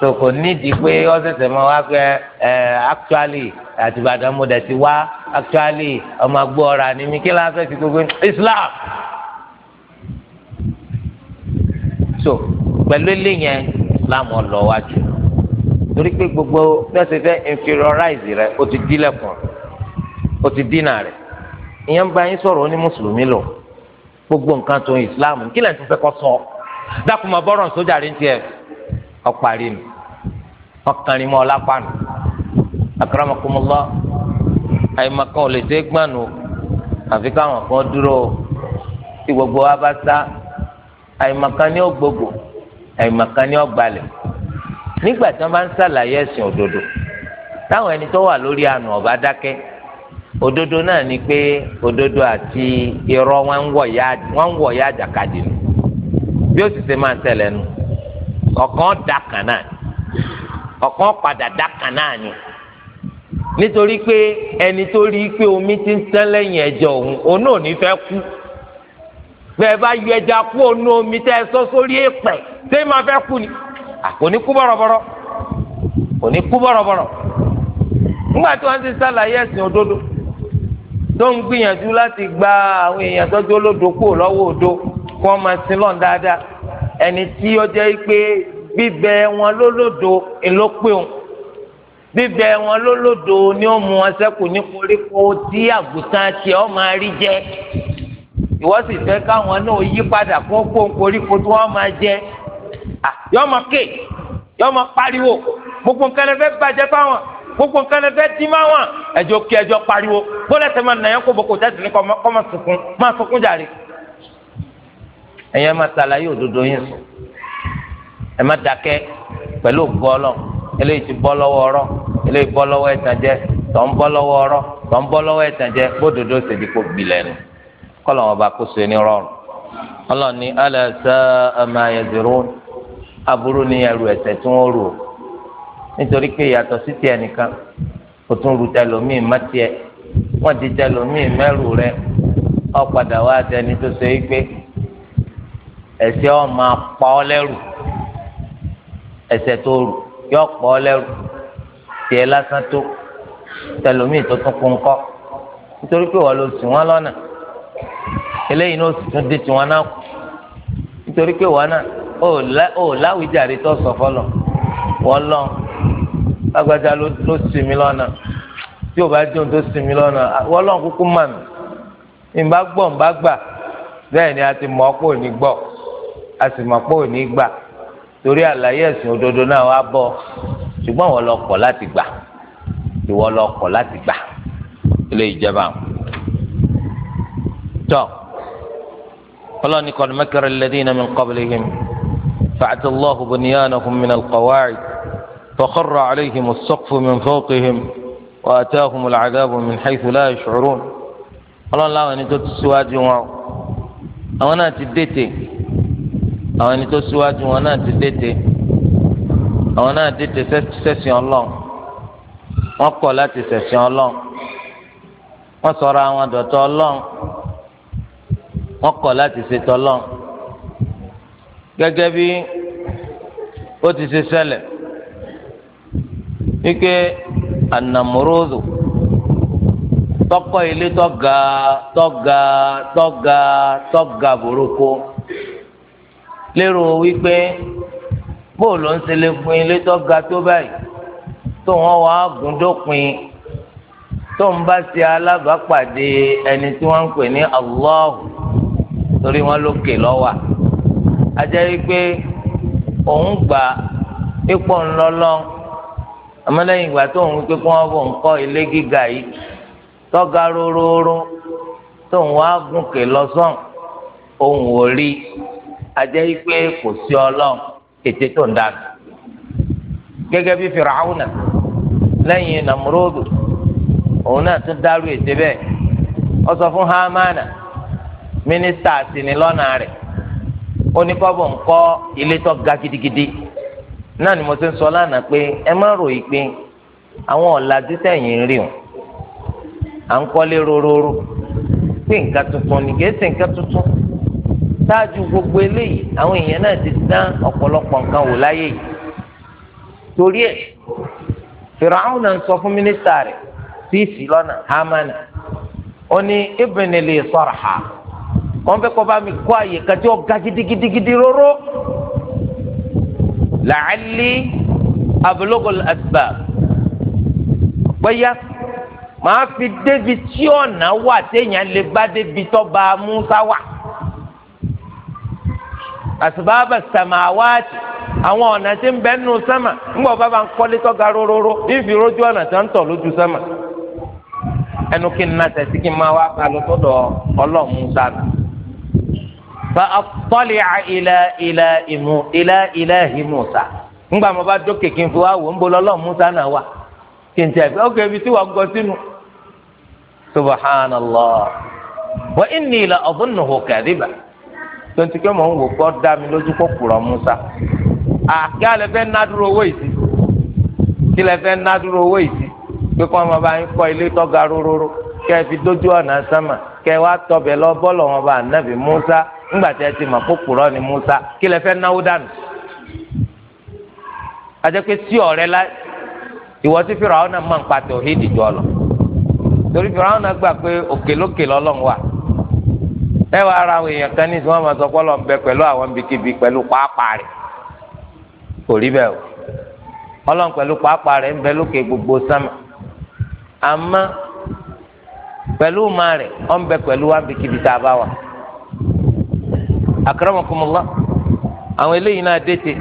so kò nídìí pé ọ̀sẹ̀sẹ̀ máa wá pé ẹ actually àtìbàdàn mo dẹ̀ ti wá actually ọmọ agbó ọ̀rà ni mi kí láfẹ́ ti gbogbo Islam. so pẹ̀lú ilé yẹn Islam ọ̀lọ́ wa jù torí pé gbogbo fẹ́sẹ̀ fẹ́ inferiorize rẹ o ti dílẹ̀kùn o ti dínà rẹ ìyẹn bá yín sọ̀rọ̀ ó ní mùsùlùmí lò gbogbo nǹkan tó Islam kí lẹ́yìn tó fẹ́ kọ́ sọ dákùmọ̀ bọ́rọ̀ sójà rí tiẹ̀ ọ̀parí mi ọkànrin mọ ọlápàánù akaramakomọlá àyèmàkà òlèsè gbànú àfi káwọn kan dúró tí gbogbo wa bá sá àyèmàkà ni ó gbogbo àyèmàkà ni ó gbalẹ̀ nígbà tí wọn bá ń wà lórí àná ọba òdodo náà ni pé òdodo àti irọ́ wọn ń ya àjàkadì nù bí ó sì ṣe máa ń nu ọ̀kan padà dákan náà ni nítorí pé ẹni tó rí i pé omi ti ń tán lẹ́yìn ẹ̀jẹ̀ òun òun náà ní fẹ́ kú bẹ́ẹ̀ bá yọ ẹja kú òun omi tẹ́ ẹ sọ sórí èèpẹ̀ tẹ́ ẹ máa fẹ́ kú ni kò ní kú bọ̀rọ̀bọ̀rọ̀ kò ní kú bọ̀rọ̀bọ̀rọ̀ nígbà tí wọ́n ti sàlàyé ẹ̀sìn òdodo tó ń gbìyànjú láti gba àwọn èèyàn tọ́jú olódo kúrò lọ́wọ́ òdo kí wọ́n máa sin lọ́n dáadáa ẹni tí ó jẹ́ pé bíbẹ wọn lólódo ìlópéwọn bíbẹ wọn lólódo ni ó mú wọn ṣẹ́kù ní koríko tí àgùntàn tiẹ̀ ọ máa rí jẹ ìwọ sì fẹ́ káwọn náà yí padà kó kó koríko tí wọn máa jẹ yọọ máa ké yọọ máa pariwo gbogbo nǹkan lè fẹ́ bàjẹ́ fáwọn gbogbo nǹkan lè fẹ́ dì má wọn ẹjọ́ kí ẹjọ́ pariwo bọlẹ tẹ máa nàyẹn kó boko jáde ní kọ máa sunkún máa sunkún jàre ẹyẹ máa ṣàlàyé òdodo yín sùn. ẹ má dákẹ́ pẹ̀lú gọ́ọ̀lọ́ eléyìí ti bọ́ lọ́wọ́ ọ̀rọ̀ eléyìí bọ́ lọ́wọ́ ẹ̀tànjẹ tọ́ ń bọ́ lọ́wọ́ ọ̀rọ̀ tọ́ ń bọ́ lọ́wọ́ ẹ̀tànjẹ bódodo ṣèdí kò gbi wọn bá kó so ní rọrùn ní aburú ní ẹrù tí ẹsẹ̀ tó rù yọ pọ̀ lẹ́rù tiẹ̀ lásán tó tẹlomiì tó tún kún kọ́ nítorí pé wọ́n lọ sí wọn lọ́nà eléyìí náà sì tún dé tiwọn náà kù nítorí pé wọn náà ò láwùjáde tó sọ fọlọ wọn lọ lágbájá ló sì mí lọ́nà tí o bá jóun tó sì mí lọ́nà wọn lọ kúkú mà mí ìbá gbọ́ ìbá gbà bẹ́ẹ̀ ni a ti mọ̀ pé ò ní gbọ́ a sì mọ̀ pé ò ní gbà torí àlàyé ẹ̀sìn òdodo náà wá bọ̀ ṣùgbọ́n wọ́n lọ kọ̀ láti gbà ìwọ lọ kọ̀ láti gbà ilé ìjọba tọ́ ọlọ́ni kọ́ni makara alladhina min qablihim fa'ata Allahu bunyanahum min alqawa'id fakhara alayhim as-saqfu min fawqihim wa atahum al'adabu min haythu la yash'urun ọlọ́ni láwọn tó ti síwájú wọn àwọn náà ti dẹ́tẹ̀ àwọn ẹni tó síwájú wọn náà ti dètè àwọn náà dètè sẹ̀sìn ọlọ́run wọ́n kọ̀ láti sẹ̀sìn ọlọ́run wọ́n sọ̀rọ̀ àwọn dọ̀tọ̀ ọlọ́run wọ́n kọ̀ láti ṣètò ọlọ́run gẹ́gẹ́ bí ó ti ṣe ṣẹlẹ̀ wípé ànàmúròzò tọkọ ilé tọga tọga tọga tọga burúkú. lérò wípé bóòlù ń ṣe lè fún ilé tó ga tó báyìí tó wọn wá gùn dópin tó ń bá ṣe alábàápàdé ẹni tí wọn ń pè ní Allah torí wọn lókè lọ́wà ajẹ́ wípé òun gbà pípọ̀ ńlọ́lọ́ àmọ́lẹ́yìn ìgbà tó ń wípé kí wọn bò ń kọ́ ilé gíga yìí tọ́ga róróró tó ń wá gùnkè lọ́sàn òun ò rí i. ajẹ́ pé kò sí ọlọ́run ètè tó ń dànù gẹ́gẹ́ bí fìràwùnà lẹ́yìn nàmúròdù òun náà tún dárú ètè bẹ́ẹ̀ ọ sọ fún hamana mínísítà àsìnilọ́nà rẹ̀ ó ní kọ́bọ̀ ń kọ́ ilé tó ga gidigidi náà ni mo sọ lánàá pé ẹ má àwọn ń rí o à ń kọ́lé pé nǹkan tuntun nǹkan tuntun ṣáájú gbogbo eléyìí àwọn èèyàn náà ti dán ọ̀pọ̀lọpọ̀ nǹkan wò láyé yìí torí ẹ̀ fìràhùn náà sọ fún mínísítà rẹ̀ fífi lọ́nà hámánà ó ní ìbìnnìlì sọ̀rọ̀ha wọ́n fẹ́ kọ́ bá mi kó àyè kan tí ó gidigidigidi róró làálí abúlógún àgbà pẹ́yà màá fi débi tí ọ̀nà wà téèyàn lè bá débi tó bá Musa wà. àsìbáàbà sàmáwáàtì àwọn ọ̀nà tí ń bẹ nù sánmà ńgbọ̀ bá ń kọ́lé tọ́ga róróró ìfi rójú ọ̀nà tí wọ́n ń tọ̀ lójú sánmà ẹnu kí n nàtẹ̀ sí kí n máa wá ká lọ sọ́dọ̀ ọlọ́run sánà. fa ńgbà mo bá dókè kí n fi wá wò ń bolo tonti pé mò ń wò kọ́ dá mi lójú kó kùrọ̀ musa alẹ́ fẹ́ owó ìsì kí lẹ fẹ́ owó ìsì pé kọ́ ọmọ bá ń kọ́ ilé tọ́ga róróró kẹ́ ẹ fi dójú ọ̀nà sánmà kẹ́ ẹ wá tọbẹ̀ lọ bọ́ọ̀lù bá ni musa kí lẹ la ìwọ náà lọ torí náà gbà pé òkèlókè lọ́lọ́run wà ẹ wàá ra àwọn èèyàn kan ní ìsìn wọn máa sọ bẹ àwọn bikibi kò rí o Ọlọ́run pẹ̀lú pàápàá rẹ̀ ń bẹ lókè gbogbo sámà àmọ́ pẹ̀lú máa rẹ̀ ọ ń bẹ wa bikibi tá a bá wà. akramakumullah àwọn eléyìí náà dẹ́tẹ̀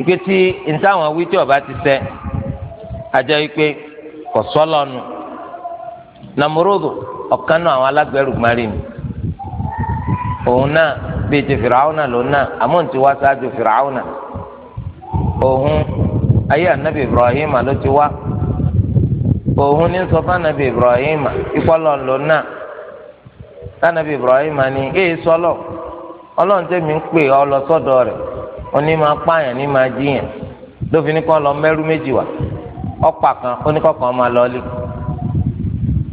ìpè tí ntáwọn tí ọba ti ọ̀kan náà àwọn alágbẹ̀rù gbárí mi òun náà bíi ti fìràwọ́nà lòun náà àmọ́ ti wá sáájú fìràwọ́nà òun ayé ànábì Ibrahim ló ti wá òun ní sọ fún Ibrahim ìkọlọ lòun náà ànábì Ibrahim ni èyí sọlọ ọlọ́run tẹ̀mí ń pè ọ lọ sọ́dọ̀ rẹ̀ oní máa pààyàn ní máa jíyàn lófin ní kọ́ lọ mẹ́rú méjì wá kan máa lọ lé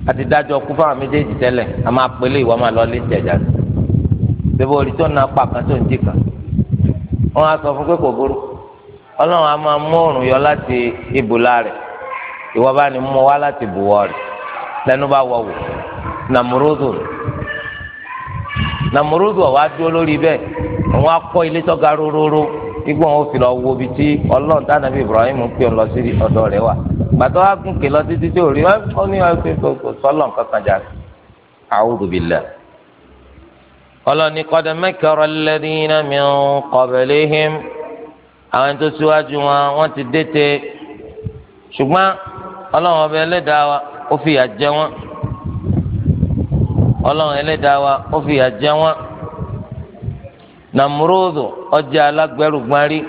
àti dájọ́ kú fáwọn méjèèjì tẹ́lẹ̀ a máa pélé ìwọ máa lọ lé jẹjà bébà orí tó na pa kan tó ń jì kan wọn á sọ fún pé kò burú a máa mú yọ láti ibùlá rẹ̀ ìwọ bá ní mú wá láti bùwọ̀ rẹ̀ lẹ́nu bá wọ nàmúrúdù nàmúrúdù ọwọ á dúró lórí igbó wọn fi lọ wo ibi tí ọlọ́run dáná bíi Ibrahim ń pè ń lọ sí ọ̀dọ̀ rẹ̀ wà gbàtọ́ wa gùn kè lọ títí tí ò rí ó ní sọlọ̀ nǹkan kan jà a'udhu billah ọlọ́ni qad makara alladhina min qablihim àwọn tó síwájú wọn wọ́n ti dẹ́tẹ̀ ṣùgbọ́n ọlọ́run ọba ẹlẹ́dàá wa ó fìyà jẹ wọ́n ọlọ́run ẹlẹ́dàá wa ó fìyà jẹ wọ́n nàmúròdù ọjà alágbẹrùgbárí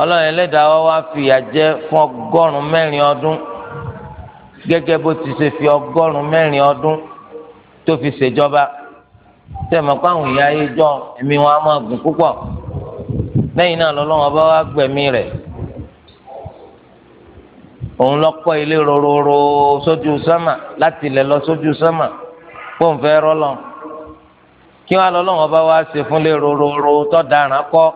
ọlọ́run ẹlẹ́dàá wa wá fìyà jẹ fún ọgọ́rùn-ún mẹ́rin ọdún gẹ́gẹ́ bó ti ṣe fi ọgọ́rùn-ún mẹ́rin ọdún tó fi ṣèjọba tẹ̀mọ́ páwọn ìyá ayé jọ ẹ̀mí wọn á máa gùn púpọ̀ lẹ́yìn náà lọ́lọ́run ọba wa gbẹ̀mí rẹ̀ òun lọ ilé rororo sójú sánmà láti ilẹ̀ lọ sójú sánmà fóun fẹ́ rọ́lọ́run kí wọn lọ́lọ́run ọba wa ṣe fún lé rororo tó dáràn kọ́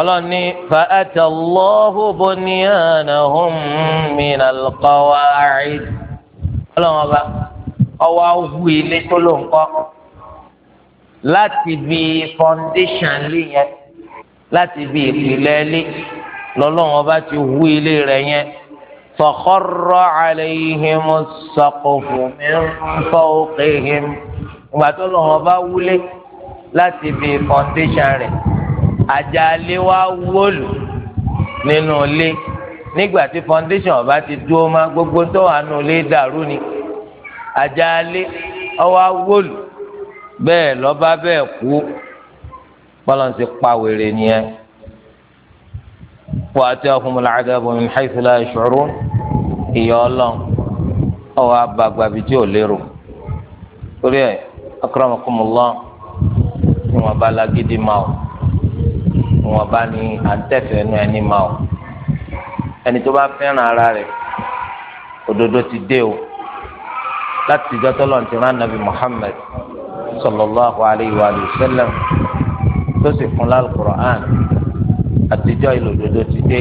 ọlọ́ni fàátà lọ́hù bóníyàna hùm mìíràn alùpàwà àìd ọlọ́run ọba ọwọ́ awú ilé tó ló ń kọ́ láti bí fọ́ndéṣàn lé yẹn láti bí ìpìlẹ̀ lé lọ́lọ́run ọba ti wú ilé rẹ̀ yẹn fọ̀kọ́rọ̀ àlẹ́ yìí mú sọ́kòfò mi ń òkè yìí ìgbà tó lọ́wọ́ bá wúlé láti ibi foundation rẹ̀ àjàlé wa wọ́ọ̀lù nínú ilé nígbà tí foundation ọba ti dúró má gbogbo tó wà nù ilé dàrú ni àjàlé ọwọ́ wọ́ọ̀lù bẹ́ẹ̀ lọ́ba bẹ́ẹ̀ kú bọ́lọ́nsì pàwèrè nìyẹn wà á ọkùnrin làágàbọ min haythu la yash'urun ìyá ọlọ́run abàgbàbí tí ò lérò akramakumullah wọn bá lágídí ma o wọn bá ní àtẹ̀fẹ́ nu ẹni ma o ẹni tó bá fẹ́ràn ara rẹ̀ òdodo ti dé o láti ìjọ tó lọ́n ti rán nabi muhammed sallallahu alayhi wa sallam tó sì fún lálùkùrọ̀án àtijọ́ ìlòdodo ti dé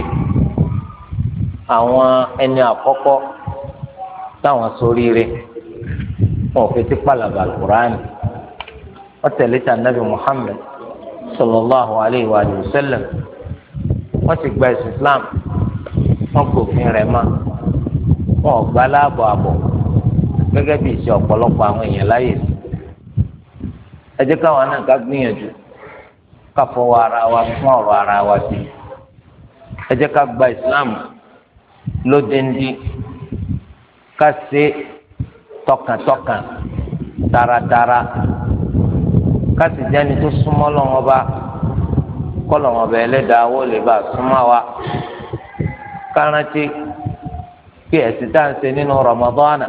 àwọn ẹni àkọ́kọ́ táwọn ṣoríire. So wọn ò fetí pàlàbà alukur'ani wọn tẹ̀lé ta nabi muhammed sallallahu alayhi wa sallam wọn ti gba islam wọn kò fi Ọ mọ́ wọn ò gba aláàbọ̀ àbọ̀ gẹ́gẹ́ bí ìṣe ọ̀pọ̀lọpọ̀ àwọn èèyàn láyè sí ẹ káwọn náà ká gbìyànjú ká ara wa fún ọ̀rọ̀ ara wa sí ẹ ká gba islam lódindi ká ṣe é. tọkàntọkàn taratara káti jẹni tó súnmọ́ lọ́wọ́ bá kọlọmọ bẹ ẹlẹ́dàá wọ lè bá súnmọ́ wa kárántí pé ẹ̀sìn tá à ń ṣe nínú Ramadana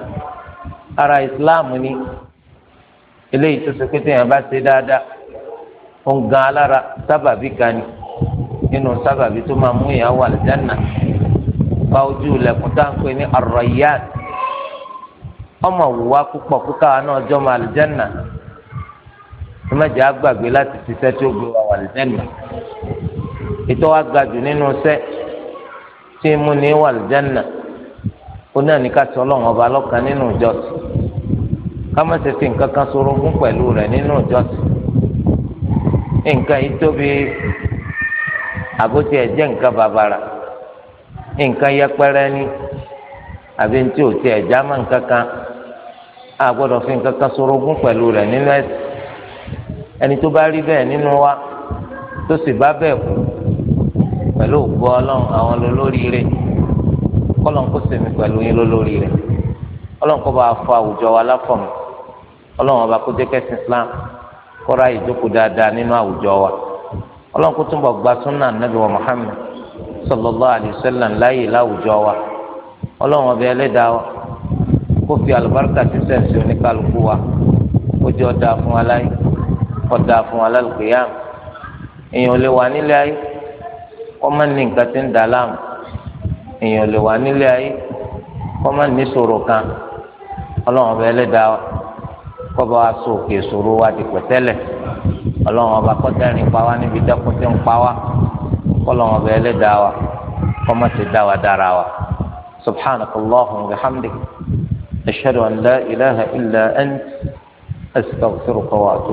ara ìsìláàmù ni eléyìí tó ṣe pé téèyàn bá ṣe dáadáa ó ń gan alára sábàbí kan ni nínú sábàbí tó máa mú èèyàn wà lẹ́jẹ̀ náà bá ojú tá à pè ní ar ọmọ òwúwa púpọ̀ kúkà náà jọ máa àlùjẹ́nà ẹ má jẹ́ àgbàgbé láti ṣiṣẹ́ tí ó gbé wa wà àlùjẹ́nà ètò wa ga jù nínú iṣẹ́ tí mú ní wà àlùjẹ́nà ó náà ní ká sọ ọlọ́run ọba lọ́kàn nínú ìjọsìn ká má ṣe fi nǹkan kan sorogún pẹ̀lú rẹ̀ nínú ìjọsìn nǹkan yìí tóbi àbótí ẹ̀ nǹkan bàbàrà nǹkan yẹpẹrẹ ni àbí ntí ò tí ẹ̀ já nǹkan kan a gbọ́dọ̀ fi nǹkan kan sorogún pẹ̀lú rẹ̀ nínú ẹ̀sìn ẹni tó bá rí bẹ́ẹ̀ nínú wa tó sì bá bẹ́ẹ̀ kú pẹ̀lú ògbó ọlọ́run àwọn lólóríire kọ́lọ́n kó sèmi pẹ̀lú yín lólóríire ọlọ́run kó bá fọ àwùjọ wa láfọ̀mù ọlọ́run ọba kó jẹ́kẹ́ Islam kọ́ra ìjókòó dáadáa nínú àwùjọ wa ọlọ́run kó túnbọ̀ gba súnà nàbí wa Muhammad sallallahu alaihi wasallam láàyè láwùjọ wa ọlọ́run ọba ẹlẹ́dàá wa kó fi àlùbáríkà ti sẹ́ǹsì oníkálukú wa ó jẹ́ ọ̀dà fún wa láyé ọ̀dà fún wa lálùkìyà èèyàn ò lè wà nílé ayé kọ́ má ní nǹkan tí ń dà láàmú èèyàn ò lè wà nílé ayé kọ́ má ní ṣòro kan ọlọ́run ọba ẹlẹ́dàá kọ́ bá wa so òkè ìṣòro wa di pẹ̀tẹ́lẹ̀ ọlọ́run ọba kọ́tẹ́rin pa wá níbi dẹ́kun tí ń pa wá kọ́lọ́run ọba ẹlẹ́dàá wa kọ́ má ti dá wa dára wa subhanakallahumma wa bihamdik. أشهد أن لا إله إلا أنت أستغفرك وأتوب